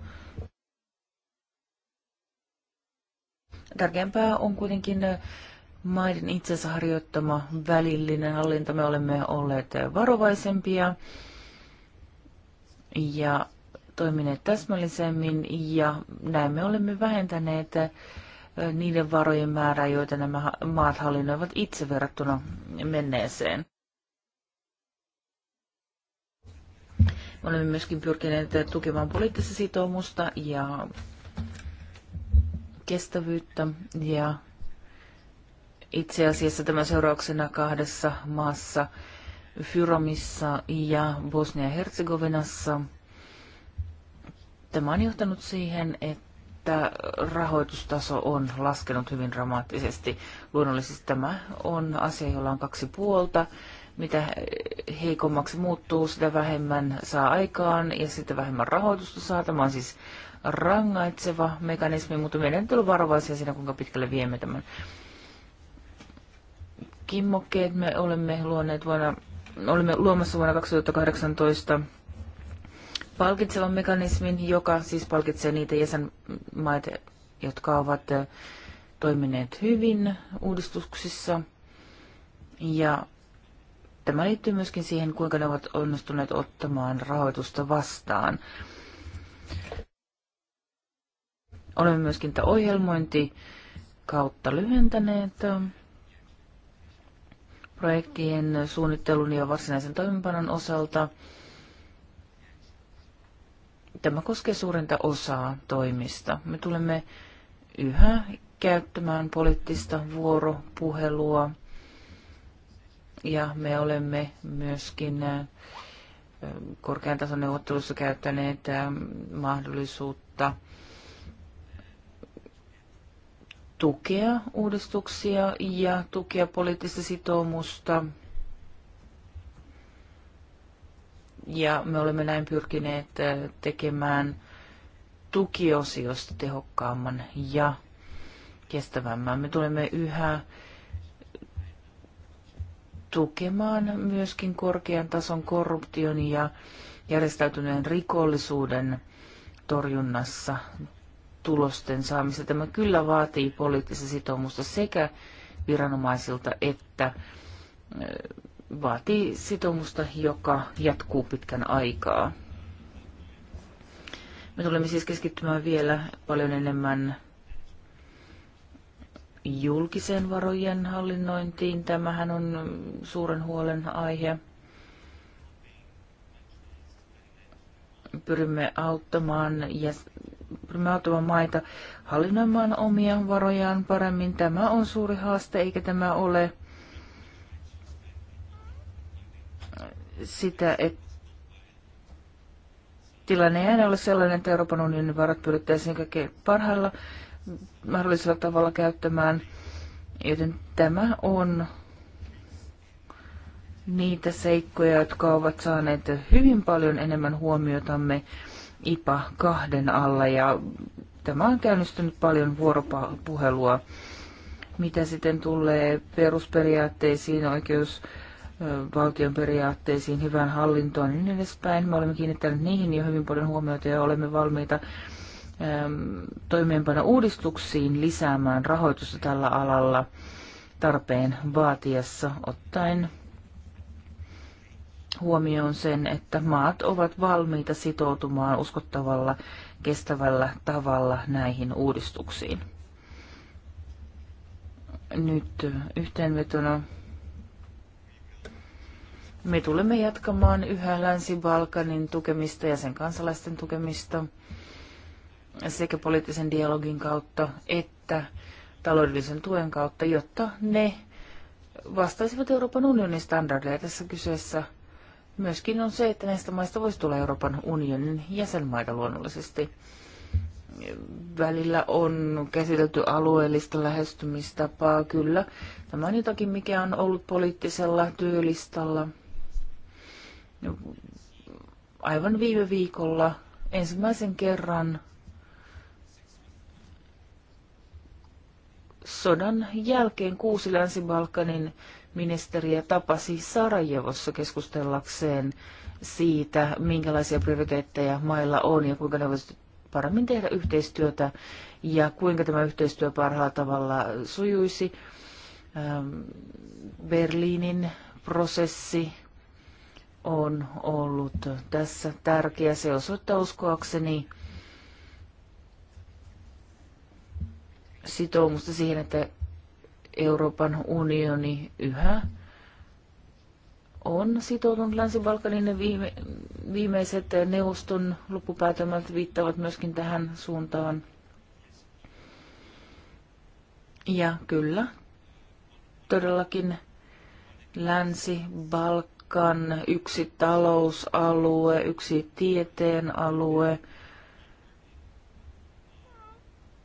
Tärkeämpää on kuitenkin äh, maiden itsensä harjoittama välillinen hallinta. Me olemme olleet varovaisempia ja toimineet täsmällisemmin ja näin me olemme vähentäneet äh, niiden varojen määrää, joita nämä maat hallinnoivat itse verrattuna menneeseen. Me olemme myöskin pyrkineet tukemaan poliittista sitoumusta ja kestävyyttä ja itse asiassa tämän seurauksena kahdessa maassa, Fyromissa ja Bosnia-Herzegovinassa, tämä on johtanut siihen, että rahoitustaso on laskenut hyvin dramaattisesti. Luonnollisesti tämä on asia, jolla on kaksi puolta. Mitä heikommaksi muuttuu, sitä vähemmän saa aikaan ja sitä vähemmän rahoitusta saa. Tämä on siis rangaitseva mekanismi, mutta meidän on varovaisia siinä, kuinka pitkälle viemme tämän kimmokkeet. Me olemme luoneet vuonna, olemme luomassa vuonna 2018 palkitsevan mekanismin, joka siis palkitsee niitä jäsenmaita, jotka ovat toimineet hyvin uudistuksissa. Ja tämä liittyy myöskin siihen, kuinka ne ovat onnistuneet ottamaan rahoitusta vastaan. Olemme myöskin tätä ohjelmointi kautta lyhentäneet projektien suunnittelun ja varsinaisen toimenpanon osalta. Tämä koskee suurinta osaa toimista. Me tulemme yhä käyttämään poliittista vuoropuhelua ja me olemme myöskin korkean tason neuvottelussa käyttäneet mahdollisuutta – tukea uudistuksia ja tukea poliittista sitoumusta. Ja me olemme näin pyrkineet äh, tekemään tukiosiosta tehokkaamman ja kestävämmän. Me tulemme yhä tukemaan myöskin korkean tason korruption ja järjestäytyneen rikollisuuden torjunnassa tulosten saamista. Tämä kyllä vaatii poliittista sitoumusta sekä viranomaisilta että vaatii sitoumusta, joka jatkuu pitkän aikaa. Me tulemme siis keskittymään vielä paljon enemmän julkisen varojen hallinnointiin. Tämähän on suuren huolen aihe. Pyrimme auttamaan pyrimme auttamaan maita hallinnoimaan omia varojaan paremmin. Tämä on suuri haaste, eikä tämä ole sitä, että tilanne ei aina ole sellainen, että Euroopan unionin varat pyrittäisiin kaikkein parhailla mahdollisella tavalla käyttämään, joten tämä on niitä seikkoja, jotka ovat saaneet hyvin paljon enemmän huomiotamme IPA kahden alla ja tämä on käynnistänyt paljon vuoropuhelua. Mitä sitten tulee perusperiaatteisiin, oikeus valtion periaatteisiin, hyvään hallintoon ja niin edespäin. Me olemme kiinnittäneet niihin jo hyvin paljon huomiota ja olemme valmiita toimeenpano uudistuksiin lisäämään rahoitusta tällä alalla tarpeen vaatiessa ottaen huomioon sen, että maat ovat valmiita sitoutumaan uskottavalla, kestävällä tavalla näihin uudistuksiin. Nyt yhteenvetona me tulemme jatkamaan yhä Länsi-Balkanin tukemista ja sen kansalaisten tukemista sekä poliittisen dialogin kautta että taloudellisen tuen kautta, jotta ne vastaisivat Euroopan unionin standardeja. Tässä kyseessä myöskin on se, että näistä maista voisi tulla Euroopan unionin jäsenmaita luonnollisesti. Välillä on käsitelty alueellista lähestymistapaa, kyllä. Tämä on jotakin, mikä on ollut poliittisella työlistalla. Aivan viime viikolla ensimmäisen kerran sodan jälkeen kuusi Länsi-Balkanin ministeriä tapasi Sarajevossa keskustellakseen siitä, minkälaisia prioriteetteja mailla on ja kuinka ne voisivat paremmin tehdä yhteistyötä ja kuinka tämä yhteistyö parhaalla tavalla sujuisi. Ähm, Berliinin prosessi on ollut tässä tärkeä. Se osoittaa uskoakseni sitoumusta siihen, että Euroopan unioni yhä on sitoutunut Länsi-Balkanin ja viime, viimeiset neuvoston loppupäätelmät viittaavat myöskin tähän suuntaan. Ja kyllä, todellakin Länsi-Balkan yksi talousalue, yksi tieteen alue.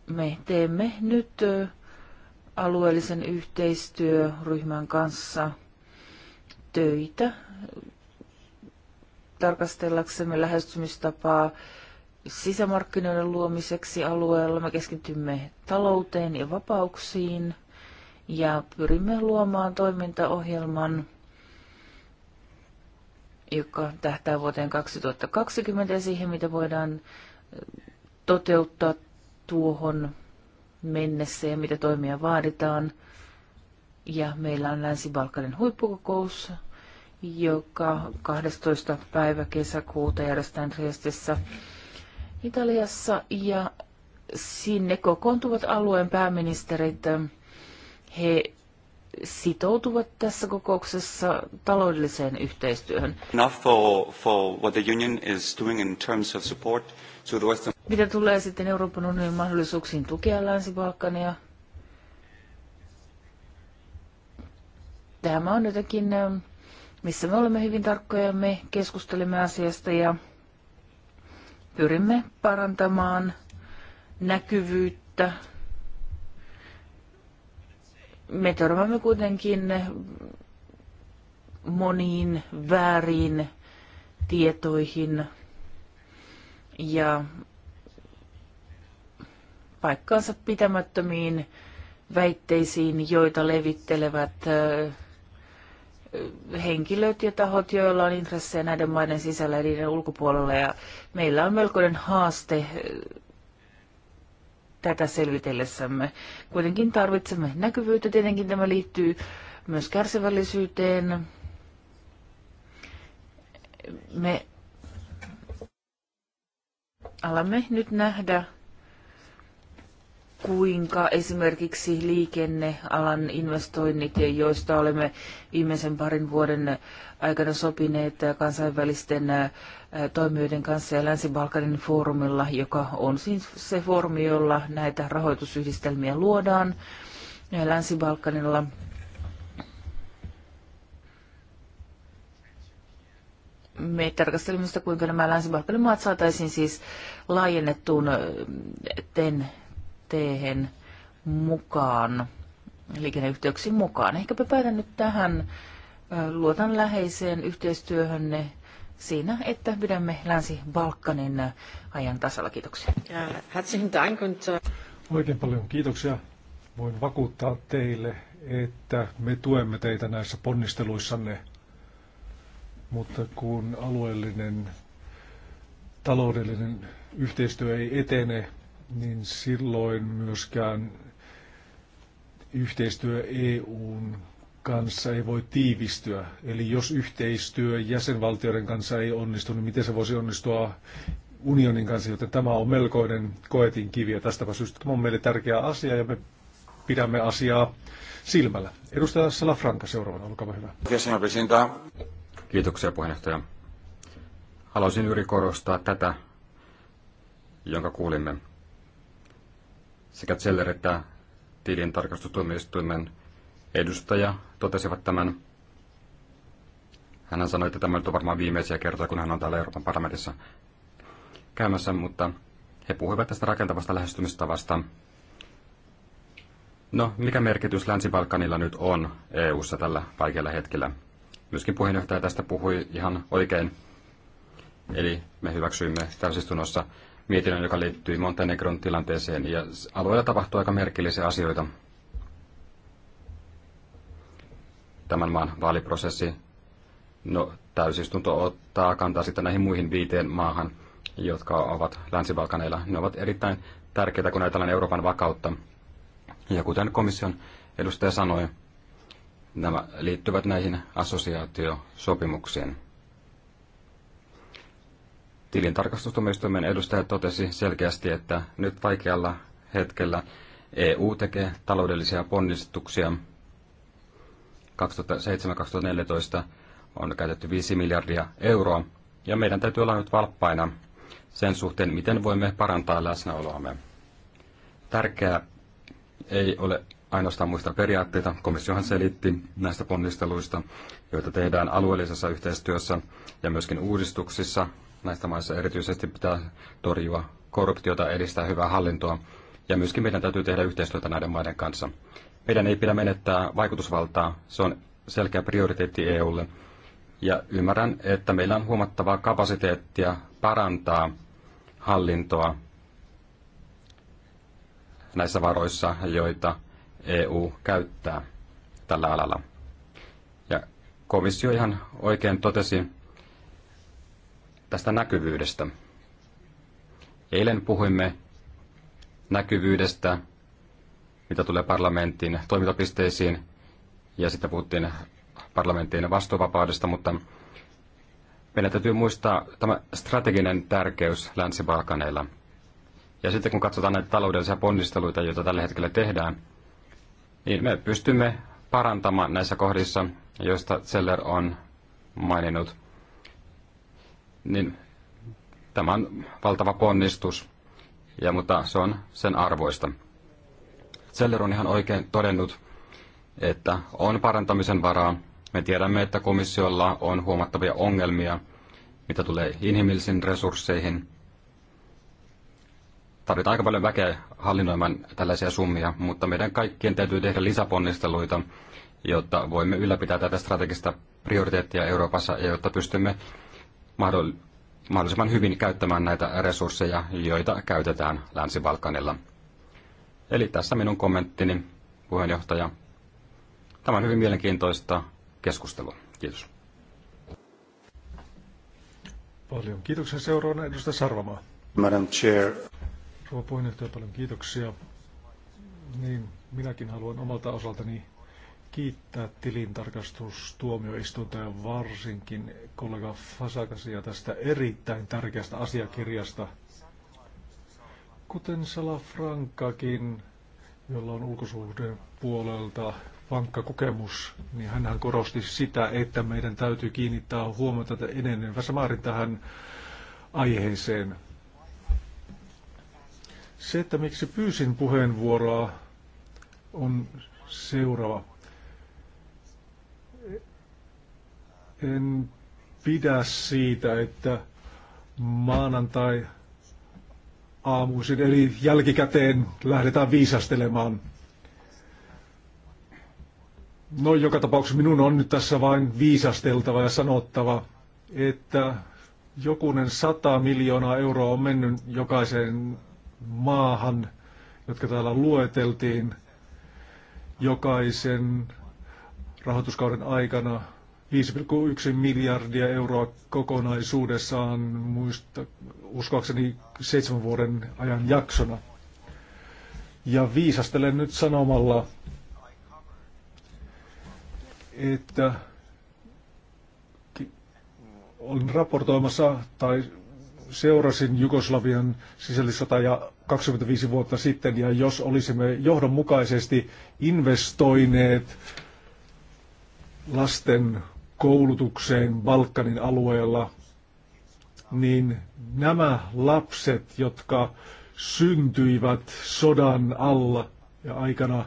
Me teemme nyt alueellisen yhteistyöryhmän kanssa töitä tarkastellaksemme lähestymistapaa sisämarkkinoiden luomiseksi alueella. Me keskitymme talouteen ja vapauksiin ja pyrimme luomaan toimintaohjelman, joka tähtää vuoteen 2020 ja siihen, mitä voidaan toteuttaa tuohon mennessä ja mitä toimia vaaditaan. Ja meillä on Länsi-Balkanin huippukokous, joka 12. päivä kesäkuuta järjestetään Triestissä Italiassa. Ja sinne kokoontuvat alueen pääministerit. He sitoutuvat tässä kokouksessa taloudelliseen yhteistyöhön. Enough for, for what the union is doing in terms of support to the Western mitä tulee sitten Euroopan unionin mahdollisuuksiin tukea Länsi-Balkania? Tämä on jotakin, missä me olemme hyvin tarkkoja, me keskustelemme asiasta ja pyrimme parantamaan näkyvyyttä. Me törmäämme kuitenkin moniin vääriin tietoihin ja paikkaansa pitämättömiin väitteisiin, joita levittelevät henkilöt ja tahot, joilla on intressejä näiden maiden sisällä ja niiden ulkopuolella. Ja meillä on melkoinen haaste tätä selvitellessämme. Kuitenkin tarvitsemme näkyvyyttä. Tietenkin tämä liittyy myös kärsivällisyyteen. Me alamme nyt nähdä kuinka esimerkiksi liikennealan investoinnit, joista olemme viimeisen parin vuoden aikana sopineet kansainvälisten toimijoiden kanssa ja Länsi-Balkanin foorumilla, joka on siis se foorumi, jolla näitä rahoitusyhdistelmiä luodaan Länsi-Balkanilla. Me tarkastelimme sitä, kuinka nämä Länsi-Balkanin maat saataisiin siis laajennettuun TEN teehen mukaan, liikenneyhteyksiin mukaan. Ehkäpä päätän nyt tähän. Luotan läheiseen yhteistyöhönne siinä, että pidämme Länsi-Balkanin ajan tasalla. Kiitoksia. Äh, Oikein paljon kiitoksia. Voin vakuuttaa teille, että me tuemme teitä näissä ponnisteluissanne, mutta kun alueellinen taloudellinen yhteistyö ei etene, niin silloin myöskään yhteistyö EUn kanssa ei voi tiivistyä. Eli jos yhteistyö jäsenvaltioiden kanssa ei onnistu, niin miten se voisi onnistua unionin kanssa, joten tämä on melkoinen koetin kivi ja tästä syystä tämä on meille tärkeä asia ja me pidämme asiaa silmällä. Edustaja Salafranka seuraavana, olkaa hyvä. Kiitoksia puheenjohtaja. Haluaisin yli korostaa tätä, jonka kuulimme sekä Zeller että tilin tarkastustuomioistuimen edustaja totesivat tämän. Hän sanoi, että tämä nyt on varmaan viimeisiä kertoja, kun hän on täällä Euroopan parlamentissa käymässä, mutta he puhuivat tästä rakentavasta lähestymistavasta. No, mikä merkitys Länsi-Balkanilla nyt on EU-ssa tällä vaikealla hetkellä? Myöskin puheenjohtaja tästä puhui ihan oikein. Eli me hyväksyimme täysistunnossa mietinnön, joka liittyy Montenegron tilanteeseen, ja alueella tapahtuu aika merkillisiä asioita. Tämän maan vaaliprosessi, no täysistunto ottaa kantaa sitten näihin muihin viiteen maahan, jotka ovat Länsi-Balkaneilla. Ne ovat erittäin tärkeitä, kun ajatellaan Euroopan vakautta. Ja kuten komission edustaja sanoi, nämä liittyvät näihin assosiaatiosopimuksiin. Tilintarkastustuomioistuimen edustaja totesi selkeästi, että nyt vaikealla hetkellä EU tekee taloudellisia ponnistuksia. 2007-2014 on käytetty 5 miljardia euroa, ja meidän täytyy olla nyt valppaina sen suhteen, miten voimme parantaa läsnäoloamme. Tärkeää ei ole ainoastaan muista periaatteita. Komissiohan selitti näistä ponnisteluista, joita tehdään alueellisessa yhteistyössä ja myöskin uudistuksissa, näistä maissa. Erityisesti pitää torjua korruptiota, edistää hyvää hallintoa ja myöskin meidän täytyy tehdä yhteistyötä näiden maiden kanssa. Meidän ei pidä menettää vaikutusvaltaa, se on selkeä prioriteetti EUlle. Ja ymmärrän, että meillä on huomattavaa kapasiteettia parantaa hallintoa näissä varoissa, joita EU käyttää tällä alalla. Ja komissio ihan oikein totesi, tästä näkyvyydestä. Eilen puhuimme näkyvyydestä, mitä tulee parlamentin toimintapisteisiin, ja sitten puhuttiin parlamentin vastuuvapaudesta, mutta meidän täytyy muistaa tämä strateginen tärkeys Länsi-Balkaneilla. Ja sitten kun katsotaan näitä taloudellisia ponnisteluita, joita tällä hetkellä tehdään, niin me pystymme parantamaan näissä kohdissa, joista Zeller on maininnut niin tämä on valtava ponnistus, ja, mutta se on sen arvoista. Seller on ihan oikein todennut, että on parantamisen varaa. Me tiedämme, että komissiolla on huomattavia ongelmia, mitä tulee inhimillisiin resursseihin. Tarvitaan aika paljon väkeä hallinnoimaan tällaisia summia, mutta meidän kaikkien täytyy tehdä lisäponnisteluita, jotta voimme ylläpitää tätä strategista prioriteettia Euroopassa ja jotta pystymme mahdollisimman hyvin käyttämään näitä resursseja, joita käytetään Länsi-Balkanilla. Eli tässä minun kommenttini, puheenjohtaja. Tämä on hyvin mielenkiintoista keskustelua. Kiitos. Paljon kiitoksia seuraavana edustaja Sarvamaa. Madam Chair. Rouva puheenjohtaja, paljon kiitoksia. Niin, minäkin haluan omalta osaltani kiittää tilintarkastustuomioistuinta ja varsinkin kollega Fasakasia tästä erittäin tärkeästä asiakirjasta. Kuten Frankakin, jolla on ulkosuhteen puolelta vankka kokemus, niin hän korosti sitä, että meidän täytyy kiinnittää huomiota enenevässä määrin tähän aiheeseen. Se, että miksi pyysin puheenvuoroa, on seuraava. En pidä siitä, että maanantai aamuisin, eli jälkikäteen lähdetään viisastelemaan. No joka tapauksessa minun on nyt tässä vain viisasteltava ja sanottava, että jokunen sata miljoonaa euroa on mennyt jokaiseen maahan, jotka täällä lueteltiin jokaisen rahoituskauden aikana 5,1 miljardia euroa kokonaisuudessaan, muista, uskoakseni seitsemän vuoden ajan jaksona. Ja viisastelen nyt sanomalla, että olin raportoimassa tai seurasin Jugoslavian sisällissota ja 25 vuotta sitten, ja jos olisimme johdonmukaisesti investoineet lasten koulutukseen Balkanin alueella, niin nämä lapset, jotka syntyivät sodan alla ja aikana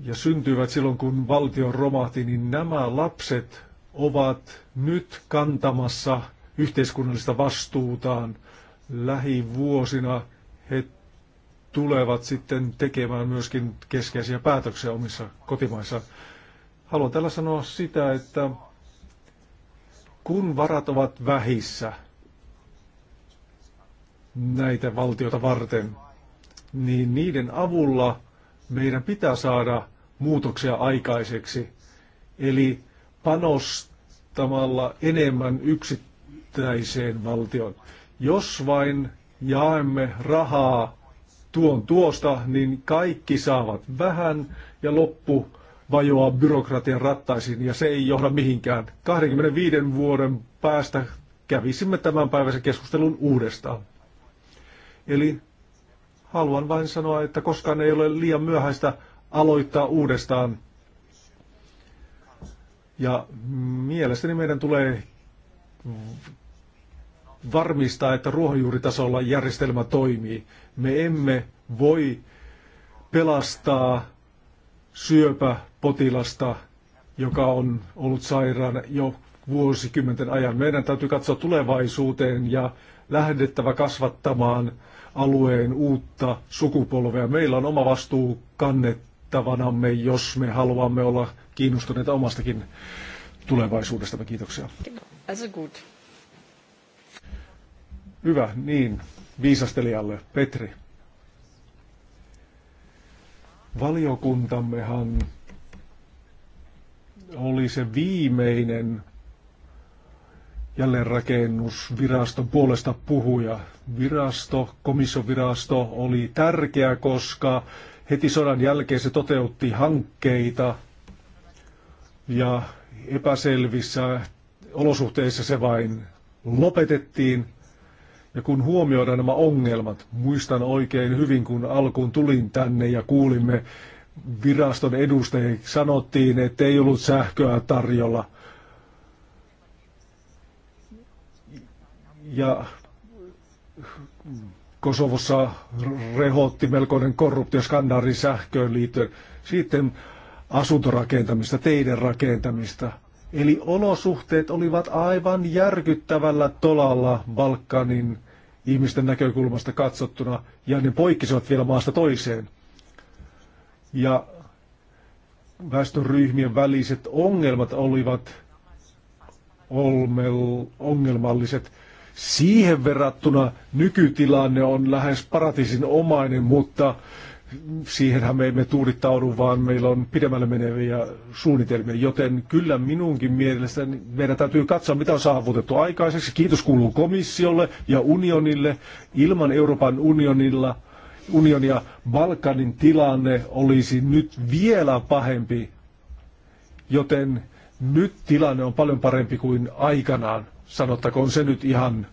ja syntyivät silloin, kun valtio romahti, niin nämä lapset ovat nyt kantamassa yhteiskunnallista vastuutaan lähivuosina. He tulevat sitten tekemään myöskin keskeisiä päätöksiä omissa kotimaissa. Haluan tällä sanoa sitä, että kun varat ovat vähissä näitä valtioita varten, niin niiden avulla meidän pitää saada muutoksia aikaiseksi. Eli panostamalla enemmän yksittäiseen valtioon. Jos vain jaemme rahaa tuon tuosta, niin kaikki saavat vähän ja loppu vajoaa byrokratian rattaisiin ja se ei johda mihinkään. 25 vuoden päästä kävisimme tämän päiväisen keskustelun uudestaan. Eli haluan vain sanoa, että koskaan ei ole liian myöhäistä aloittaa uudestaan. Ja mielestäni meidän tulee varmistaa, että ruohonjuuritasolla järjestelmä toimii. Me emme voi pelastaa syöpäpotilasta, joka on ollut sairaana jo vuosikymmenten ajan. Meidän täytyy katsoa tulevaisuuteen ja lähdettävä kasvattamaan alueen uutta sukupolvea. Meillä on oma vastuu kannettavanamme, jos me haluamme olla kiinnostuneita omastakin tulevaisuudestamme. Kiitoksia. Also gut. Hyvä, niin. Viisastelijalle, Petri. Valiokuntammehan oli se viimeinen jälleenrakennusviraston puolesta puhuja. Virasto, komissovirasto oli tärkeä, koska heti sodan jälkeen se toteutti hankkeita ja epäselvissä olosuhteissa se vain lopetettiin. Ja kun huomioidaan nämä ongelmat, muistan oikein hyvin, kun alkuun tulin tänne ja kuulimme viraston edustajia, sanottiin, että ei ollut sähköä tarjolla. Ja Kosovossa rehotti melkoinen korruptioskandaali sähköön liittyen. Sitten asuntorakentamista, teiden rakentamista – Eli olosuhteet olivat aivan järkyttävällä tolalla Balkanin ihmisten näkökulmasta katsottuna, ja ne poikkesivat vielä maasta toiseen. Ja väestöryhmien väliset ongelmat olivat olmel ongelmalliset. Siihen verrattuna nykytilanne on lähes paratiisin omainen, mutta siihenhän me emme tuudittaudu, vaan meillä on pidemmälle meneviä suunnitelmia, joten kyllä minunkin mielestäni meidän täytyy katsoa, mitä on saavutettu aikaiseksi. Kiitos kuuluu komissiolle ja unionille. Ilman Euroopan unionilla, unionia Balkanin tilanne olisi nyt vielä pahempi, joten nyt tilanne on paljon parempi kuin aikanaan. Sanottakoon se nyt ihan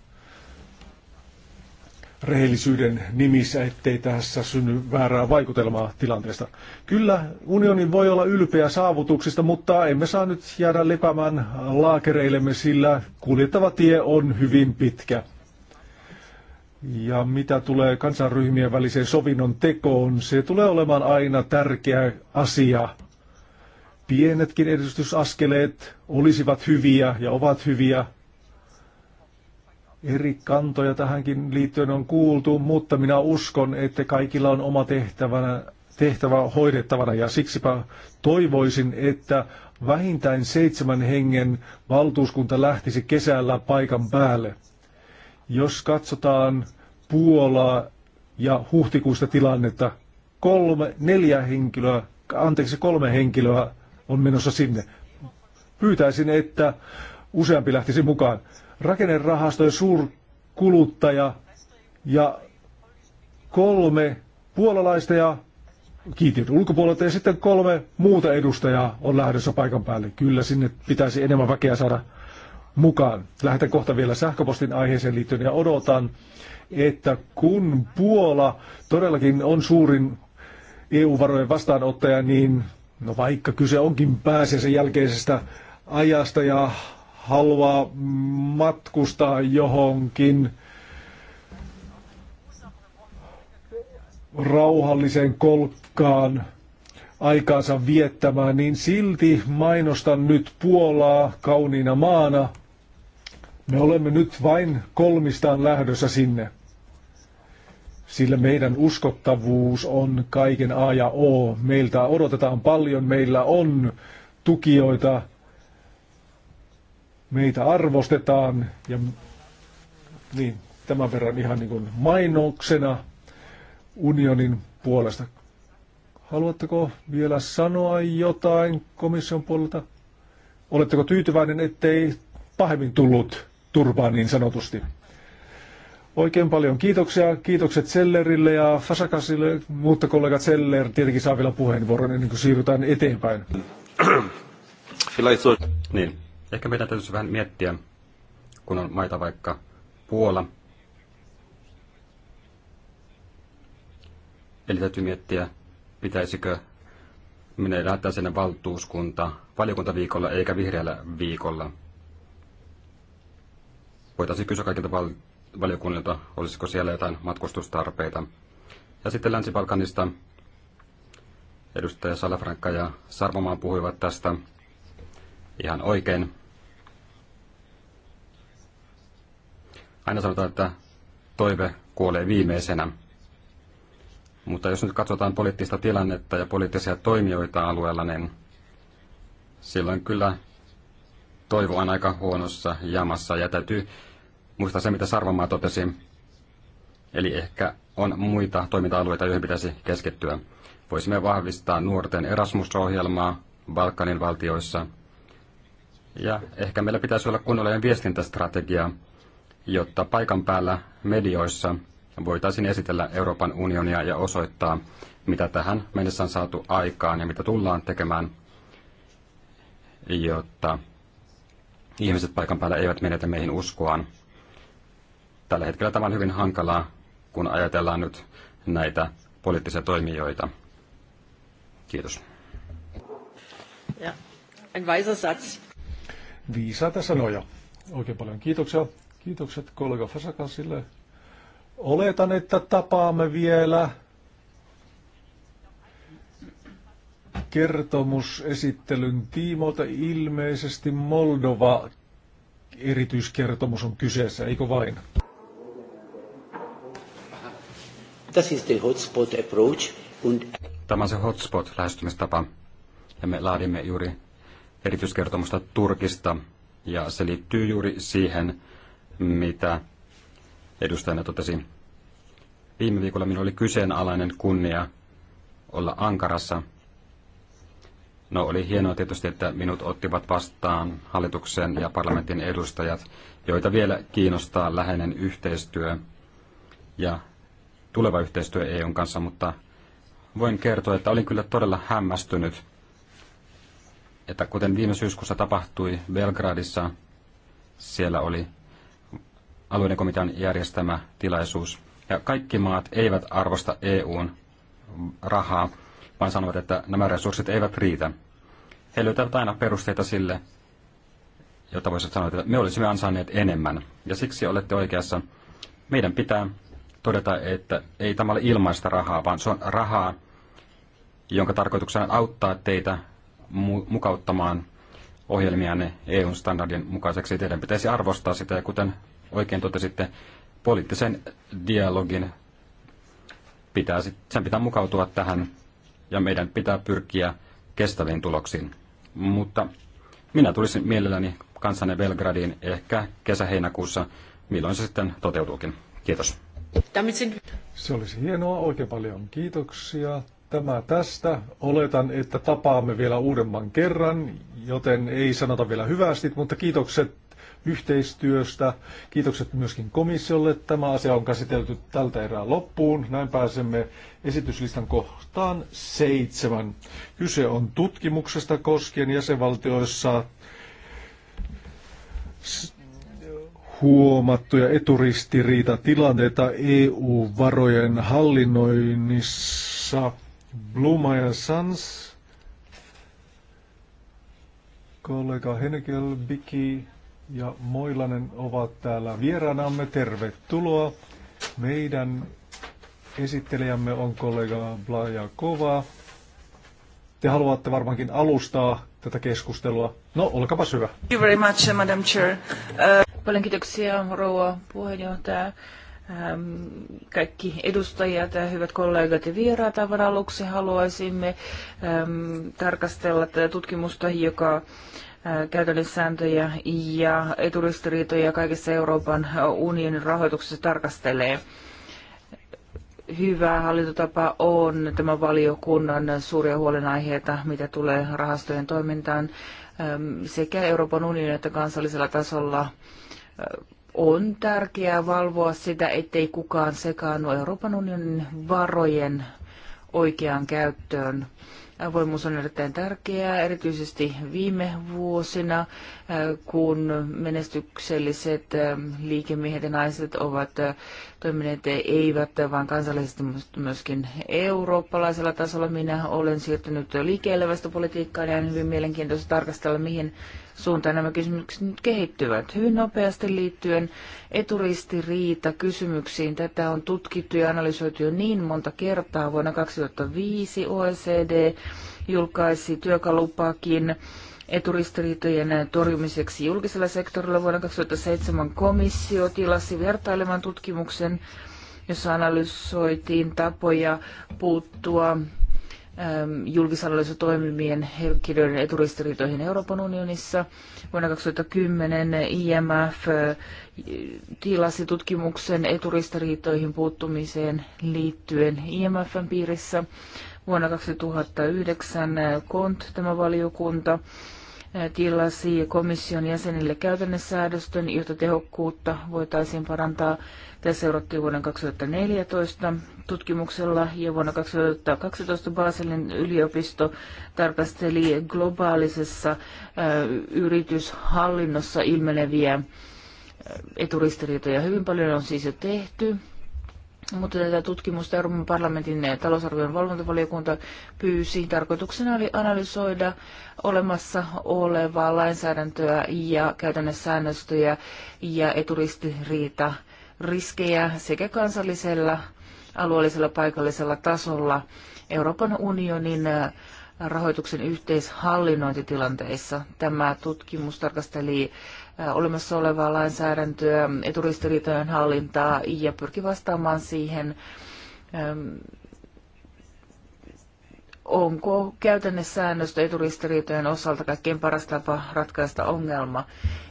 rehellisyyden nimissä, ettei tässä synny väärää vaikutelmaa tilanteesta. Kyllä, unioni voi olla ylpeä saavutuksista, mutta emme saa nyt jäädä lepäämään laakereillemme, sillä kuljettava tie on hyvin pitkä. Ja mitä tulee kansanryhmien väliseen sovinnon tekoon, se tulee olemaan aina tärkeä asia. Pienetkin edistysaskeleet olisivat hyviä ja ovat hyviä, Eri kantoja tähänkin liittyen on kuultu, mutta minä uskon, että kaikilla on oma tehtävänä, tehtävä hoidettavana ja siksipä toivoisin, että vähintään seitsemän hengen valtuuskunta lähtisi kesällä paikan päälle. Jos katsotaan Puolaa ja huhtikuusta tilannetta, kolme, neljä henkilöä, anteeksi kolme henkilöä on menossa sinne. Pyytäisin, että useampi lähtisi mukaan rakennerahastojen suurkuluttaja ja kolme puolalaista ja kiitin ulkopuolelta ja sitten kolme muuta edustajaa on lähdössä paikan päälle. Kyllä sinne pitäisi enemmän väkeä saada mukaan. Lähetän kohta vielä sähköpostin aiheeseen liittyen ja odotan, että kun Puola todellakin on suurin EU-varojen vastaanottaja, niin no vaikka kyse onkin pääsiäisen jälkeisestä ajasta ja haluaa matkustaa johonkin rauhalliseen kolkkaan aikaansa viettämään, niin silti mainostan nyt Puolaa kauniina maana. Me olemme nyt vain kolmistaan lähdössä sinne, sillä meidän uskottavuus on kaiken A ja O. Meiltä odotetaan paljon, meillä on tukijoita, meitä arvostetaan ja niin, tämän verran ihan niin kuin mainoksena unionin puolesta. Haluatteko vielä sanoa jotain komission puolelta? Oletteko tyytyväinen, ettei pahemmin tullut turpaan niin sanotusti? Oikein paljon kiitoksia. Kiitokset Sellerille ja Fasakasille, mutta kollega Seller tietenkin saa vielä puheenvuoron ennen kuin siirrytään eteenpäin. niin, Ehkä meidän täytyisi vähän miettiä, kun on maita vaikka Puola. Eli täytyy miettiä, pitäisikö minä lähettää sinne valtuuskunta valiokuntaviikolla eikä vihreällä viikolla. Voitaisiin kysyä kaikilta val- valiokunnilta, olisiko siellä jotain matkustustarpeita. Ja sitten Länsi-Balkanista edustaja Salafranka ja Sarvomaa puhuivat tästä ihan oikein. Aina sanotaan, että toive kuolee viimeisenä. Mutta jos nyt katsotaan poliittista tilannetta ja poliittisia toimijoita alueella, niin silloin kyllä toivo on aika huonossa jamassa. Ja täytyy muistaa se, mitä Sarvamaa totesi. Eli ehkä on muita toiminta-alueita, joihin pitäisi keskittyä. Voisimme vahvistaa nuorten Erasmus-ohjelmaa Balkanin valtioissa. Ja ehkä meillä pitäisi olla kunnollinen viestintästrategia, jotta paikan päällä medioissa voitaisiin esitellä Euroopan unionia ja osoittaa, mitä tähän mennessä on saatu aikaan ja mitä tullaan tekemään, jotta ihmiset paikan päällä eivät menetä meihin uskoaan. Tällä hetkellä tämä on hyvin hankalaa, kun ajatellaan nyt näitä poliittisia toimijoita. Kiitos. Ja, ein weiser Satz. Viisaita sanoja. Oikein paljon kiitoksia. Kiitokset kollega Fasakasille. Oletan, että tapaamme vielä kertomusesittelyn tiimoilta. Ilmeisesti Moldova erityiskertomus on kyseessä, eikö vain? Das ist hotspot approach und... Tämä on se hotspot-lähestymistapa. Ja me laadimme juuri erityiskertomusta Turkista, ja se liittyy juuri siihen, mitä edustajana totesin Viime viikolla minulla oli kyseenalainen kunnia olla Ankarassa. No oli hienoa tietysti, että minut ottivat vastaan hallituksen ja parlamentin edustajat, joita vielä kiinnostaa läheinen yhteistyö ja tuleva yhteistyö EUn kanssa, mutta voin kertoa, että olin kyllä todella hämmästynyt, että kuten viime syyskuussa tapahtui Belgradissa, siellä oli alueiden komitean järjestämä tilaisuus. Ja kaikki maat eivät arvosta EUn rahaa, vaan sanovat, että nämä resurssit eivät riitä. He löytävät aina perusteita sille, jota voisi sanoa, että me olisimme ansainneet enemmän. Ja siksi olette oikeassa. Meidän pitää todeta, että ei tämä ole ilmaista rahaa, vaan se on rahaa, jonka tarkoituksena on auttaa teitä mukauttamaan ohjelmianne EUn standardin mukaiseksi. Teidän pitäisi arvostaa sitä, ja kuten oikein totesitte, poliittisen dialogin pitää, sen pitää mukautua tähän ja meidän pitää pyrkiä kestäviin tuloksiin. Mutta minä tulisin mielelläni kanssanne Belgradiin ehkä kesä-heinäkuussa, milloin se sitten toteutuukin. Kiitos. Se olisi hienoa, oikein paljon kiitoksia. Tämä tästä. Oletan, että tapaamme vielä uudemman kerran, joten ei sanota vielä hyvästi, mutta kiitokset yhteistyöstä. Kiitokset myöskin komissiolle. Tämä asia on käsitelty tältä erää loppuun. Näin pääsemme esityslistan kohtaan seitsemän. Kyse on tutkimuksesta koskien jäsenvaltioissa huomattuja eturistiriitatilanteita EU-varojen hallinnoinnissa. Bluma ja Sans, kollega Henkel, Biki, ja Moilanen ovat täällä vieraanamme. Tervetuloa. Meidän esittelijämme on kollega Blaja Kova. Te haluatte varmaankin alustaa tätä keskustelua. No, olkapa hyvä. Thank you very much, Madam Chair. Uh... Paljon kiitoksia, rouva puheenjohtaja. Ähm, kaikki edustajat, hyvät kollegat ja vieraat, aivan aluksi haluaisimme ähm, tarkastella tätä tutkimusta, joka käytännössääntöjä ja eturistiriitoja kaikissa Euroopan unionin rahoituksessa tarkastelee. Hyvä hallintotapa on tämä valiokunnan suuria huolenaiheita, mitä tulee rahastojen toimintaan sekä Euroopan unionin että kansallisella tasolla on tärkeää valvoa sitä, ettei kukaan sekaannu Euroopan unionin varojen oikeaan käyttöön. Avoimuus on erittäin tärkeää, erityisesti viime vuosina, äh, kun menestykselliset äh, liikemiehet ja naiset ovat äh, toimineet eivät, vaan kansallisesti myöskin eurooppalaisella tasolla. Minä olen siirtynyt liike vasta politiikkaan ja on hyvin mielenkiintoista tarkastella, mihin suuntaan nämä kysymykset nyt kehittyvät. Hyvin nopeasti liittyen eturistiriita kysymyksiin. Tätä on tutkittu ja analysoitu jo niin monta kertaa. Vuonna 2005 OECD julkaisi työkalupakin eturistiriitojen torjumiseksi julkisella sektorilla vuonna 2007 komissio tilasi vertailevan tutkimuksen, jossa analysoitiin tapoja puuttua julkishallinnossa toimivien henkilöiden eturistiriitoihin Euroopan unionissa. Vuonna 2010 IMF tilasi tutkimuksen eturistiriitoihin puuttumiseen liittyen IMFn piirissä. Vuonna 2009 KONT, tämä valiokunta, tilasi komission jäsenille käytännössäädöstön, jotta tehokkuutta voitaisiin parantaa. Tässä seurattiin vuoden 2014 tutkimuksella ja vuonna 2012 Baselin yliopisto tarkasteli globaalisessa yrityshallinnossa ilmeneviä eturistiriitoja. Hyvin paljon on siis jo tehty. Mutta tätä tutkimusta Euroopan parlamentin talousarvion valvontavaliokunta pyysi. Tarkoituksena oli analysoida olemassa olevaa lainsäädäntöä ja käytännön säännöstöjä ja eturistiriita riskejä sekä kansallisella, alueellisella, paikallisella tasolla Euroopan unionin äh, rahoituksen yhteishallinnointitilanteissa. Tämä tutkimus tarkasteli olemassa olevaa lainsäädäntöä, eturistiriitojen hallintaa ja pyrki vastaamaan siihen, onko käytännössäännöstö eturistiriitojen osalta kaikkein paras tapa ratkaista ongelma.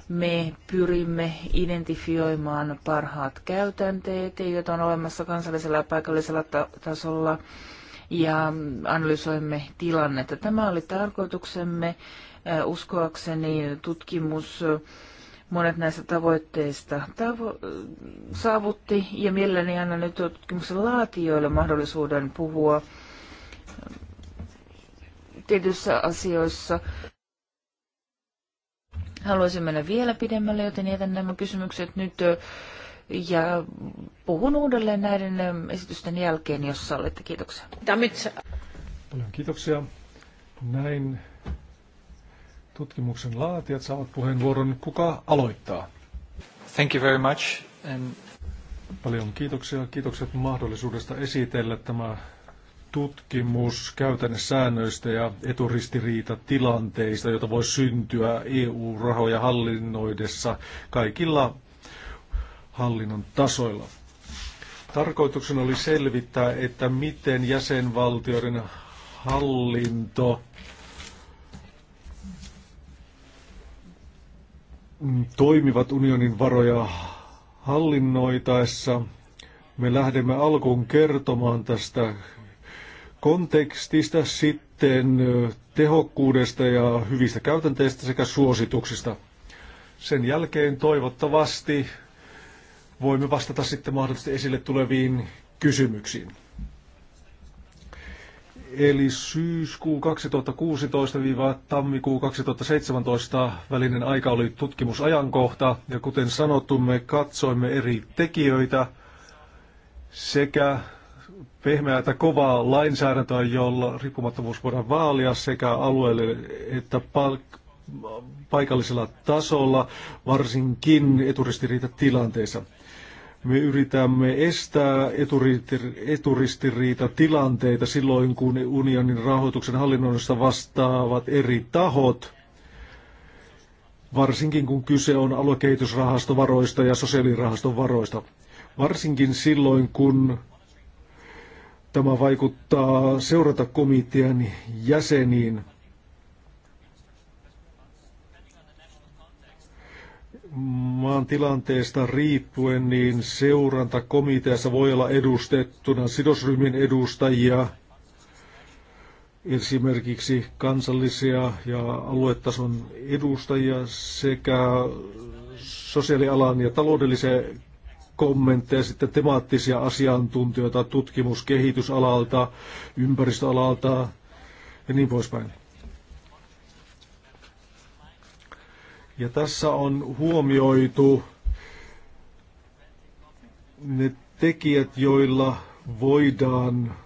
Me pyrimme identifioimaan parhaat käytänteet, joita on olemassa kansallisella ja paikallisella ta- tasolla, ja mm, analysoimme tilannetta. Tämä oli tarkoituksemme. Uskoakseni tutkimus monet näistä tavoitteista tavo- saavutti. Ja mielelläni anna nyt tutkimuksen laatijoille mahdollisuuden puhua tietyissä asioissa. Haluaisin mennä vielä pidemmälle, joten jätän nämä kysymykset nyt ja puhun uudelleen näiden esitysten jälkeen, jos olette. Kiitoksia. Paljon kiitoksia. Näin Tutkimuksen laatijat saavat puheenvuoron. Kuka aloittaa? Thank you very much. And... Paljon kiitoksia. Kiitokset mahdollisuudesta esitellä tämä tutkimus käytännössäännöistä ja eturistiriitatilanteista, joita voi syntyä EU-rahoja hallinnoidessa kaikilla hallinnon tasoilla. Tarkoituksena oli selvittää, että miten jäsenvaltioiden hallinto toimivat unionin varoja hallinnoitaessa. Me lähdemme alkuun kertomaan tästä kontekstista, sitten tehokkuudesta ja hyvistä käytänteistä sekä suosituksista. Sen jälkeen toivottavasti voimme vastata sitten mahdollisesti esille tuleviin kysymyksiin. Eli syyskuu 2016-tammikuu 2017 välinen aika oli tutkimusajankohta, ja kuten sanottu, me katsoimme eri tekijöitä sekä pehmeää että kovaa lainsäädäntöä, jolla riippumattomuus voidaan vaalia sekä alueelle että paikallisella tasolla, varsinkin eturistiriitatilanteissa. tilanteessa. Me yritämme estää eturistiriita tilanteita silloin, kun unionin rahoituksen hallinnoinnista vastaavat eri tahot, varsinkin kun kyse on aluekehitysrahastovaroista ja sosiaalirahastovaroista. varoista. Varsinkin silloin, kun tämä vaikuttaa komitean jäseniin – maan tilanteesta riippuen, niin seurantakomiteassa voi olla edustettuna sidosryhmien edustajia, esimerkiksi kansallisia ja aluetason edustajia sekä sosiaalialan ja taloudellisia kommentteja, sitten temaattisia asiantuntijoita tutkimuskehitysalalta, ympäristöalalta ja niin poispäin. Ja tässä on huomioitu ne tekijät, joilla voidaan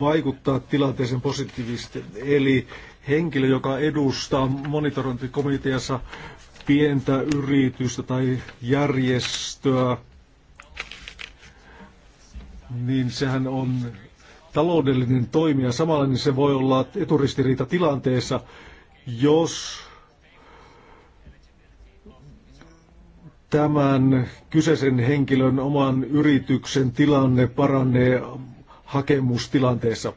vaikuttaa tilanteeseen positiivisesti. Eli henkilö, joka edustaa monitorointikomiteassa pientä yritystä tai järjestöä, niin sehän on taloudellinen toimija. Samalla niin se voi olla eturistiriita tilanteessa, jos tämän kyseisen henkilön oman yrityksen tilanne paranee hakemustilanteessa.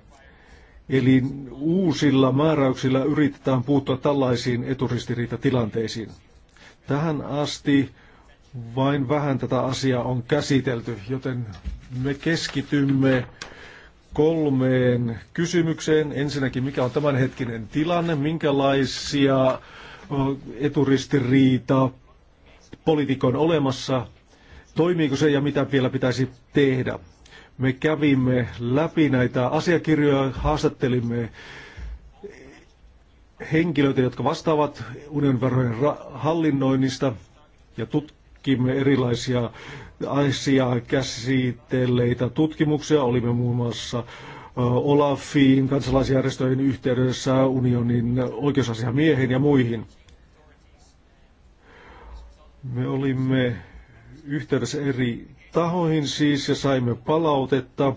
Eli uusilla määräyksillä yritetään puuttua tällaisiin eturistiriitatilanteisiin. Tähän asti vain vähän tätä asiaa on käsitelty, joten me keskitymme kolmeen kysymykseen. Ensinnäkin, mikä on tämänhetkinen tilanne, minkälaisia eturistiriita politiikka on olemassa, toimiiko se ja mitä vielä pitäisi tehdä. Me kävimme läpi näitä asiakirjoja, haastattelimme henkilöitä, jotka vastaavat unionvarojen hallinnoinnista ja tutkimme erilaisia asiaa käsitelleitä tutkimuksia. Olimme muun muassa Olafiin, kansalaisjärjestöihin yhteydessä, unionin oikeusasiamiehen ja muihin. Me olimme yhteydessä eri tahoihin siis ja saimme palautetta.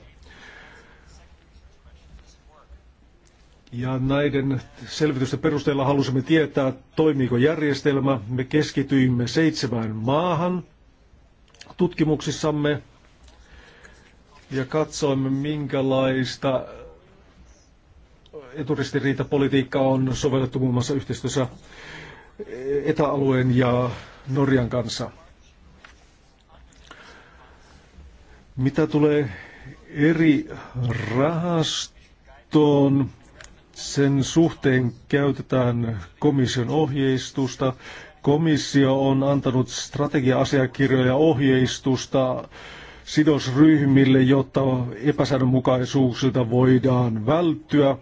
Ja näiden selvitysten perusteella halusimme tietää, toimiiko järjestelmä. Me keskityimme seitsemään maahan tutkimuksissamme ja katsoimme, minkälaista eturistiriitapolitiikkaa on sovellettu muun muassa yhteistyössä etäalueen ja Norjan kanssa. Mitä tulee eri rahastoon, sen suhteen käytetään komission ohjeistusta. Komissio on antanut strategia-asiakirjoja ohjeistusta sidosryhmille, jotta epäsäännönmukaisuuksilta voidaan välttyä.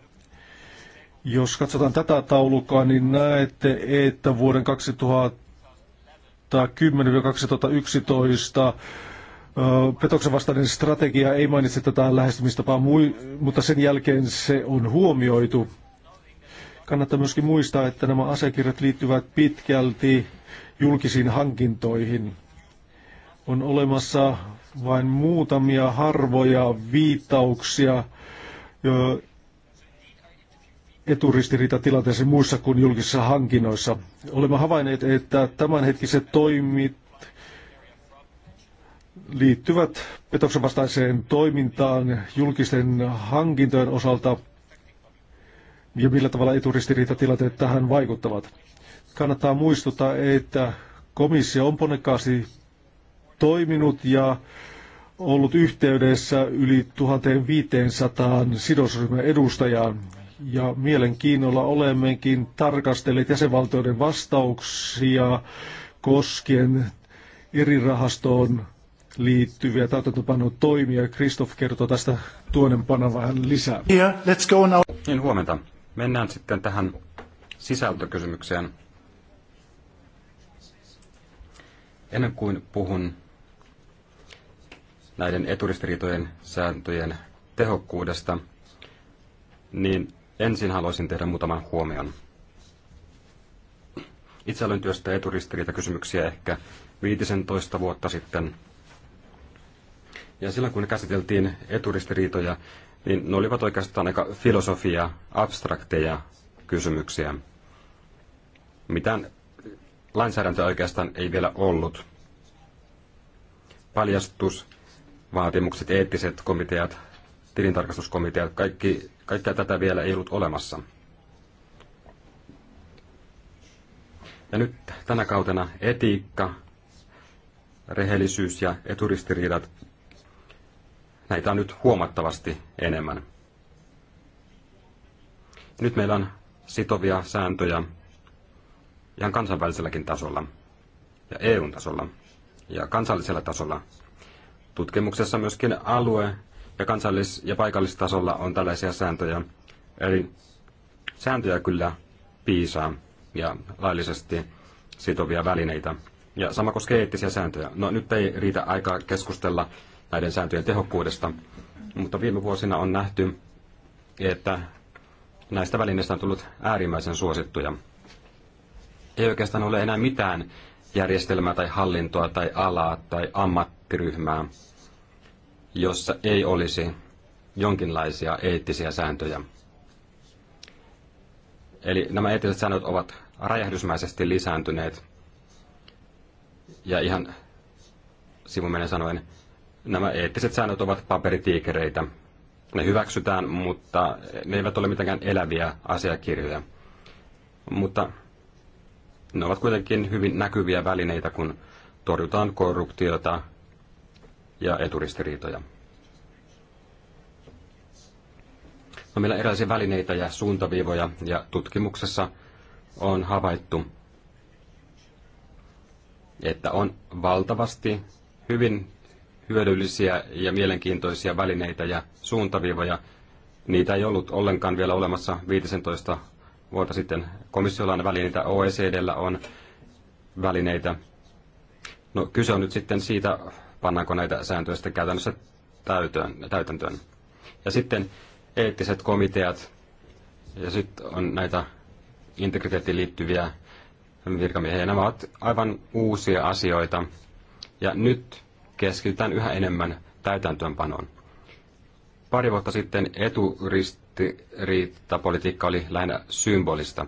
Jos katsotaan tätä taulukkoa, niin näette, että vuoden 2000 2010-2011 petoksen vastainen strategia ei mainitse tätä lähestymistapaa, mutta sen jälkeen se on huomioitu. Kannattaa myöskin muistaa, että nämä asiakirjat liittyvät pitkälti julkisiin hankintoihin. On olemassa vain muutamia harvoja viittauksia eturistiriitatilanteessa muissa kuin julkisissa hankinnoissa. Olemme havainneet, että tämänhetkiset toimit liittyvät petoksen vastaiseen toimintaan julkisten hankintojen osalta ja millä tavalla eturistiriitatilanteet tähän vaikuttavat. Kannattaa muistuttaa, että komissio on ponnekkaasti toiminut ja ollut yhteydessä yli 1500 sidosryhmän edustajaan ja mielenkiinnolla olemmekin tarkastelleet jäsenvaltioiden vastauksia koskien eri rahastoon liittyviä täytäntöpanon toimia. Kristoff kertoo tästä tuonempana vähän lisää. Yeah, let's go now. Niin, huomenta. Mennään sitten tähän sisältökysymykseen. Ennen kuin puhun näiden eturistiriitojen sääntöjen tehokkuudesta, niin Ensin haluaisin tehdä muutaman huomion. Itse olen työstä kysymyksiä ehkä 15 vuotta sitten. Ja silloin kun käsiteltiin eturistiriitoja, niin ne olivat oikeastaan aika filosofia, abstrakteja kysymyksiä. Mitään lainsäädäntöä oikeastaan ei vielä ollut. Paljastus, vaatimukset, eettiset komiteat, tilintarkastuskomitea. Kaikki, kaikkea tätä vielä ei ollut olemassa. Ja nyt tänä kautena etiikka, rehellisyys ja eturistiriidat, näitä on nyt huomattavasti enemmän. Nyt meillä on sitovia sääntöjä ihan kansainväliselläkin tasolla ja EUn tasolla ja kansallisella tasolla. Tutkimuksessa myöskin alue- ja kansallis- ja paikallistasolla on tällaisia sääntöjä. Eli sääntöjä kyllä piisaa ja laillisesti sitovia välineitä. Ja sama koskee eettisiä sääntöjä. No nyt ei riitä aikaa keskustella näiden sääntöjen tehokkuudesta, mutta viime vuosina on nähty, että näistä välineistä on tullut äärimmäisen suosittuja. Ei oikeastaan ole enää mitään järjestelmää tai hallintoa tai alaa tai ammattiryhmää, jossa ei olisi jonkinlaisia eettisiä sääntöjä. Eli nämä eettiset säännöt ovat räjähdysmäisesti lisääntyneet. Ja ihan menen sanoen, nämä eettiset säännöt ovat paperitiikereitä. Ne hyväksytään, mutta ne eivät ole mitenkään eläviä asiakirjoja. Mutta ne ovat kuitenkin hyvin näkyviä välineitä, kun torjutaan korruptiota ja eturistiriitoja. No, meillä on erilaisia välineitä ja suuntaviivoja ja tutkimuksessa on havaittu, että on valtavasti hyvin hyödyllisiä ja mielenkiintoisia välineitä ja suuntaviivoja. Niitä ei ollut ollenkaan vielä olemassa 15 vuotta sitten. Komissiolla on välineitä, OECDllä on välineitä. No, kyse on nyt sitten siitä, pannaanko näitä sääntöjä sitten käytännössä täytäntöön. Ja sitten eettiset komiteat, ja sitten on näitä integriteettiin liittyviä virkamiehiä. Nämä ovat aivan uusia asioita, ja nyt keskitytään yhä enemmän täytäntöönpanoon. Pari vuotta sitten eturistiriittapolitiikka oli lähinnä symbolista.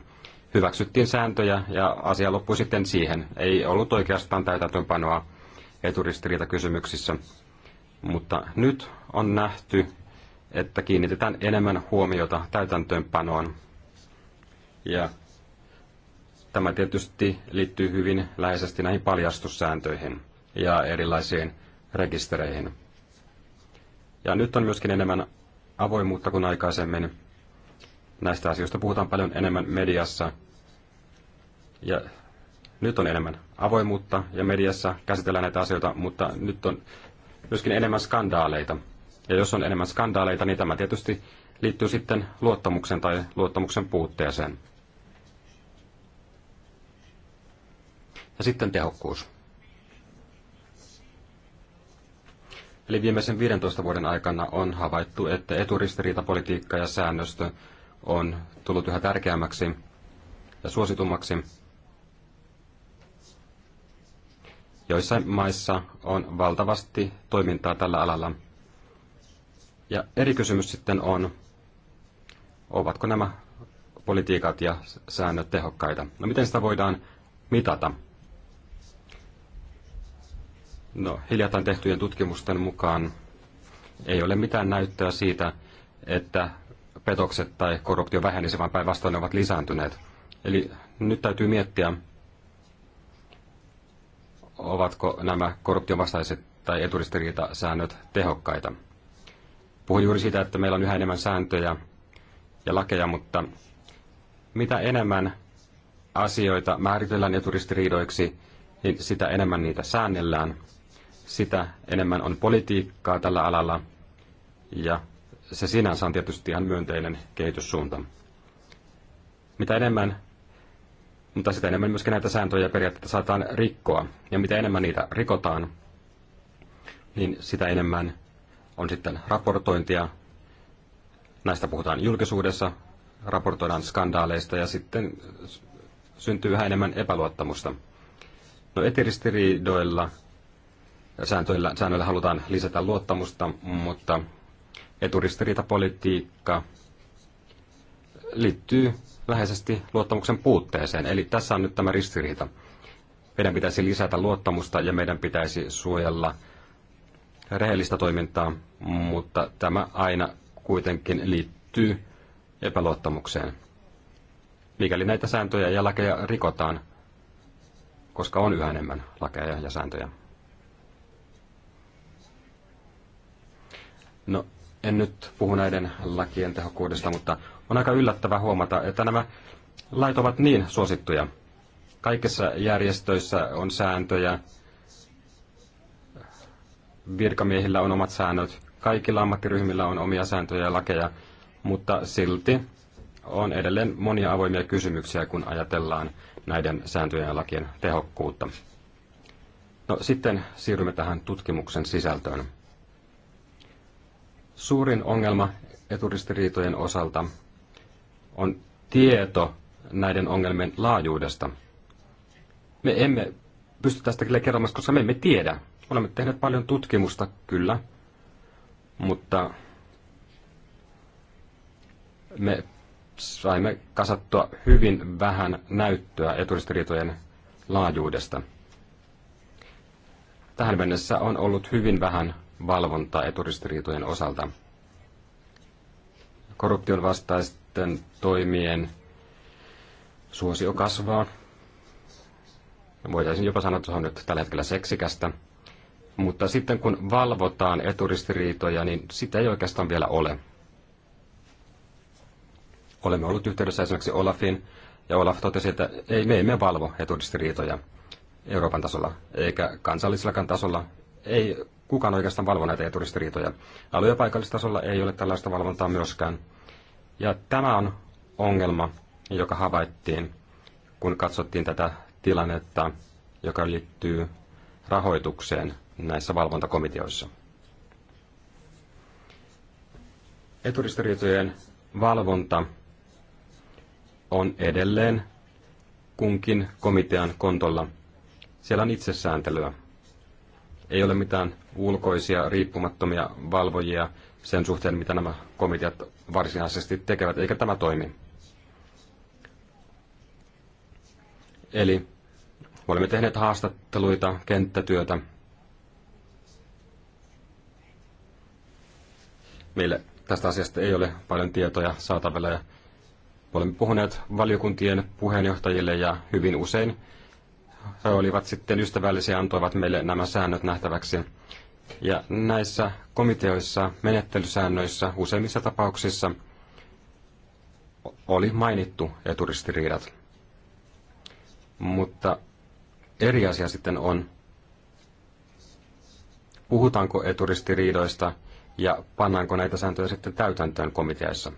Hyväksyttiin sääntöjä ja asia loppui sitten siihen. Ei ollut oikeastaan täytäntöönpanoa, eturistiriitakysymyksissä. Mutta nyt on nähty, että kiinnitetään enemmän huomiota täytäntöönpanoon. Ja tämä tietysti liittyy hyvin läheisesti näihin paljastussääntöihin ja erilaisiin rekistereihin. Ja nyt on myöskin enemmän avoimuutta kuin aikaisemmin. Näistä asioista puhutaan paljon enemmän mediassa. Ja nyt on enemmän avoimuutta ja mediassa käsitellään näitä asioita, mutta nyt on myöskin enemmän skandaaleita. Ja jos on enemmän skandaaleita, niin tämä tietysti liittyy sitten luottamuksen tai luottamuksen puutteeseen. Ja sitten tehokkuus. Eli viimeisen 15 vuoden aikana on havaittu, että eturistiriitapolitiikka ja säännöstö on tullut yhä tärkeämmäksi ja suositummaksi. Joissain maissa on valtavasti toimintaa tällä alalla. Ja eri kysymys sitten on, ovatko nämä politiikat ja säännöt tehokkaita. No miten sitä voidaan mitata? No, hiljattain tehtyjen tutkimusten mukaan ei ole mitään näyttöä siitä, että petokset tai korruptio vähenisivät vaan päinvastoin ne ovat lisääntyneet. Eli nyt täytyy miettiä, ovatko nämä korruptiovastaiset tai eturistiriitasäännöt tehokkaita. Puhun juuri siitä, että meillä on yhä enemmän sääntöjä ja lakeja, mutta mitä enemmän asioita määritellään eturistiriidoiksi, niin sitä enemmän niitä säännellään, sitä enemmän on politiikkaa tällä alalla ja se sinänsä on tietysti ihan myönteinen kehityssuunta. Mitä enemmän mutta sitä enemmän myöskin näitä sääntöjä ja periaatteita saataan rikkoa. Ja mitä enemmän niitä rikotaan, niin sitä enemmän on sitten raportointia. Näistä puhutaan julkisuudessa, raportoidaan skandaaleista ja sitten syntyy yhä enemmän epäluottamusta. No etiristiriidoilla ja sääntöillä, säännöillä halutaan lisätä luottamusta, mutta eturistiriitapolitiikka liittyy läheisesti luottamuksen puutteeseen. Eli tässä on nyt tämä ristiriita. Meidän pitäisi lisätä luottamusta ja meidän pitäisi suojella rehellistä toimintaa, mutta tämä aina kuitenkin liittyy epäluottamukseen. Mikäli näitä sääntöjä ja lakeja rikotaan, koska on yhä enemmän lakeja ja sääntöjä. No, en nyt puhu näiden lakien tehokkuudesta, mutta on aika yllättävää huomata, että nämä lait ovat niin suosittuja. Kaikissa järjestöissä on sääntöjä, virkamiehillä on omat säännöt, kaikilla ammattiryhmillä on omia sääntöjä ja lakeja, mutta silti on edelleen monia avoimia kysymyksiä, kun ajatellaan näiden sääntöjen ja lakien tehokkuutta. No, sitten siirrymme tähän tutkimuksen sisältöön. Suurin ongelma eturistiriitojen osalta on tieto näiden ongelmien laajuudesta. Me emme pysty tästä kyllä kertomaan, koska me emme tiedä. Olemme tehneet paljon tutkimusta, kyllä, mutta me saimme kasattua hyvin vähän näyttöä eturistiriitojen laajuudesta. Tähän mennessä on ollut hyvin vähän valvontaa eturistiriitojen osalta. Korruption vastaista poliittisten toimien suosio kasvaa. Voitaisiin jopa sanoa, että se on nyt tällä hetkellä seksikästä. Mutta sitten kun valvotaan eturistiriitoja, niin sitä ei oikeastaan vielä ole. Olemme olleet yhteydessä esimerkiksi Olafin, ja Olaf totesi, että ei, me emme valvo eturistiriitoja Euroopan tasolla, eikä kansallisellakaan tasolla. Ei kukaan oikeastaan valvo näitä eturistiriitoja. Alue- ja paikallistasolla ei ole tällaista valvontaa myöskään. Ja tämä on ongelma, joka havaittiin, kun katsottiin tätä tilannetta, joka liittyy rahoitukseen näissä valvontakomiteoissa. Eturistiriitojen valvonta on edelleen kunkin komitean kontolla. Siellä on itsesääntelyä. Ei ole mitään ulkoisia riippumattomia valvojia, sen suhteen, mitä nämä komiteat varsinaisesti tekevät, eikä tämä toimi. Eli olemme tehneet haastatteluita, kenttätyötä. Meille tästä asiasta ei ole paljon tietoja saatavilla ja olemme puhuneet valiokuntien puheenjohtajille ja hyvin usein he olivat sitten ystävällisiä ja antoivat meille nämä säännöt nähtäväksi. Ja näissä komiteoissa, menettelysäännöissä, useimmissa tapauksissa oli mainittu eturistiriidat. Mutta eri asia sitten on, puhutaanko eturistiriidoista ja pannaanko näitä sääntöjä sitten täytäntöön komiteassa.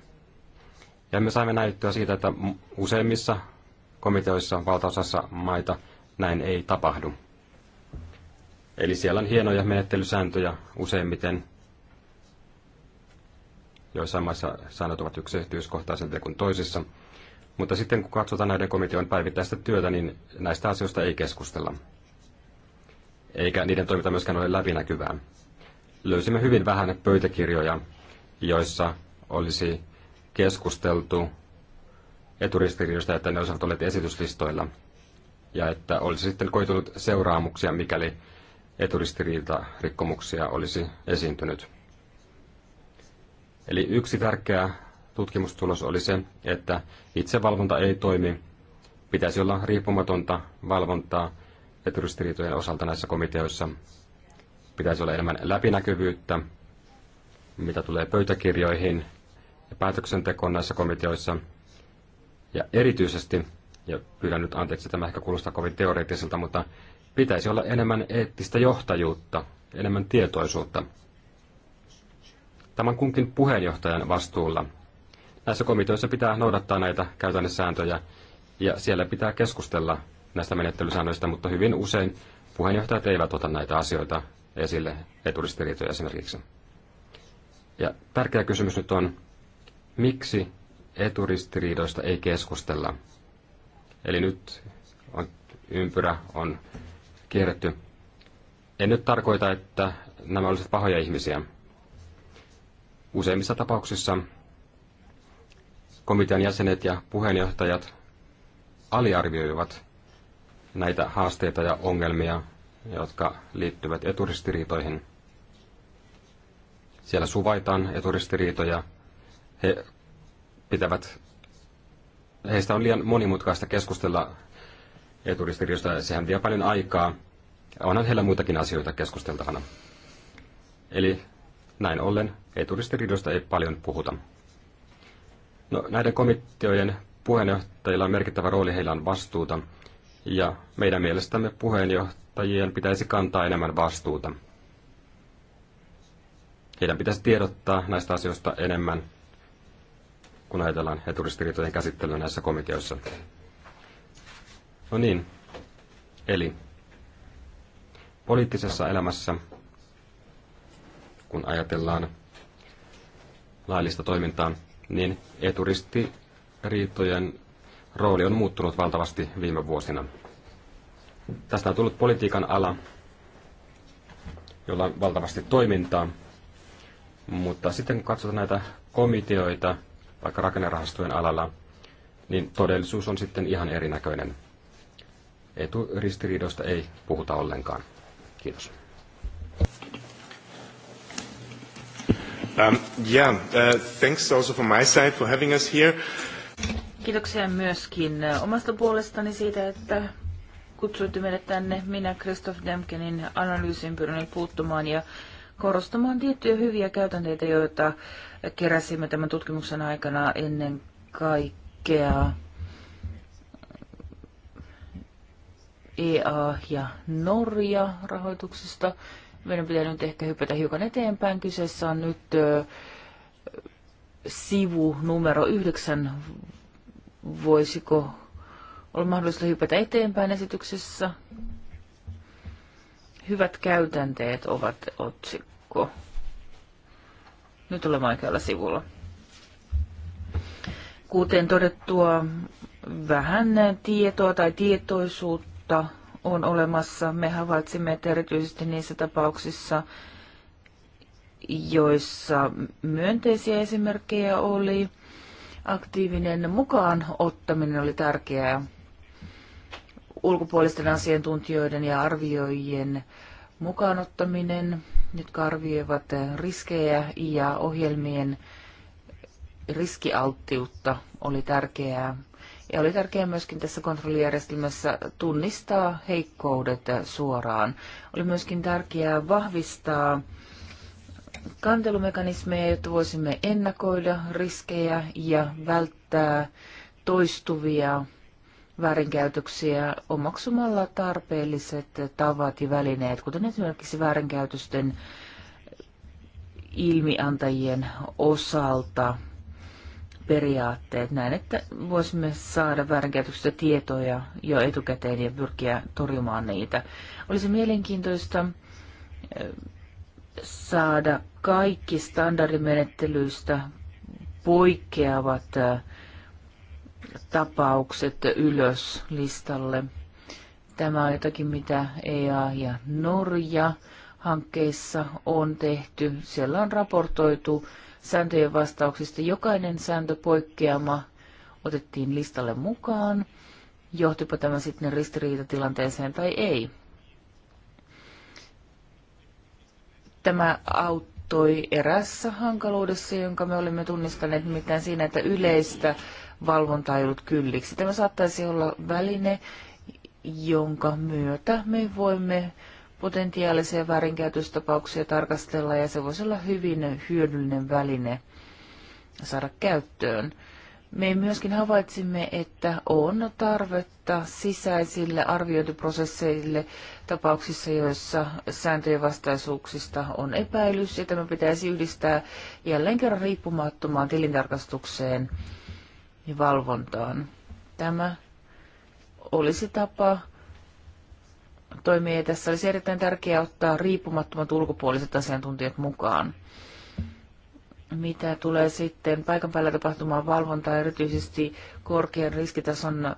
Ja me saimme näyttöä siitä, että useimmissa komiteoissa valtaosassa maita näin ei tapahdu. Eli siellä on hienoja menettelysääntöjä useimmiten, joissain maissa säännöt ovat yksityiskohtaisempia kuin toisissa. Mutta sitten kun katsotaan näiden komitean päivittäistä työtä, niin näistä asioista ei keskustella. Eikä niiden toiminta myöskään ole läpinäkyvää. Löysimme hyvin vähän pöytäkirjoja, joissa olisi keskusteltu eturistiriidosta, että ne olisivat olleet esityslistoilla. Ja että olisi sitten koitunut seuraamuksia, mikäli eturistiriitarikkomuksia olisi esiintynyt. Eli yksi tärkeä tutkimustulos oli se, että itsevalvonta ei toimi. Pitäisi olla riippumatonta valvontaa eturistiriitojen osalta näissä komiteoissa. Pitäisi olla enemmän läpinäkyvyyttä, mitä tulee pöytäkirjoihin ja päätöksentekoon näissä komiteoissa. Ja erityisesti, ja pyydän nyt anteeksi, tämä ehkä kuulostaa kovin teoreettiselta, mutta Pitäisi olla enemmän eettistä johtajuutta, enemmän tietoisuutta. Tämän kunkin puheenjohtajan vastuulla. Näissä komiteoissa pitää noudattaa näitä käytännön sääntöjä ja siellä pitää keskustella näistä menettelysäännöistä, mutta hyvin usein puheenjohtajat eivät ota näitä asioita esille, eturistiriitoja esimerkiksi. Ja tärkeä kysymys nyt on, miksi eturistiriidoista ei keskustella? Eli nyt on, ympyrä on kierretty. En nyt tarkoita, että nämä olisivat pahoja ihmisiä. Useimmissa tapauksissa komitean jäsenet ja puheenjohtajat aliarvioivat näitä haasteita ja ongelmia, jotka liittyvät eturistiriitoihin. Siellä suvaitaan eturistiriitoja. He pitävät, heistä on liian monimutkaista keskustella eturistiriosta, Sehän vie paljon aikaa. Onhan heillä muitakin asioita keskusteltavana. Eli näin ollen eturistiriidosta ei paljon puhuta. No, näiden komiteojen puheenjohtajilla on merkittävä rooli, heillä on vastuuta. Ja meidän mielestämme puheenjohtajien pitäisi kantaa enemmän vastuuta. Heidän pitäisi tiedottaa näistä asioista enemmän, kun ajatellaan eturistiriitojen käsittelyä näissä komiteoissa. No niin, eli poliittisessa elämässä, kun ajatellaan laillista toimintaa, niin eturistiriitojen rooli on muuttunut valtavasti viime vuosina. Tästä on tullut politiikan ala, jolla on valtavasti toimintaa, mutta sitten kun katsotaan näitä komiteoita, vaikka rakennerahastojen alalla, niin todellisuus on sitten ihan erinäköinen eturistiriidoista ei puhuta ollenkaan. Kiitos. Um, yeah, uh, thanks also from my side for having us here. Kiitoksia myöskin omasta puolestani siitä, että kutsuitte meidät tänne. Minä Christoph Demkenin analyysin pyrin puuttumaan ja korostamaan tiettyjä hyviä käytänteitä, joita keräsimme tämän tutkimuksen aikana ennen kaikkea EA ja Norja rahoituksesta. Meidän pitää nyt ehkä hypätä hiukan eteenpäin. Kyseessä on nyt ö, sivu numero yhdeksän. Voisiko olla mahdollista hypätä eteenpäin esityksessä? Hyvät käytänteet ovat otsikko. Nyt olemme oikealla sivulla. Kuten todettua, vähän tietoa tai tietoisuutta joustavuutta on olemassa. Me havaitsimme, että erityisesti niissä tapauksissa, joissa myönteisiä esimerkkejä oli, aktiivinen mukaan ottaminen oli tärkeää ulkopuolisten asiantuntijoiden ja arvioijien mukaanottaminen, jotka arvioivat riskejä ja ohjelmien riskialttiutta oli tärkeää. Ja oli tärkeää myöskin tässä kontrollijärjestelmässä tunnistaa heikkoudet suoraan. Oli myöskin tärkeää vahvistaa kantelumekanismeja, jotta voisimme ennakoida riskejä ja välttää toistuvia väärinkäytöksiä omaksumalla tarpeelliset tavat ja välineet, kuten esimerkiksi väärinkäytösten ilmiantajien osalta periaatteet näin, että voisimme saada väärinkäytöksistä tietoja jo etukäteen ja pyrkiä torjumaan niitä. Olisi mielenkiintoista eh, saada kaikki standardimenettelyistä poikkeavat eh, tapaukset ylös listalle. Tämä on jotakin, mitä EA ja Norja hankkeissa on tehty. Siellä on raportoitu sääntöjen vastauksista. Jokainen sääntöpoikkeama otettiin listalle mukaan, johtipa tämä sitten ristiriitatilanteeseen tai ei. Tämä auttoi erässä hankaluudessa, jonka me olimme tunnistaneet, nimittäin siinä, että yleistä valvontaa ei ollut kylliksi. Tämä saattaisi olla väline, jonka myötä me voimme potentiaalisia väärinkäytöstapauksia tarkastella ja se voisi olla hyvin hyödyllinen väline saada käyttöön. Me myöskin havaitsimme, että on tarvetta sisäisille arviointiprosesseille tapauksissa, joissa sääntöjen vastaisuuksista on epäilys, ja tämä pitäisi yhdistää jälleen kerran riippumattomaan tilintarkastukseen ja valvontaan. Tämä olisi tapa toimii ja tässä olisi erittäin tärkeää ottaa riippumattomat ulkopuoliset asiantuntijat mukaan. Mitä tulee sitten paikan päällä tapahtumaan valvontaa erityisesti korkean riskitason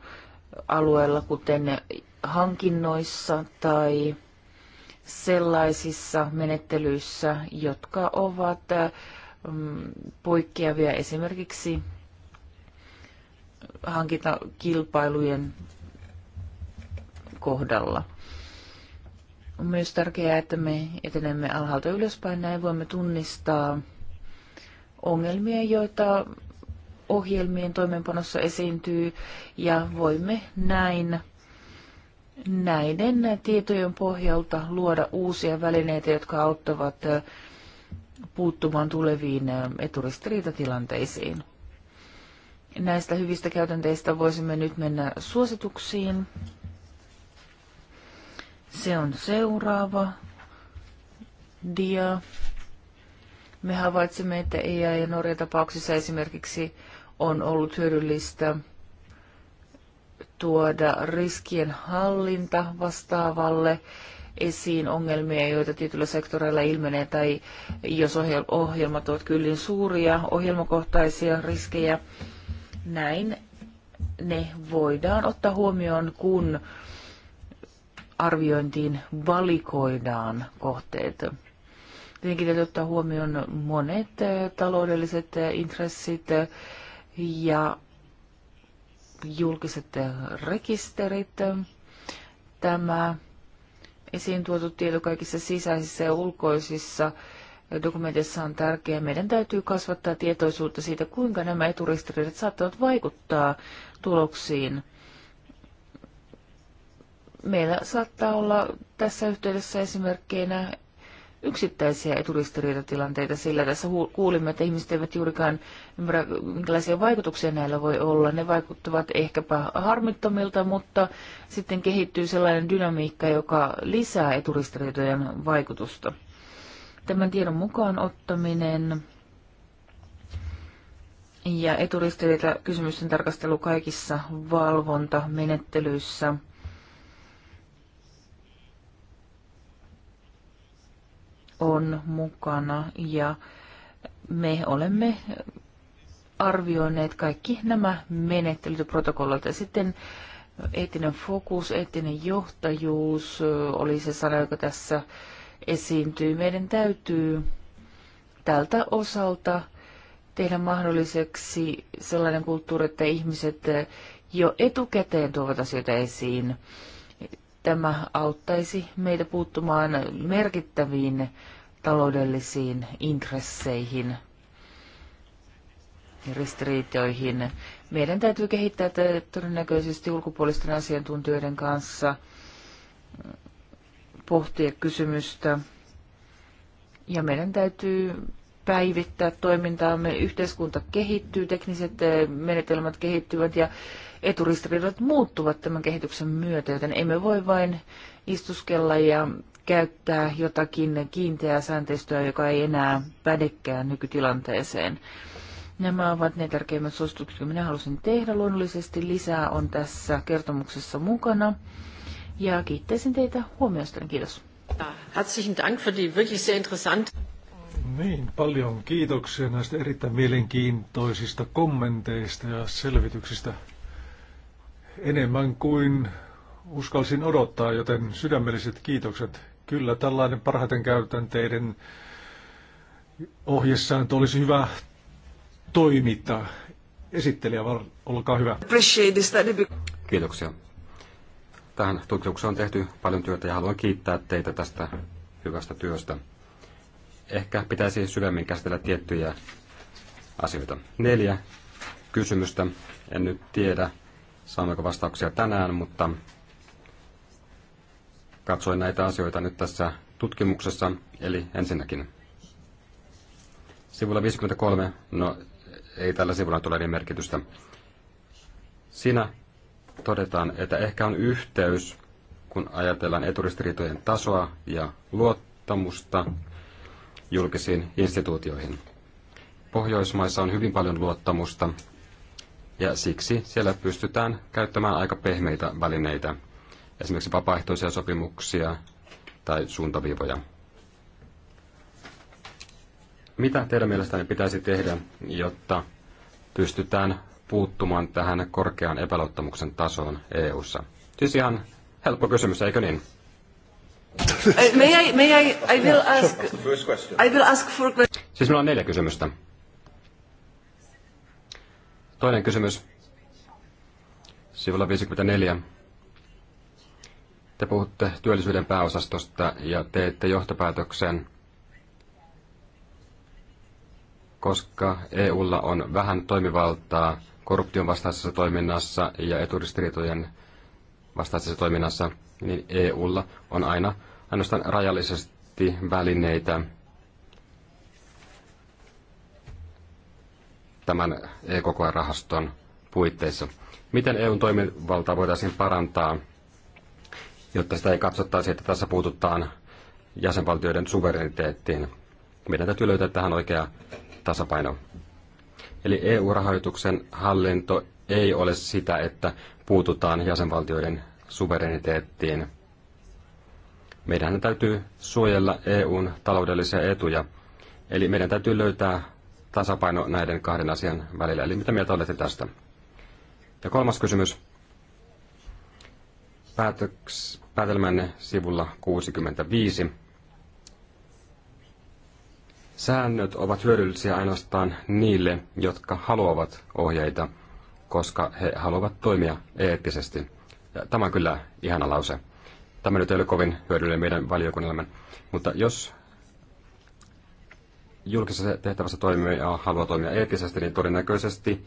alueella, kuten hankinnoissa tai sellaisissa menettelyissä, jotka ovat mm, poikkeavia esimerkiksi hankintakilpailujen kohdalla. On myös tärkeää, että me etenemme alhaalta ylöspäin. Näin voimme tunnistaa ongelmia, joita ohjelmien toimeenpanossa esiintyy, ja voimme näin näiden tietojen pohjalta luoda uusia välineitä, jotka auttavat puuttumaan tuleviin eturistiriitatilanteisiin. Näistä hyvistä käytänteistä voisimme nyt mennä suosituksiin. Se on seuraava dia. Me havaitsemme, että ei ja Norjan tapauksissa esimerkiksi on ollut hyödyllistä tuoda riskien hallinta vastaavalle esiin ongelmia, joita tietyillä sektoreilla ilmenee, tai jos ohjelmat ovat kyllin suuria, ohjelmakohtaisia riskejä, näin ne voidaan ottaa huomioon, kun arviointiin valikoidaan kohteet. Tietenkin täytyy ottaa huomioon monet eh, taloudelliset eh, intressit eh, ja julkiset rekisterit. Tämä esiin tuotu tieto kaikissa sisäisissä ja ulkoisissa dokumenteissa on tärkeää. Meidän täytyy kasvattaa tietoisuutta siitä, kuinka nämä eturistiriidat saattavat vaikuttaa tuloksiin meillä saattaa olla tässä yhteydessä esimerkkeinä yksittäisiä eturistiriitatilanteita, sillä tässä kuulimme, että ihmiset eivät juurikaan ymmärrä, minkälaisia vaikutuksia näillä voi olla. Ne vaikuttavat ehkäpä harmittomilta, mutta sitten kehittyy sellainen dynamiikka, joka lisää eturistiriitojen vaikutusta. Tämän tiedon mukaan ottaminen ja eturistiriita kysymysten tarkastelu kaikissa valvontamenettelyissä – on mukana ja me olemme arvioineet kaikki nämä menettelyt protokollat ja sitten eettinen fokus, eettinen johtajuus oli se sana, joka tässä esiintyy. Meidän täytyy tältä osalta tehdä mahdolliseksi sellainen kulttuuri, että ihmiset jo etukäteen tuovat asioita esiin. Tämä auttaisi meitä puuttumaan merkittäviin taloudellisiin intresseihin ja ristiriitoihin. Meidän täytyy kehittää todennäköisesti ulkopuolisten asiantuntijoiden kanssa mm, pohtia kysymystä. Ja meidän täytyy päivittää toimintaamme. Yhteiskunta kehittyy, tekniset eh, menetelmät kehittyvät ja eturistiriidat muuttuvat tämän kehityksen myötä, joten emme voi vain istuskella ja käyttää jotakin kiinteää sääntöistöä, joka ei enää pädekään nykytilanteeseen. Nämä ovat ne tärkeimmät suositukset, jotka minä halusin tehdä. Luonnollisesti lisää on tässä kertomuksessa mukana. Ja kiittäisin teitä huomiosta. Kiitos. Herzlichen Dank für die wirklich sehr interessant. Niin, paljon kiitoksia näistä erittäin mielenkiintoisista kommenteista ja selvityksistä enemmän kuin uskalsin odottaa, joten sydämelliset kiitokset. Kyllä tällainen parhaiten käytänteiden ohjesääntö olisi hyvä toimittaa. Esittelijä, olkaa hyvä. Kiitoksia. Tähän tutkimukseen on tehty paljon työtä ja haluan kiittää teitä tästä hyvästä työstä. Ehkä pitäisi syvemmin käsitellä tiettyjä asioita. Neljä kysymystä. En nyt tiedä, saammeko vastauksia tänään, mutta katsoin näitä asioita nyt tässä tutkimuksessa. Eli ensinnäkin sivulla 53, no ei tällä sivulla tule niin merkitystä. Siinä todetaan, että ehkä on yhteys, kun ajatellaan eturistiriitojen tasoa ja luottamusta julkisiin instituutioihin. Pohjoismaissa on hyvin paljon luottamusta ja siksi siellä pystytään käyttämään aika pehmeitä välineitä, esimerkiksi vapaaehtoisia sopimuksia tai suuntaviivoja. Mitä teidän mielestänne pitäisi tehdä, jotta pystytään puuttumaan tähän korkean epäluottamuksen tasoon EU:ssa? Siis ihan helppo kysymys, eikö niin? may I, may I, I will ask, I will ask for... Siis minulla on neljä kysymystä. Toinen kysymys. Sivulla 54. Te puhutte työllisyyden pääosastosta ja teette johtopäätöksen, koska EUlla on vähän toimivaltaa korruption vastaisessa toiminnassa ja eturistiriitojen vastaisessa toiminnassa, niin EUlla on aina ainoastaan rajallisesti välineitä tämän EKK-rahaston puitteissa. Miten EUn toimivaltaa voitaisiin parantaa, jotta sitä ei katsottaisi, että tässä puututaan jäsenvaltioiden suvereniteettiin? Meidän täytyy löytää tähän oikea tasapaino. Eli EU-rahoituksen hallinto ei ole sitä, että puututaan jäsenvaltioiden suvereniteettiin. Meidän täytyy suojella EUn taloudellisia etuja, eli meidän täytyy löytää tasapaino näiden kahden asian välillä. Eli mitä mieltä olette tästä? Ja kolmas kysymys. Päätöks, päätelmänne sivulla 65. Säännöt ovat hyödyllisiä ainoastaan niille, jotka haluavat ohjeita, koska he haluavat toimia eettisesti. Ja tämä on kyllä ihana lause. Tämä nyt ei ole kovin hyödyllinen meidän valiokunnallamme, mutta jos julkisessa tehtävässä toimii ja haluaa toimia eettisesti, niin todennäköisesti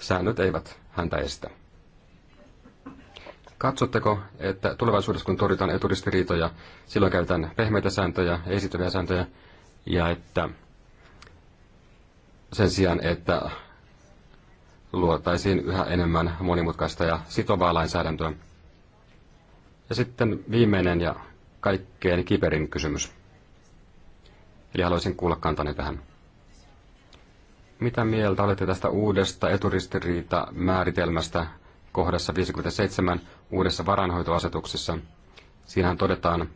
säännöt eivät häntä estä. Katsotteko, että tulevaisuudessa kun torjutaan eturistiriitoja, silloin käytetään pehmeitä sääntöjä, esittäviä sääntöjä, ja että sen sijaan, että luotaisiin yhä enemmän monimutkaista ja sitovaa lainsäädäntöä. Ja sitten viimeinen ja kaikkein kiperin kysymys. Eli haluaisin kuulla kantani tähän. Mitä mieltä olette tästä uudesta eturistiriita-määritelmästä kohdassa 57 uudessa varainhoitoasetuksessa? Siinähän todetaan,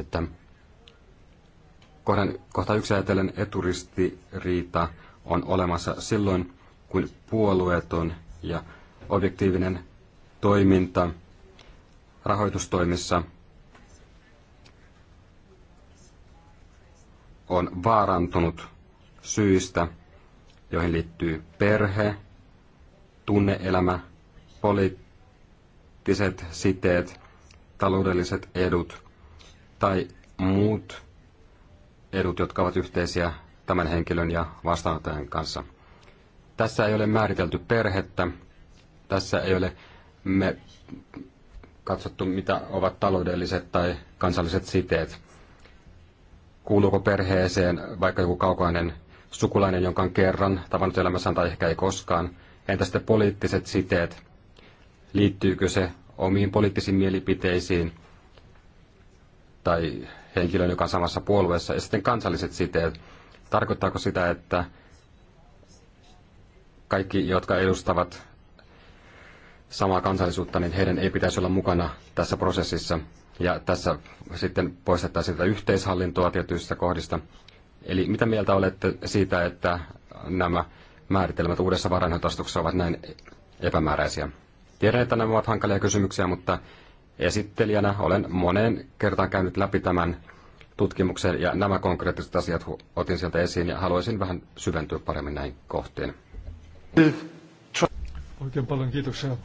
että kohdan, kohta yksi ajatellen eturistiriita on olemassa silloin, kun puolueeton ja objektiivinen toiminta rahoitustoimissa – on vaarantunut syistä, joihin liittyy perhe, tunneelämä, poliittiset siteet, taloudelliset edut tai muut edut, jotka ovat yhteisiä tämän henkilön ja vastaanottajan kanssa. Tässä ei ole määritelty perhettä, tässä ei ole me katsottu, mitä ovat taloudelliset tai kansalliset siteet kuuluuko perheeseen vaikka joku kaukainen sukulainen, jonka on kerran tavannut elämässään tai ehkä ei koskaan. Entä sitten poliittiset siteet? Liittyykö se omiin poliittisiin mielipiteisiin tai henkilön, joka on samassa puolueessa? Ja sitten kansalliset siteet. Tarkoittaako sitä, että kaikki, jotka edustavat samaa kansallisuutta, niin heidän ei pitäisi olla mukana tässä prosessissa. Ja tässä sitten poistetaan sitä yhteishallintoa tietyissä kohdista. Eli mitä mieltä olette siitä, että nämä määritelmät uudessa varainhoitoasetuksessa ovat näin epämääräisiä? Tiedän, että nämä ovat hankalia kysymyksiä, mutta esittelijänä olen moneen kertaan käynyt läpi tämän tutkimuksen ja nämä konkreettiset asiat otin sieltä esiin ja haluaisin vähän syventyä paremmin näihin kohtiin. Oikein paljon kiitoksia.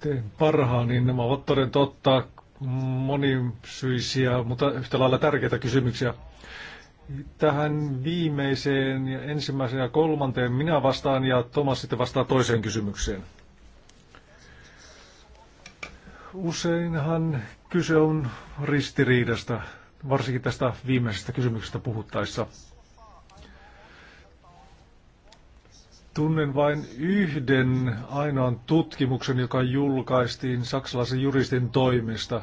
Teen parhaan, niin nämä ovat toden totta monisyisiä, mutta yhtä lailla tärkeitä kysymyksiä. Tähän viimeiseen ja ensimmäiseen ja kolmanteen minä vastaan ja Tomas sitten vastaa toiseen kysymykseen. Useinhan kyse on ristiriidasta, varsinkin tästä viimeisestä kysymyksestä puhuttaessa. Tunnen vain yhden ainoan tutkimuksen, joka julkaistiin saksalaisen juristin toimesta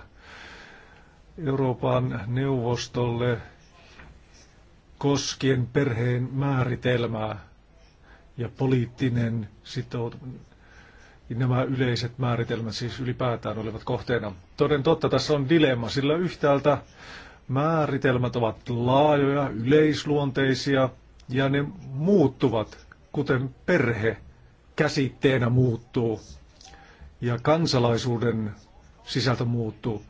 Euroopan neuvostolle koskien perheen määritelmää ja poliittinen sitoutuminen. Nämä yleiset määritelmät siis ylipäätään olivat kohteena. Toden totta, tässä on dilemma, sillä yhtäältä määritelmät ovat laajoja, yleisluonteisia ja ne muuttuvat kuten perhe, käsitteenä muuttuu ja kansalaisuuden sisältö muuttuu.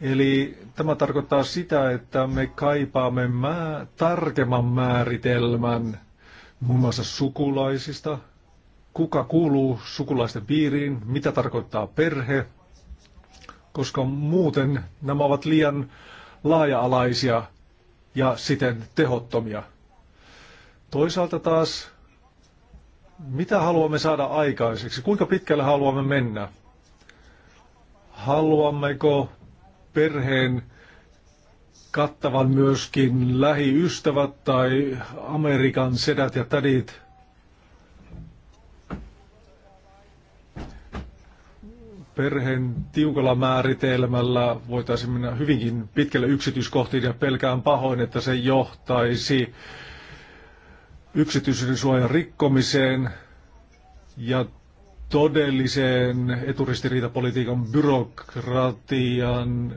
Eli tämä tarkoittaa sitä, että me kaipaamme mää tarkemman määritelmän muun muassa sukulaisista, kuka kuuluu sukulaisten piiriin, mitä tarkoittaa perhe, koska muuten nämä ovat liian laaja-alaisia ja siten tehottomia. Toisaalta taas mitä haluamme saada aikaiseksi, kuinka pitkälle haluamme mennä. Haluammeko perheen kattavan myöskin lähiystävät tai Amerikan sedät ja tädit. Perheen tiukalla määritelmällä voitaisiin mennä hyvinkin pitkälle yksityiskohtiin ja pelkään pahoin, että se johtaisi yksityisyyden suojan rikkomiseen ja todelliseen eturistiriitapolitiikan byrokratian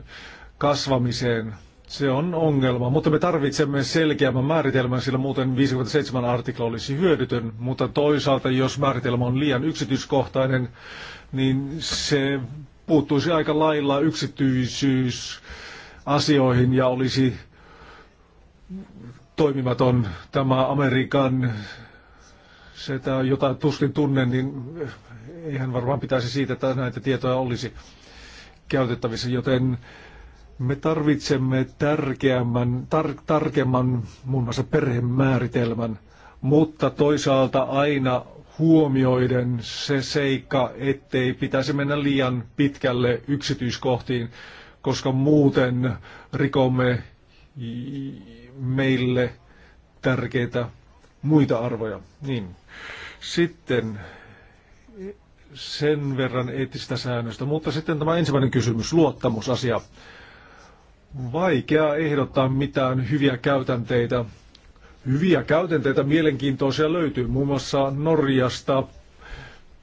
kasvamiseen. Se on ongelma, mutta me tarvitsemme selkeämmän määritelmän, sillä muuten 57 artikla olisi hyödytön, mutta toisaalta jos määritelmä on liian yksityiskohtainen, niin se puuttuisi aika lailla yksityisyysasioihin ja olisi toimimaton. Tämä Amerikan, se jota tuskin tunnen, niin eihän varmaan pitäisi siitä, että näitä tietoja olisi käytettävissä, joten me tarvitsemme tärkeämmän, tar, tarkemman muun muassa perhemääritelmän, mutta toisaalta aina huomioiden se seikka, ettei pitäisi mennä liian pitkälle yksityiskohtiin, koska muuten rikomme meille tärkeitä muita arvoja. Niin. Sitten sen verran eettistä säännöstä. Mutta sitten tämä ensimmäinen kysymys, luottamusasia. Vaikea ehdottaa mitään hyviä käytänteitä. Hyviä käytänteitä mielenkiintoisia löytyy. Muun muassa Norjasta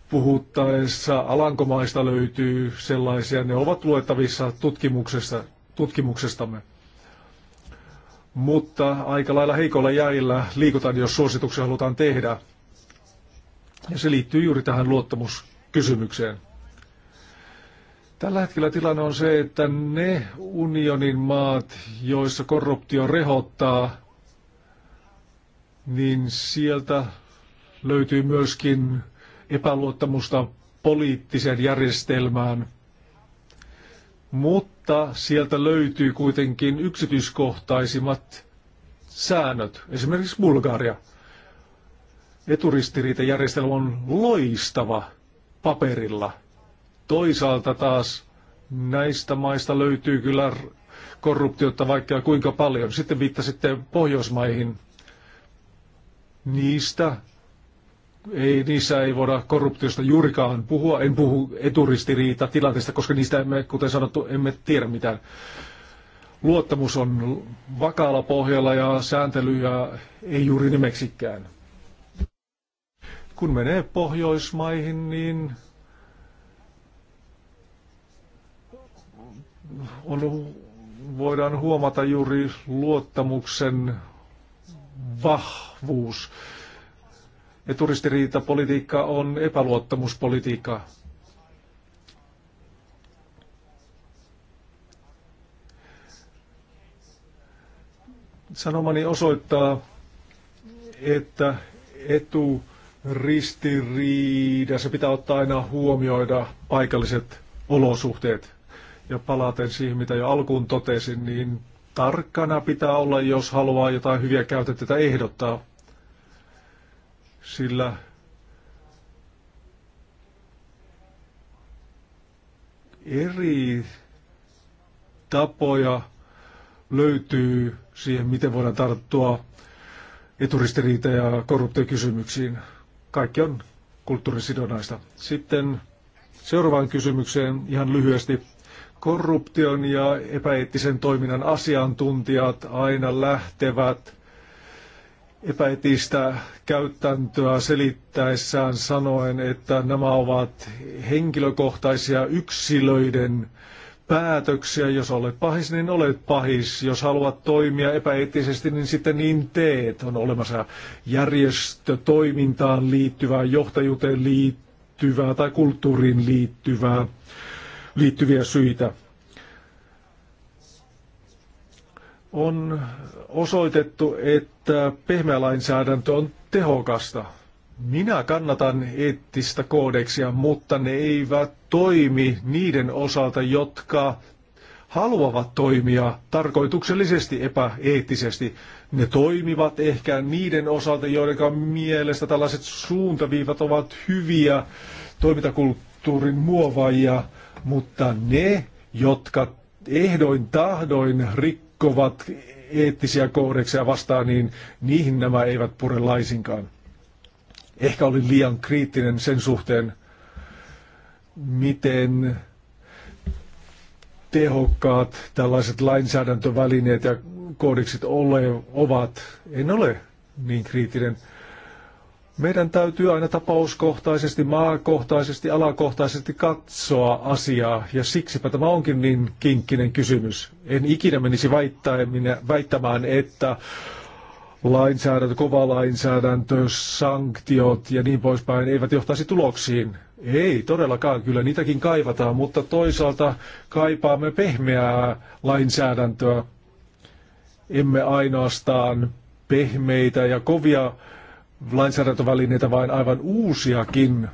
puhuttaessa Alankomaista löytyy sellaisia. Ne ovat luettavissa tutkimuksesta, tutkimuksestamme mutta aika lailla heikolla jäillä liikutaan, jos suosituksia halutaan tehdä. Ja se liittyy juuri tähän luottamuskysymykseen. Tällä hetkellä tilanne on se, että ne unionin maat, joissa korruptio rehottaa, niin sieltä löytyy myöskin epäluottamusta poliittiseen järjestelmään – mutta sieltä löytyy kuitenkin yksityiskohtaisimmat säännöt, esimerkiksi Bulgaria. Eturistiriitajärjestelmä on loistava paperilla. Toisaalta taas näistä maista löytyy kyllä korruptiota vaikka kuinka paljon. Sitten viittasitte Pohjoismaihin. Niistä ei, niissä ei voida korruptiosta juurikaan puhua. En puhu eturistiriita tilanteesta, koska niistä emme, kuten sanottu, emme tiedä mitään. Luottamus on vakaalla pohjalla ja sääntelyä ei juuri nimeksikään. Kun menee Pohjoismaihin, niin on, voidaan huomata juuri luottamuksen vahvuus. Ja turistiriitapolitiikka on epäluottamuspolitiikkaa. Sanomani osoittaa, että eturistiriidassa pitää ottaa aina huomioida paikalliset olosuhteet. Ja palaten siihen, mitä jo alkuun totesin, niin tarkkana pitää olla, jos haluaa jotain hyviä käytettä ehdottaa sillä eri tapoja löytyy siihen, miten voidaan tarttua eturistiriita- ja korruptiokysymyksiin. Kaikki on kulttuurisidonaista. Sitten seuraavaan kysymykseen ihan lyhyesti. Korruption ja epäeettisen toiminnan asiantuntijat aina lähtevät epäetistä käytäntöä selittäessään sanoen, että nämä ovat henkilökohtaisia yksilöiden päätöksiä. Jos olet pahis, niin olet pahis. Jos haluat toimia epäeettisesti, niin sitten niin teet. On olemassa järjestötoimintaan liittyvää, johtajuuteen liittyvää tai kulttuuriin liittyvää, liittyviä syitä. on osoitettu, että pehmeä lainsäädäntö on tehokasta. Minä kannatan eettistä koodeksia, mutta ne eivät toimi niiden osalta, jotka haluavat toimia tarkoituksellisesti epäeettisesti. Ne toimivat ehkä niiden osalta, joiden mielestä tällaiset suuntaviivat ovat hyviä toimintakulttuurin muovaajia, mutta ne, jotka ehdoin tahdoin rikkoivat, rikkovat eettisiä koodeksia vastaan, niin niihin nämä eivät pure laisinkaan. Ehkä olin liian kriittinen sen suhteen, miten tehokkaat tällaiset lainsäädäntövälineet ja koodiksit ole, ovat. En ole niin kriittinen. Meidän täytyy aina tapauskohtaisesti, maakohtaisesti, alakohtaisesti katsoa asiaa, ja siksipä tämä onkin niin kinkkinen kysymys. En ikinä menisi väittämään, että lainsäädäntö, kova lainsäädäntö, sanktiot ja niin poispäin eivät johtaisi tuloksiin. Ei todellakaan, kyllä niitäkin kaivataan, mutta toisaalta kaipaamme pehmeää lainsäädäntöä. Emme ainoastaan pehmeitä ja kovia lainsäädäntövälineitä, vaan aivan uusiakin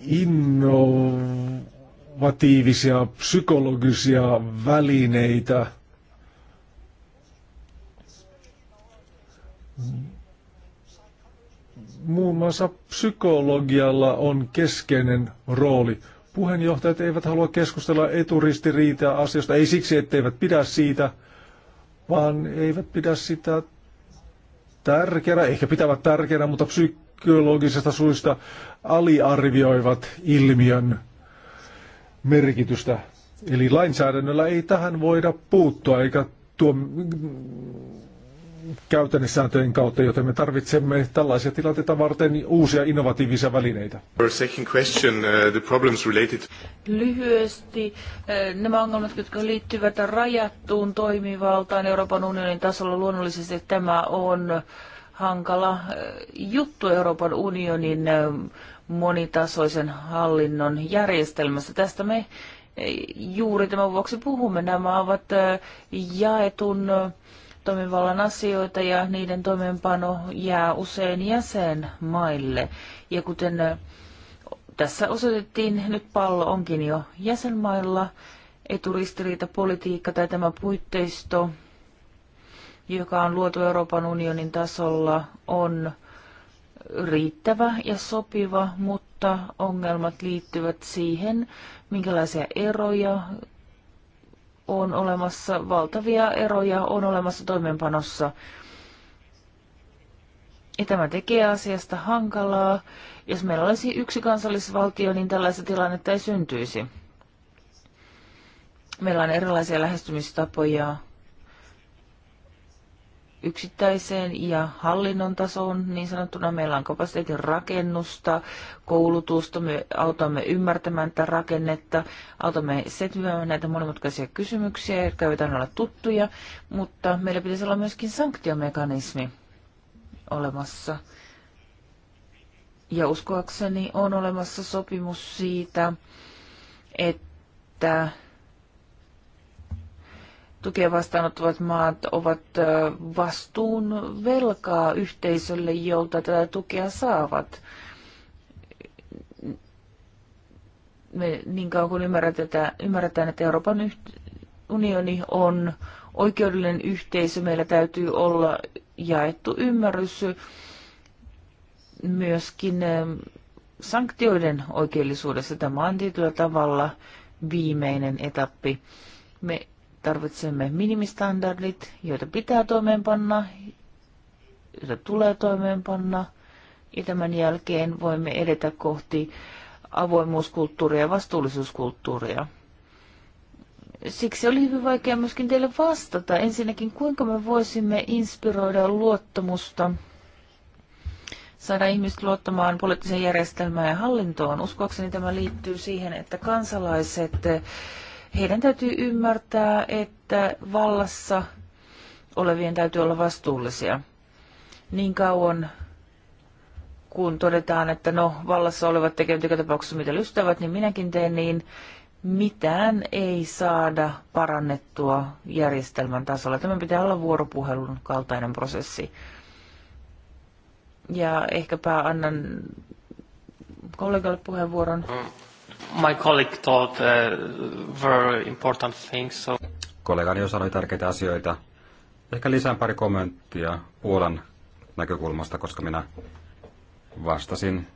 innovatiivisia psykologisia välineitä – muun muassa psykologialla on keskeinen rooli. Puheenjohtajat eivät halua keskustella eturistiriitaa asioista, ei siksi, etteivät pidä siitä, vaan eivät pidä sitä tärkeänä, ehkä pitävät tärkeänä, mutta psykologisesta suista aliarvioivat ilmiön merkitystä. Eli lainsäädännöllä ei tähän voida puuttua, eikä tuo käytännössääntöjen kautta, joten me tarvitsemme tällaisia tilanteita varten uusia innovatiivisia välineitä. Uh, Lyhyesti uh, nämä ongelmat, jotka liittyvät rajattuun toimivaltaan Euroopan unionin tasolla, luonnollisesti tämä on hankala uh, juttu Euroopan unionin monitasoisen hallinnon järjestelmässä. Tästä me juuri tämän vuoksi puhumme. Nämä ovat jaetun toimivallan asioita ja niiden toimeenpano jää usein jäsenmaille. Ja kuten tässä osoitettiin, nyt pallo onkin jo jäsenmailla, politiikka tai tämä puitteisto, joka on luotu Euroopan unionin tasolla, on riittävä ja sopiva, mutta ongelmat liittyvät siihen, minkälaisia eroja on olemassa valtavia eroja, on olemassa toimeenpanossa. Ja tämä tekee asiasta hankalaa. Jos meillä olisi yksi kansallisvaltio, niin tällaista tilannetta ei syntyisi. Meillä on erilaisia lähestymistapoja yksittäiseen ja hallinnon tasoon niin sanottuna. Meillä on kapasiteetin rakennusta, koulutusta, me autamme ymmärtämään tätä rakennetta, autamme setvimään näitä monimutkaisia kysymyksiä, jotka eivät aina ole tuttuja, mutta meillä pitäisi olla myöskin sanktiomekanismi olemassa. Ja uskoakseni on olemassa sopimus siitä, että tukea vastaanottavat maat ovat vastuun velkaa yhteisölle, jolta tätä tukea saavat. Me niin kauan kuin ymmärretään, ymmärretään että Euroopan unioni on oikeudellinen yhteisö, meillä täytyy olla jaettu ymmärrys myöskin sanktioiden oikeellisuudessa. Tämä on tietyllä tavalla viimeinen etappi. Me tarvitsemme minimistandardit, joita pitää toimeenpanna, joita tulee toimeenpanna. Ja tämän jälkeen voimme edetä kohti avoimuuskulttuuria ja vastuullisuuskulttuuria. Siksi oli hyvin vaikea myöskin teille vastata. Ensinnäkin, kuinka me voisimme inspiroida luottamusta, saada ihmiset luottamaan poliittiseen järjestelmään ja hallintoon. Uskoakseni tämä liittyy siihen, että kansalaiset heidän täytyy ymmärtää, että vallassa olevien täytyy olla vastuullisia. Niin kauan kun todetaan, että no vallassa olevat tekevät joka tapauksessa mitä lystävät, niin minäkin teen niin, mitään ei saada parannettua järjestelmän tasolla. Tämä pitää olla vuoropuhelun kaltainen prosessi. Ja ehkäpä annan kollegalle puheenvuoron. Mm. My colleague thought uh, very important things, so... Kollegani jo sanoi tärkeitä asioita. Ehkä lisään pari kommenttia Puolan näkökulmasta, koska minä vastasin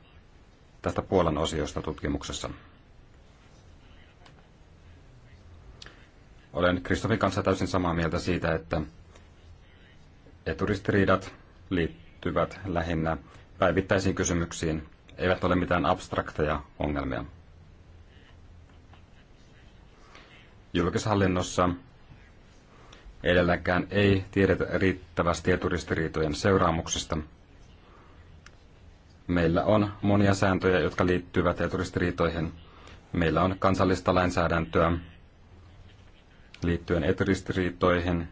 tästä Puolan osiosta tutkimuksessa. Olen Kristofin kanssa täysin samaa mieltä siitä, että eturistiriidat liittyvät lähinnä päivittäisiin kysymyksiin, eivät ole mitään abstrakteja ongelmia. julkishallinnossa edelläkään ei tiedetä riittävästi eturistiriitojen seuraamuksista. Meillä on monia sääntöjä, jotka liittyvät eturistiriitoihin. Meillä on kansallista lainsäädäntöä liittyen eturistiriitoihin,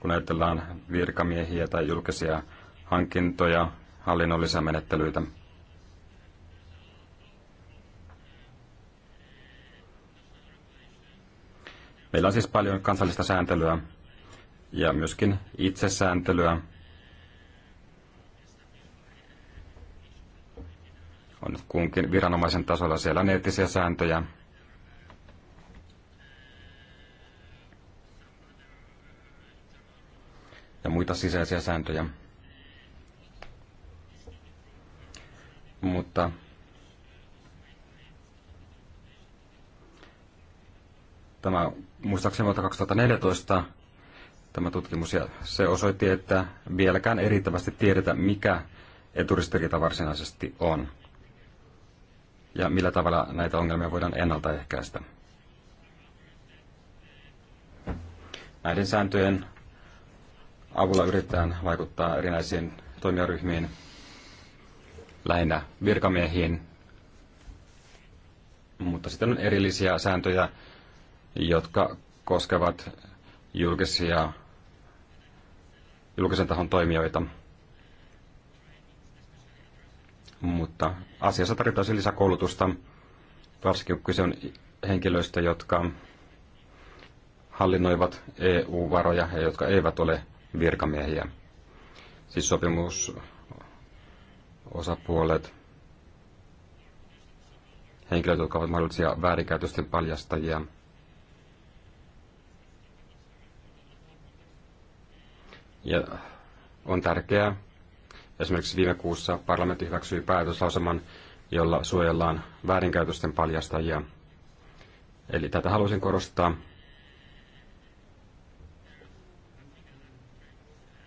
kun ajatellaan virkamiehiä tai julkisia hankintoja, hallinnollisia menettelyitä – Meillä on siis paljon kansallista sääntelyä ja myöskin itsesääntelyä. On kunkin viranomaisen tasolla siellä on eettisiä sääntöjä. Ja muita sisäisiä sääntöjä. Mutta tämä muistaakseni vuotta 2014 tämä tutkimus, ja se osoitti, että vieläkään ei riittävästi tiedetä, mikä eturistiriita varsinaisesti on ja millä tavalla näitä ongelmia voidaan ennaltaehkäistä. Näiden sääntöjen avulla yritetään vaikuttaa erinäisiin toimijaryhmiin, lähinnä virkamiehiin, mutta sitten on erillisiä sääntöjä jotka koskevat julkisia, julkisen tahon toimijoita. Mutta asiassa tarvitaan siis lisäkoulutusta, varsinkin kun kyse on henkilöistä, jotka hallinnoivat EU-varoja ja jotka eivät ole virkamiehiä. Siis osapuolet, henkilöt, jotka ovat mahdollisia väärinkäytösten paljastajia – Ja on tärkeää. Esimerkiksi viime kuussa parlamentti hyväksyi päätöslauselman, jolla suojellaan väärinkäytösten paljastajia. Eli tätä halusin korostaa.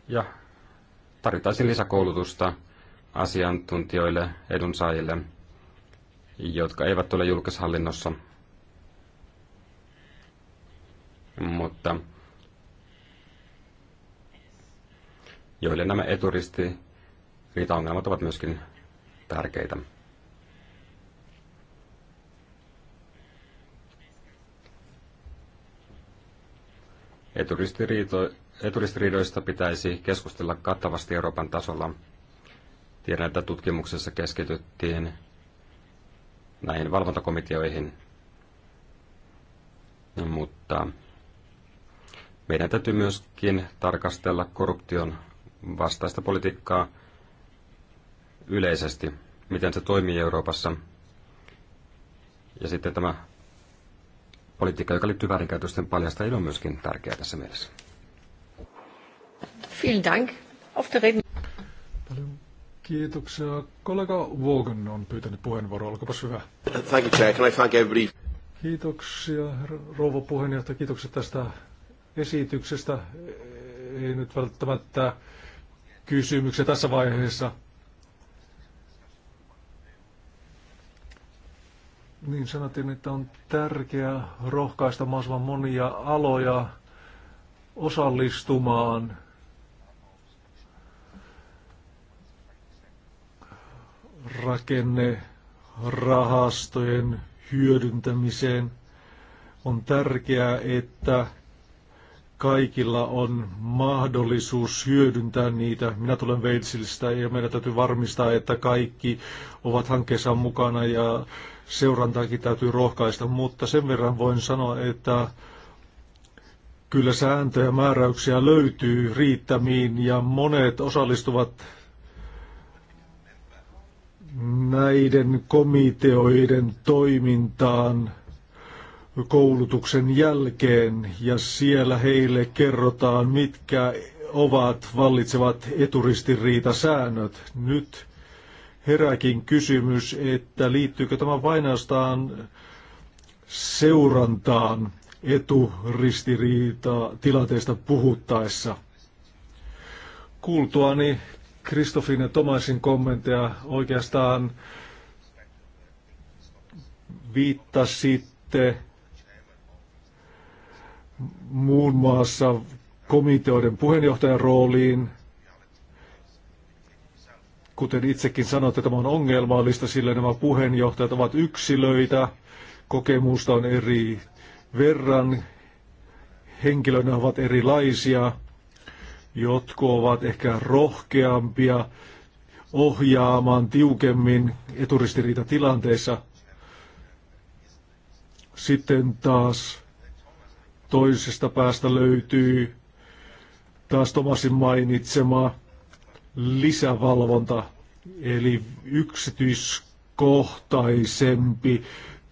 Ja tarvittaisiin lisäkoulutusta asiantuntijoille, edunsaajille, jotka eivät ole julkishallinnossa. Mutta joille nämä eturisti riitaongelmat ovat myöskin tärkeitä. Eturistiriidoista pitäisi keskustella kattavasti Euroopan tasolla. Tiedän, että tutkimuksessa keskityttiin näihin valvontakomiteoihin, mutta meidän täytyy myöskin tarkastella korruption vastaista politiikkaa yleisesti, miten se toimii Euroopassa. Ja sitten tämä politiikka, joka liittyy väärinkäytösten paljastajiin, on myöskin tärkeää tässä mielessä. Vielen Dank. Auf der Paljon kiitoksia. Kollega Wogan on pyytänyt puheenvuoroa. Olkapas hyvä. Thank you, Chair. Can I thank everybody? Kiitoksia, rouva puheenjohtaja. Kiitokset tästä esityksestä. Ei nyt välttämättä kysymyksiä tässä vaiheessa. Niin sanottiin, että on tärkeää rohkaista mahdollisimman monia aloja osallistumaan rakennerahastojen hyödyntämiseen. On tärkeää, että kaikilla on mahdollisuus hyödyntää niitä. Minä tulen Veitsilistä ja meidän täytyy varmistaa, että kaikki ovat hankkeessa mukana ja seurantaakin täytyy rohkaista, mutta sen verran voin sanoa, että kyllä sääntöjä ja määräyksiä löytyy riittämiin ja monet osallistuvat näiden komiteoiden toimintaan – koulutuksen jälkeen ja siellä heille kerrotaan, mitkä ovat vallitsevat eturistiriitasäännöt. Nyt heräkin kysymys, että liittyykö tämä vain seurantaan eturistiriita tilanteesta puhuttaessa. Kuultuani Kristofin ja Tomasin kommentteja oikeastaan viittasitte muun maassa komiteoiden puheenjohtajan rooliin. Kuten itsekin että tämä on ongelmallista, sillä nämä puheenjohtajat ovat yksilöitä. Kokemusta on eri verran. Henkilönä ovat erilaisia. Jotkut ovat ehkä rohkeampia ohjaamaan tiukemmin eturistiriitatilanteissa. Sitten taas toisesta päästä löytyy taas Tomasin mainitsema lisävalvonta, eli yksityiskohtaisempi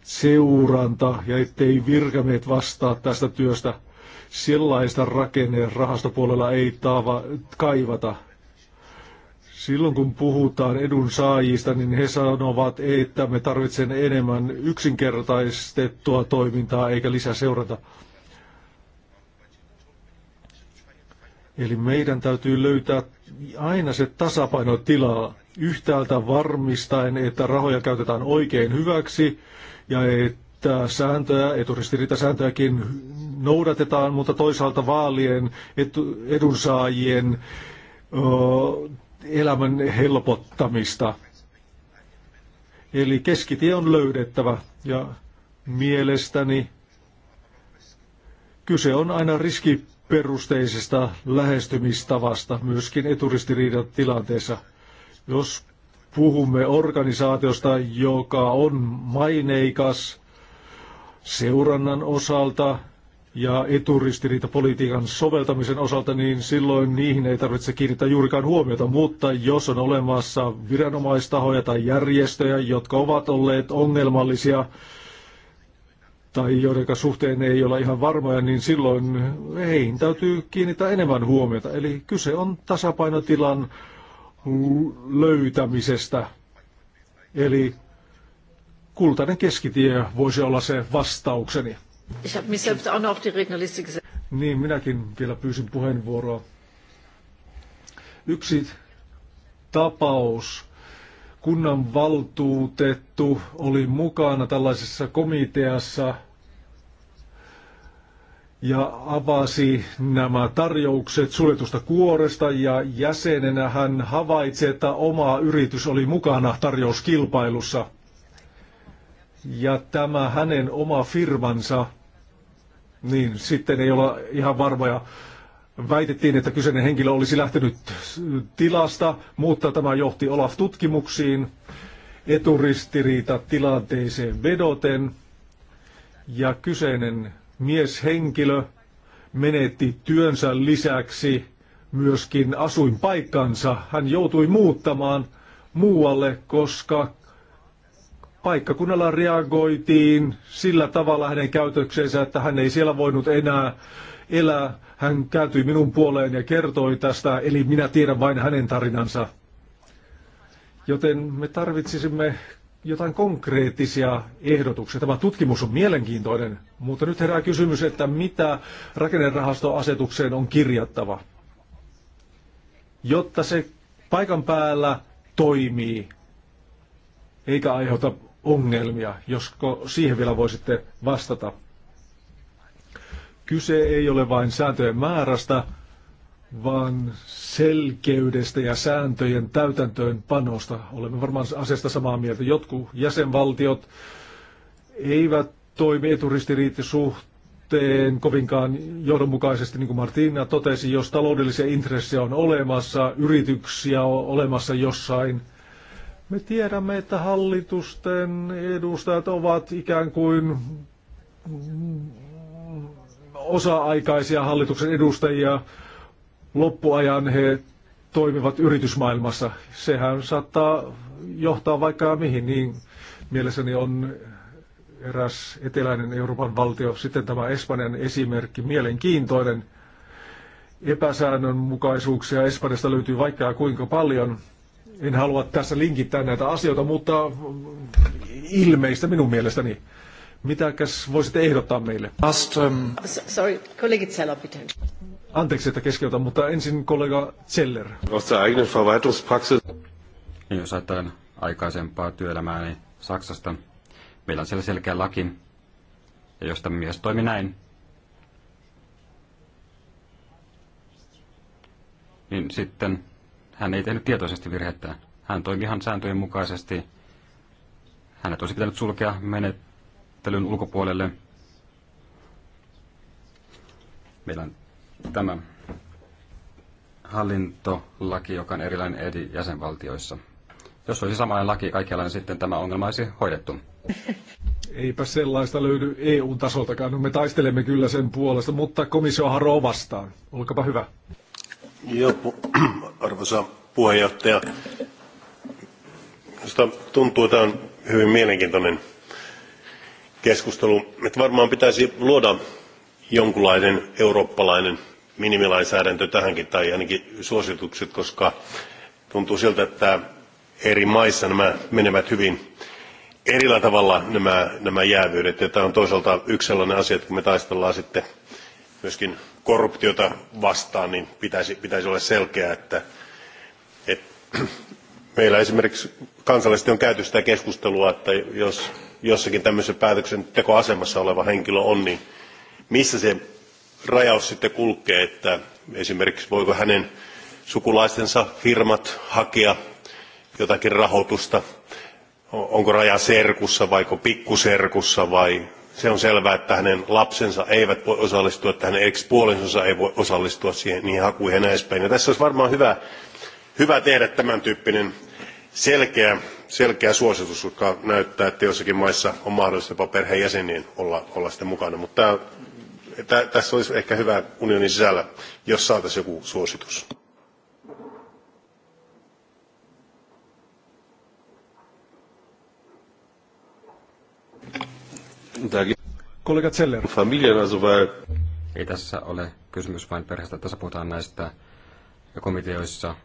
seuranta ja ettei virkamiehet vastaa tästä työstä. Sellaista rakenne rahastopuolella ei taava, kaivata. Silloin kun puhutaan edun saajista, niin he sanovat, että me tarvitsemme enemmän yksinkertaistettua toimintaa eikä lisää seurata. Eli meidän täytyy löytää aina se tasapainotila yhtäältä varmistaen, että rahoja käytetään oikein hyväksi ja että sääntöjä, eturistiriitasääntöjäkin noudatetaan, mutta toisaalta vaalien edunsaajien elämän helpottamista. Eli keskitie on löydettävä ja mielestäni kyse on aina riski perusteisesta lähestymistavasta myöskin tilanteessa. Jos puhumme organisaatiosta, joka on maineikas seurannan osalta ja eturistiriitapolitiikan soveltamisen osalta, niin silloin niihin ei tarvitse kiinnittää juurikaan huomiota. Mutta jos on olemassa viranomaistahoja tai järjestöjä, jotka ovat olleet ongelmallisia tai joiden suhteen ei ole ihan varmoja, niin silloin heihin täytyy kiinnittää enemmän huomiota. Eli kyse on tasapainotilan löytämisestä. Eli kultainen keskitie voisi olla se vastaukseni. Niin, minäkin vielä pyysin puheenvuoroa. Yksi tapaus, kunnan valtuutettu oli mukana tällaisessa komiteassa ja avasi nämä tarjoukset suljetusta kuoresta ja jäsenenä hän havaitsi, että oma yritys oli mukana tarjouskilpailussa. Ja tämä hänen oma firmansa, niin sitten ei olla ihan varmoja, väitettiin, että kyseinen henkilö olisi lähtenyt tilasta, mutta tämä johti Olaf-tutkimuksiin tilanteeseen vedoten. Ja kyseinen mieshenkilö menetti työnsä lisäksi myöskin asuinpaikkansa. Hän joutui muuttamaan muualle, koska paikkakunnalla reagoitiin sillä tavalla hänen käytöksensä, että hän ei siellä voinut enää elää hän kääntyi minun puoleen ja kertoi tästä, eli minä tiedän vain hänen tarinansa. Joten me tarvitsisimme jotain konkreettisia ehdotuksia. Tämä tutkimus on mielenkiintoinen, mutta nyt herää kysymys, että mitä rakennerahastoasetukseen on kirjattava, jotta se paikan päällä toimii eikä aiheuta ongelmia, josko siihen vielä voisitte vastata. Kyse ei ole vain sääntöjen määrästä, vaan selkeydestä ja sääntöjen täytäntöön panosta. Olemme varmaan asiasta samaa mieltä. Jotkut jäsenvaltiot eivät toimi eturistiriittisuhteen kovinkaan johdonmukaisesti, niin kuin Martina totesi, jos taloudellisia intressejä on olemassa, yrityksiä on olemassa jossain. Me tiedämme, että hallitusten edustajat ovat ikään kuin osa-aikaisia hallituksen edustajia. Loppuajan he toimivat yritysmaailmassa. Sehän saattaa johtaa vaikka mihin, niin mielessäni on eräs eteläinen Euroopan valtio. Sitten tämä Espanjan esimerkki, mielenkiintoinen. Epäsäännönmukaisuuksia Espanjasta löytyy vaikka kuinka paljon. En halua tässä linkittää näitä asioita, mutta ilmeistä minun mielestäni. Mitäkäs voisitte ehdottaa meille? Last, um... Sorry, kollega Zeller, bitte. Anteeksi, että keskeytän, mutta ensin kollega Zeller. Verwaltungspraxis. Niin, jos ajatellaan aikaisempaa työelämää, niin Saksasta, meillä on siellä selkeä laki, ja jos tämä mies toimi näin, niin sitten hän ei tehnyt tietoisesti virhettä. Hän toimi ihan sääntöjen mukaisesti. Hänet olisi pitänyt sulkea menet käsittelyn ulkopuolelle. Meillä on tämä hallintolaki, joka on erilainen eri jäsenvaltioissa. Jos olisi samanlainen laki kaikkialla, niin sitten tämä ongelma olisi hoidettu. Eipä sellaista löydy EU-tasoltakaan. No me taistelemme kyllä sen puolesta, mutta komissio haroo vastaan. Olkapa hyvä. Joo, arvoisa puheenjohtaja. Minusta tuntuu, että tämä on hyvin mielenkiintoinen keskustelu, että varmaan pitäisi luoda jonkunlainen eurooppalainen minimilainsäädäntö tähänkin, tai ainakin suositukset, koska tuntuu siltä, että eri maissa nämä menevät hyvin erillä tavalla nämä, nämä jäävyydet. Ja tämä on toisaalta yksi sellainen asia, että kun me taistellaan sitten myöskin korruptiota vastaan, niin pitäisi, pitäisi olla selkeää, että, että meillä esimerkiksi kansallisesti on käyty sitä keskustelua, että jos jossakin tämmöisessä päätöksentekoasemassa oleva henkilö on, niin missä se rajaus sitten kulkee, että esimerkiksi voiko hänen sukulaistensa firmat hakea jotakin rahoitusta, onko raja serkussa vai pikkuserkussa vai se on selvää, että hänen lapsensa eivät voi osallistua, että hänen ex-puolisonsa ei voi osallistua siihen, niihin hakuihin ja näin edespäin. Ja tässä olisi varmaan hyvä, hyvä tehdä tämän tyyppinen selkeä selkeä suositus, joka näyttää, että joissakin maissa on mahdollista jopa perheenjäsenien olla, olla sitten mukana. Mutta tä, tässä olisi ehkä hyvä unionin sisällä, jos saataisiin joku suositus. Kollega Zeller. Ei tässä ole kysymys vain perheestä. Tässä puhutaan näistä komiteoissa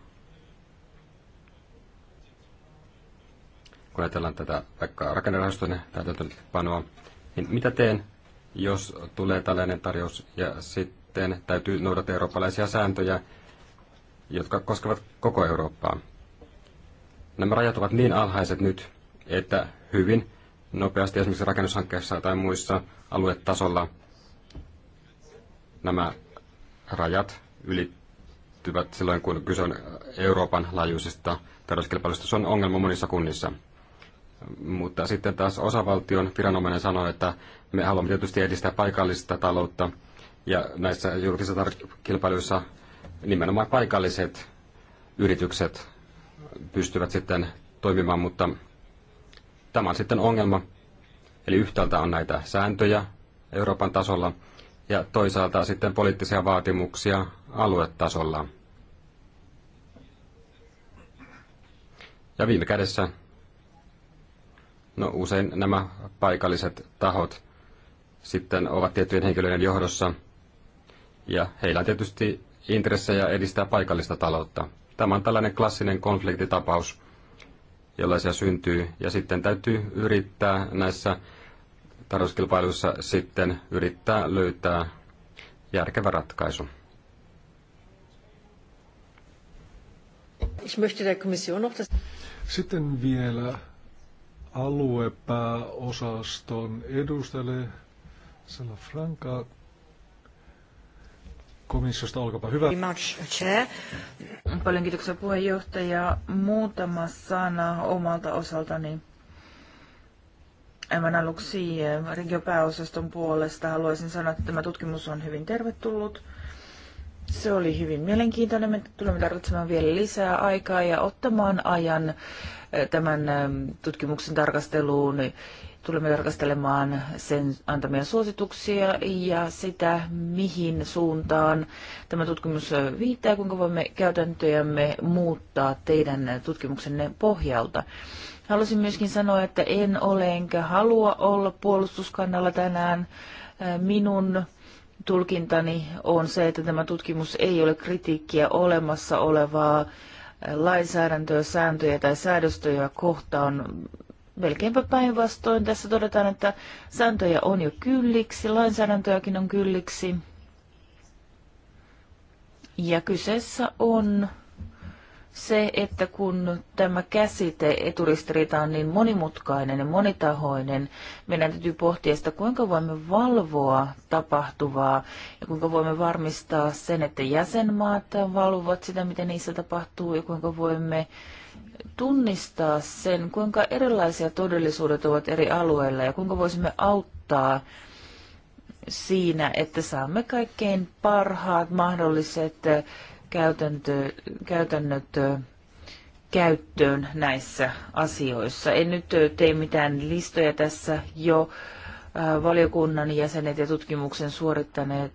kun ajatellaan tätä vaikka rakennerahastojen täytäntöönpanoa, niin mitä teen, jos tulee tällainen tarjous ja sitten täytyy noudattaa eurooppalaisia sääntöjä, jotka koskevat koko Eurooppaa. Nämä rajat ovat niin alhaiset nyt, että hyvin nopeasti esimerkiksi rakennushankkeessa tai muissa aluetasolla nämä rajat ylittyvät silloin, kun kyse on Euroopan laajuisesta tarjouskilpailusta. Se on ongelma monissa kunnissa. Mutta sitten taas osavaltion viranomainen sanoi, että me haluamme tietysti edistää paikallista taloutta ja näissä julkisissa kilpailuissa nimenomaan paikalliset yritykset pystyvät sitten toimimaan, mutta tämä on sitten ongelma. Eli yhtäältä on näitä sääntöjä Euroopan tasolla ja toisaalta sitten poliittisia vaatimuksia aluetasolla. Ja viime kädessä No usein nämä paikalliset tahot sitten ovat tiettyjen henkilöiden johdossa ja heillä on tietysti intressejä edistää paikallista taloutta. Tämä on tällainen klassinen konfliktitapaus, jollaisia syntyy ja sitten täytyy yrittää näissä tarjouskilpailuissa sitten yrittää löytää järkevä ratkaisu. Sitten vielä aluepääosaston edustajalle Sella Franka komissiosta. Olkaapa hyvä. Paljon kiitoksia puheenjohtaja. Muutama sana omalta osaltani. Aivan aluksi eh, regiopääosaston puolesta haluaisin sanoa, että tämä tutkimus on hyvin tervetullut. Se oli hyvin mielenkiintoinen. Me tulemme tarvitsemaan vielä lisää aikaa ja ottamaan ajan tämän ähm, tutkimuksen tarkasteluun. Tulemme tarkastelemaan sen antamia suosituksia ja sitä, mihin suuntaan tämä tutkimus äh, viittää, kuinka voimme käytäntöjämme muuttaa teidän äh, tutkimuksenne pohjalta. Haluaisin myöskin sanoa, että en ole enkä halua olla puolustuskannalla tänään. Äh, minun tulkintani on se, että tämä tutkimus ei ole kritiikkiä olemassa olevaa lainsäädäntöä, sääntöjä tai säädöstöjä kohtaan. Melkeinpä päinvastoin tässä todetaan, että sääntöjä on jo kylliksi, lainsäädäntöäkin on kylliksi. Ja kyseessä on se, että kun tämä käsite eturistiriita on niin monimutkainen ja monitahoinen, meidän täytyy pohtia sitä, kuinka voimme valvoa tapahtuvaa ja kuinka voimme varmistaa sen, että jäsenmaat valvovat sitä, mitä niissä tapahtuu ja kuinka voimme tunnistaa sen, kuinka erilaisia todellisuudet ovat eri alueilla ja kuinka voisimme auttaa siinä, että saamme kaikkein parhaat mahdolliset käytäntö, käytännöt käyttöön näissä asioissa. En nyt tee mitään listoja tässä jo valiokunnan jäsenet ja tutkimuksen suorittaneet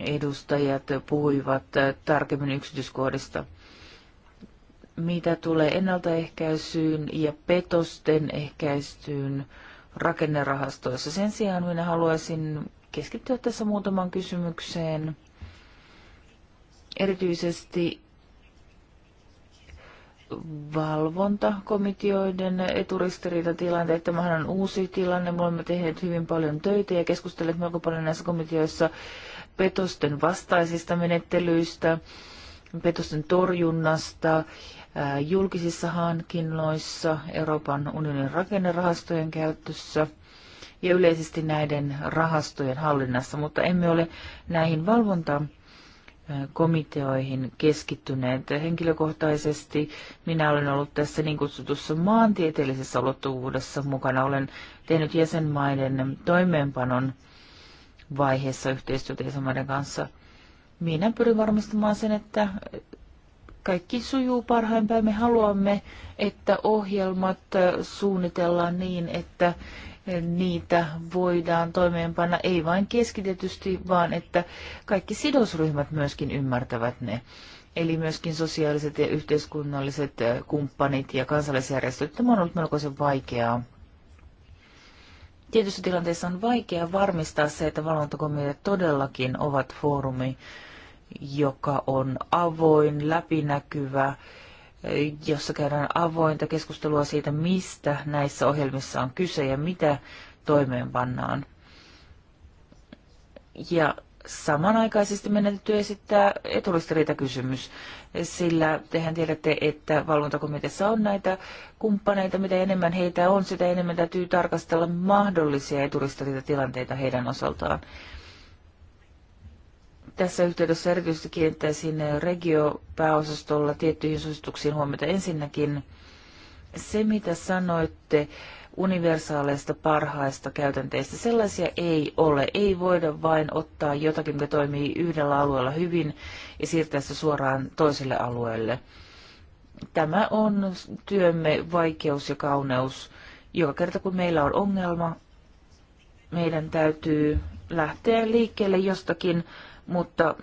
edustajat puhuivat tarkemmin yksityiskohdista. Mitä tulee ennaltaehkäisyyn ja petosten ehkäistyyn rakennerahastoissa? Sen sijaan minä haluaisin keskittyä tässä muutamaan kysymykseen erityisesti valvontakomiteoiden eturistiriitatilanteet. Tämähän on uusi tilanne. Me olemme tehneet hyvin paljon töitä ja keskustelleet melko paljon näissä komiteoissa petosten vastaisista menettelyistä, petosten torjunnasta, julkisissa hankinnoissa, Euroopan unionin rakennerahastojen käytössä ja yleisesti näiden rahastojen hallinnassa, mutta emme ole näihin valvontaan komiteoihin keskittyneet. Henkilökohtaisesti minä olen ollut tässä niin kutsutussa maantieteellisessä ulottuvuudessa mukana. Olen tehnyt jäsenmaiden toimeenpanon vaiheessa yhteistyötä jäsenmaiden kanssa. Minä pyrin varmistamaan sen, että kaikki sujuu parhain päin. Me haluamme, että ohjelmat suunnitellaan niin, että niitä voidaan toimeenpanna ei vain keskitetysti, vaan että kaikki sidosryhmät myöskin ymmärtävät ne. Eli myöskin sosiaaliset ja yhteiskunnalliset kumppanit ja kansallisjärjestöt. Tämä on ollut melkoisen vaikeaa. Tietyissä tilanteissa on vaikea varmistaa se, että valvontakomiteat todellakin ovat foorumi, joka on avoin, läpinäkyvä, jossa käydään avointa keskustelua siitä, mistä näissä ohjelmissa on kyse ja mitä toimeenpannaan. Ja samanaikaisesti meidän täytyy esittää eturistiriitakysymys, sillä tehän tiedätte, että valvontakomiteassa on näitä kumppaneita, mitä enemmän heitä on, sitä enemmän täytyy tarkastella mahdollisia eturistiriitatilanteita heidän osaltaan tässä yhteydessä erityisesti kiinnittäisin regiopääosastolla tiettyihin suosituksiin huomiota. Ensinnäkin se, mitä sanoitte universaaleista parhaista käytänteistä, sellaisia ei ole. Ei voida vain ottaa jotakin, mikä toimii yhdellä alueella hyvin ja siirtää se suoraan toiselle alueelle. Tämä on työmme vaikeus ja kauneus. Joka kerta kun meillä on ongelma, meidän täytyy lähteä liikkeelle jostakin mutta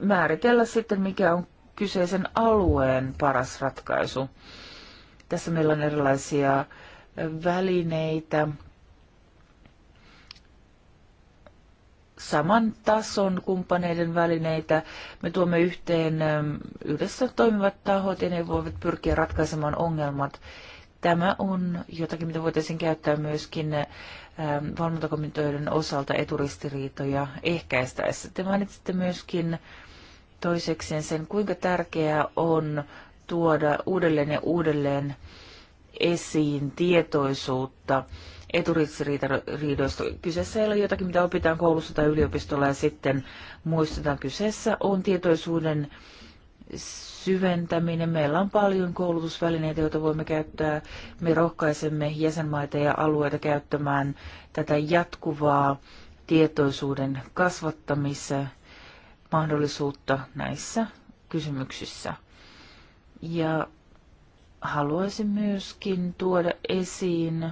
määritellä sitten, mikä on kyseisen alueen paras ratkaisu. Tässä meillä on erilaisia välineitä, saman tason kumppaneiden välineitä. Me tuomme yhteen ähm, yhdessä toimivat tahot ja ne voivat pyrkiä ratkaisemaan ongelmat. Tämä on jotakin, mitä voitaisiin käyttää myöskin äh, Ähm, valvontakomiteoiden osalta eturistiriitoja ehkäistäessä. Te mainitsitte myöskin toisekseen sen, kuinka tärkeää on tuoda uudelleen ja uudelleen esiin tietoisuutta eturistiriidoista. Kyseessä ei ole jotakin, mitä opitaan koulussa tai yliopistolla ja sitten muistetaan. Kyseessä on tietoisuuden syventäminen. Meillä on paljon koulutusvälineitä, joita voimme käyttää. Me rohkaisemme jäsenmaita ja alueita käyttämään tätä jatkuvaa tietoisuuden kasvattamista mahdollisuutta näissä kysymyksissä. Ja haluaisin myöskin tuoda esiin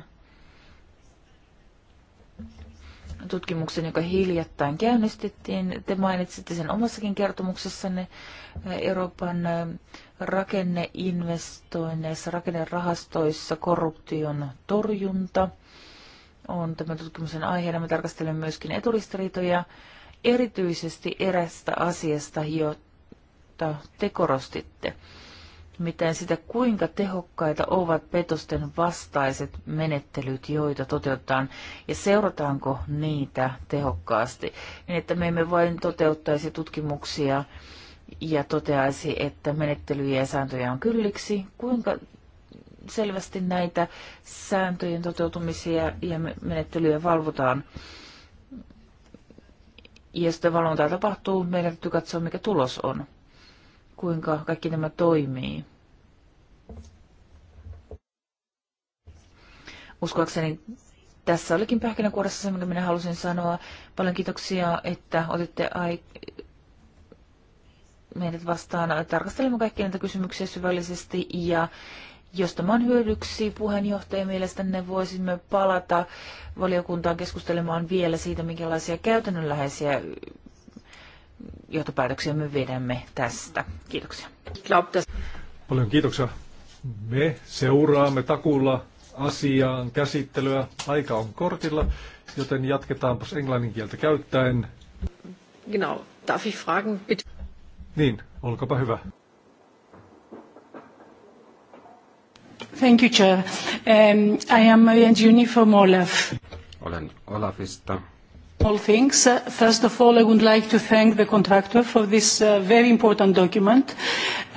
tutkimuksen, joka hiljattain käynnistettiin. Te mainitsitte sen omassakin kertomuksessanne Euroopan rakenneinvestoinneissa, rakennerahastoissa korruption torjunta on tämän tutkimuksen aiheena. Me tarkastelemme myöskin eturistiriitoja, erityisesti erästä asiasta, jota te korostitte miten sitä, kuinka tehokkaita ovat petosten vastaiset menettelyt, joita toteutetaan, ja seurataanko niitä tehokkaasti, niin että me emme vain toteuttaisi tutkimuksia ja toteaisi, että menettelyjä ja sääntöjä on kylliksi, kuinka selvästi näitä sääntöjen toteutumisia ja menettelyjä valvotaan. Ja sitten valvontaa tapahtuu, meidän täytyy katsoa, mikä tulos on kuinka kaikki tämä toimii. Uskoakseni tässä olikin pähkinäkuoressa se, mitä minä halusin sanoa. Paljon kiitoksia, että otitte ai- meidät vastaan. Tarkastelemme kaikkia näitä kysymyksiä syvällisesti ja jos tämä on hyödyksi puheenjohtajan mielestä, ne niin voisimme palata valiokuntaan keskustelemaan vielä siitä, minkälaisia käytännönläheisiä johtopäätöksiä me vedämme tästä. Kiitoksia. Paljon kiitoksia. Me seuraamme takuulla asiaan käsittelyä. Aika on kortilla, joten jatketaanpa englannin kieltä käyttäen. Genau. Darf ich fragen, bitte? Niin, olkapa hyvä. Thank you, Chair. Um, I am Juni from Olaf. Olen Olafista All things. Uh, first of all, I would like to thank the contractor for this uh, very important document.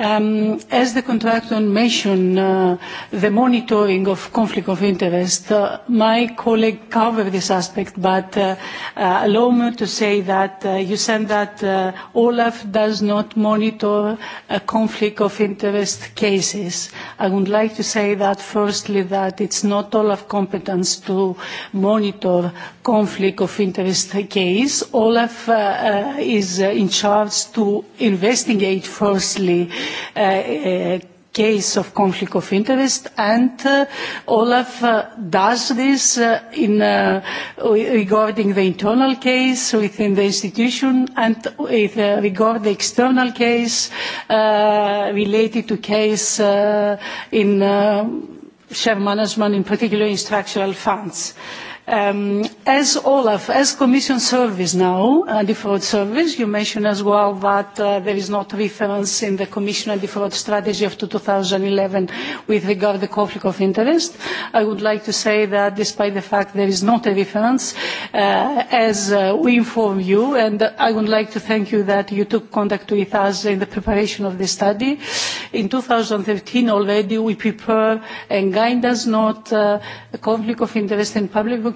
Um, as the contractor mentioned, uh, the monitoring of conflict of interest, uh, my colleague covered this aspect, but uh, uh, allow me to say that uh, you said that uh, OLAF does not monitor a uh, conflict of interest cases. I would like to say that firstly that it's not OLAF competence to monitor conflict of interest case. OLAF uh, uh, is uh, in charge to investigate firstly Uh, uh, case of conflict of interest and uh, Olaf uh, does this uh, in, uh, regarding the internal case within the institution and with, uh, regard the external case uh, related to case uh, in uh, share management, in particular in structural funds. Uh, Um, as Olaf, as Commission Service now, uh, defraud service, you mentioned as well that uh, there is not reference in the Commission and defraud strategy of 2011 with regard to conflict of interest. I would like to say that despite the fact there is not a reference, uh, as uh, we inform you, and I would like to thank you that you took contact with us in the preparation of this study. In 2013 already we prepared uh, a guidance note, uh, conflict of interest in public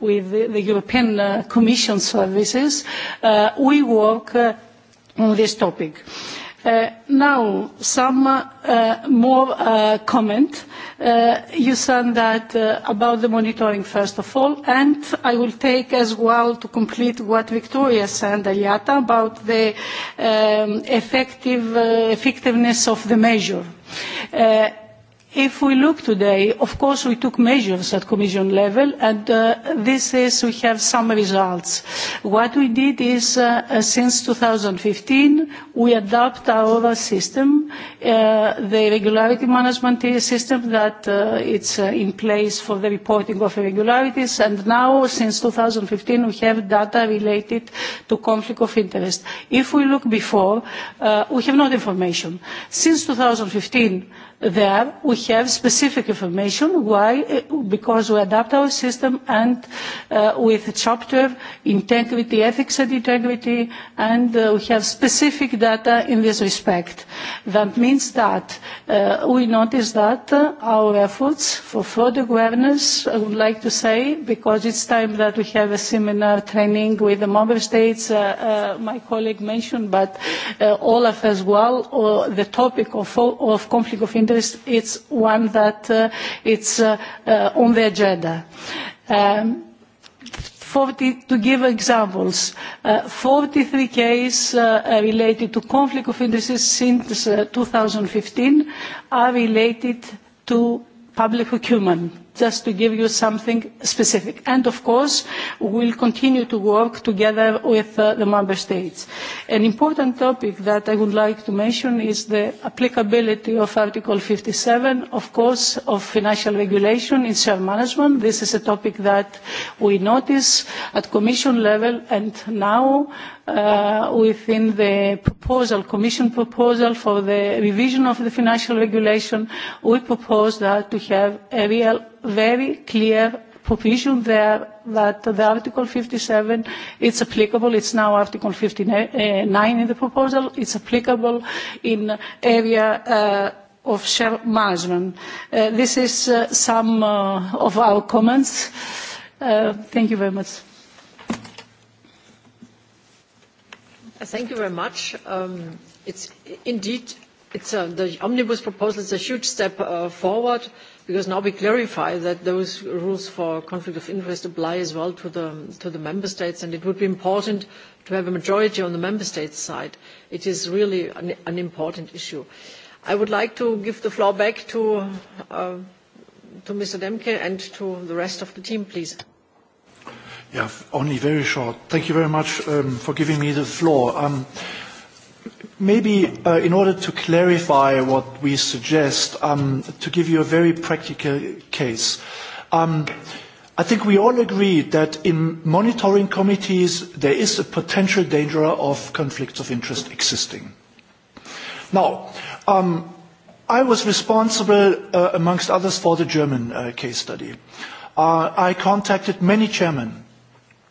with the, the European uh, Commission services, uh, we work uh, on this topic. Uh, now, some uh, more uh, comment. Uh, you said that uh, about the monitoring, first of all, and I will take as well to complete what Victoria said, Aliata, about the um, effective, uh, effectiveness of the measure. Uh, If we look today, of course, we took measures at Commission level, and uh, this is we have some results. What we did is, uh, uh, since 2015, we adapt our system, the regularity management system that is in place for the reporting of irregularities, and now, since 2015, we have data related to conflict of interest. If we look before, we have not information. Since 2015, there we have specific information why uh, because we adapt our system and uh, with chapter integrity ethics and integrity and uh, we have specific data in this respect that means that uh, we notice that uh, our efforts for fraud awareness i would like to say because it's time that we have a seminar training with the member states uh, uh, my colleague mentioned but uh, olaf as well or the topic of, of conflict of interest interest, it's one that uh, it's uh, uh, on the agenda. Um, 40, to give examples, uh, 43 cases uh, related to conflict of interest since uh, 2015 are related to public procurement just to give you something specific. And of course, we will continue to work together with uh, the member states. An important topic that I would like to mention is the applicability of Article 57, of course, of financial regulation in share management. This is a topic that we notice at Commission level and now uh, within the proposal, Commission proposal for the revision of the financial regulation, we propose that to have a real very clear provision there that the Article 57 is applicable. It's now Article 59 in the proposal. It's applicable in area uh, of share management. Uh, this is uh, some uh, of our comments. Uh, thank you very much. Thank you very much. Um, it's indeed it's a, the omnibus proposal is a huge step uh, forward because now we clarify that those rules for conflict of interest apply as well to the, to the member states, and it would be important to have a majority on the member states side. It is really an, an important issue. I would like to give the floor back to, uh, to Mr. Demke and to the rest of the team, please. Yeah, only very short. Thank you very much um, for giving me the floor. Um, Maybe uh, in order to clarify what we suggest, um, to give you a very practical case, um, I think we all agree that in monitoring committees there is a potential danger of conflicts of interest existing. Now, um, I was responsible, uh, amongst others, for the German uh, case study. Uh, I contacted many chairmen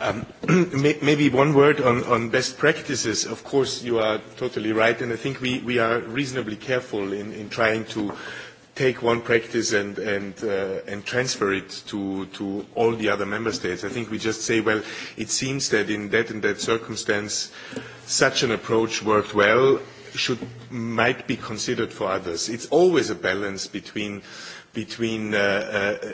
Um, maybe one word on, on best practices. Of course, you are totally right, and I think we, we are reasonably careful in, in trying to take one practice and, and, uh, and transfer it to, to all the other member states. I think we just say, well, it seems that in that and that circumstance, such an approach worked well, should, might be considered for others. It's always a balance between between uh, uh,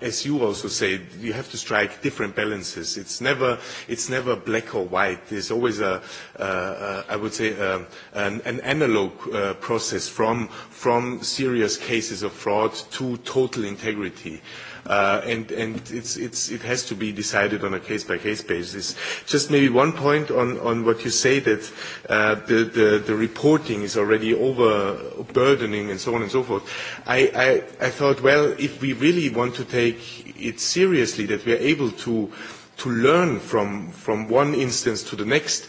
as you also say, you have to strike different balances. It's never, it's never black or white. There's always a, uh, uh, I would say, a, an, an analog uh, process from, from serious cases of fraud to total integrity. Uh, Uh, and and it's, it's, it has to be decided on a case-by-case -case basis. Just maybe one point on, on what you say that uh, the, the, the reporting is already overburdening and so on and so forth. I, I, I thought, well, if we really want to take it seriously, that we are able to to learn from, from one instance to the next,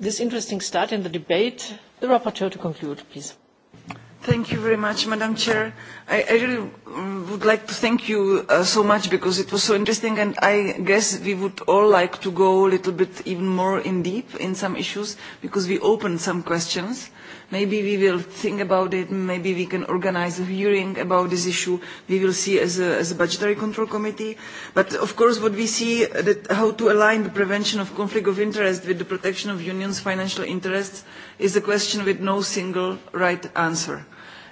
this interesting start in the debate. The rapporteur to conclude, please. Thank you very much, Madam Chair. I, I really um, would like to thank you uh, so much because it was so interesting and I guess we would all like to go a little bit even more in deep in some issues because we opened some questions Maybe we will think about it. Maybe we can organize a hearing about this issue. We will see as a, as a budgetary control committee. But of course, what we see uh, that how to align the prevention of conflict of interest with the protection of unions' financial interests is a question with no single right answer.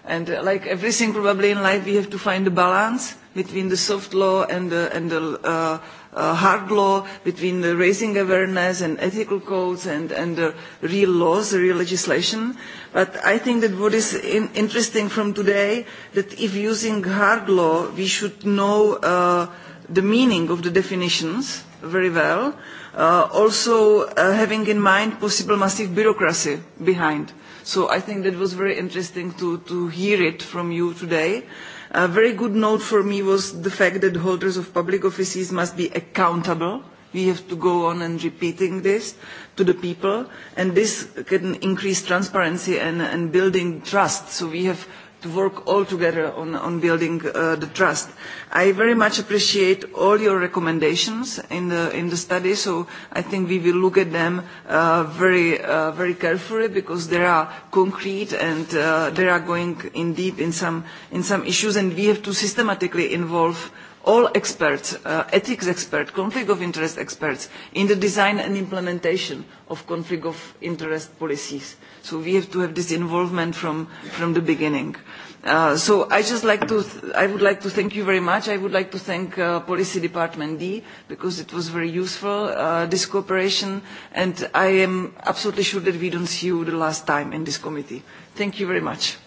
And uh, like everything probably in life, we have to find a balance between the soft law and the, and the uh, uh, hard law, between the raising awareness and ethical codes and, and the real laws, the real legislation. But I think that what is in, interesting from today, that if using hard law, we should know uh, the meaning of the definitions very well, uh, also uh, having in mind possible massive bureaucracy behind. So I think that was very interesting to, to hear it from you today. Uh, A very good note for me was the fact that holders of public offices must be accountable. We have to go on and repeating this to the people, and this can increase transparency and, and building trust. So we have to work all together on, on building uh, the trust. I very much appreciate all your recommendations in the, in the study, so I think we will look at them uh, very, uh, very carefully because they are concrete and uh, they are going in deep in some, in some issues and we have to systematically involve all experts, uh, ethics experts, conflict of interest experts, in the design and implementation of conflict of interest policies. So we have to have this involvement from, from the beginning. Uh, so I just like to, I would like to thank you very much. I would like to thank uh, Policy Department D because it was very useful, uh, this cooperation, and I am absolutely sure that we don't see you the last time in this committee. Thank you very much.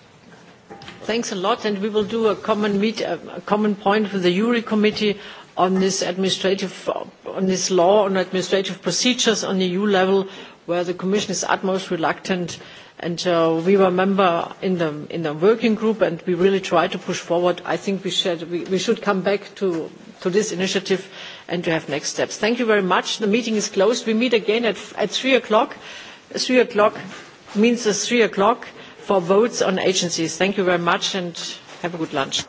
Thanks a lot, and we will do a common meet, uh, a common point with the URI committee on this administrative, on this law on administrative procedures on the EU level where the Commission is utmost reluctant. And uh, we were a member in the, in the working group, and we really tried to push forward. I think we should, we, we should come back to, to this initiative and to have next steps. Thank you very much. The meeting is closed. We meet again at, at 3 o'clock. 3 o'clock means it's 3 o'clock for votes on agencies. Thank you very much, and have a good lunch.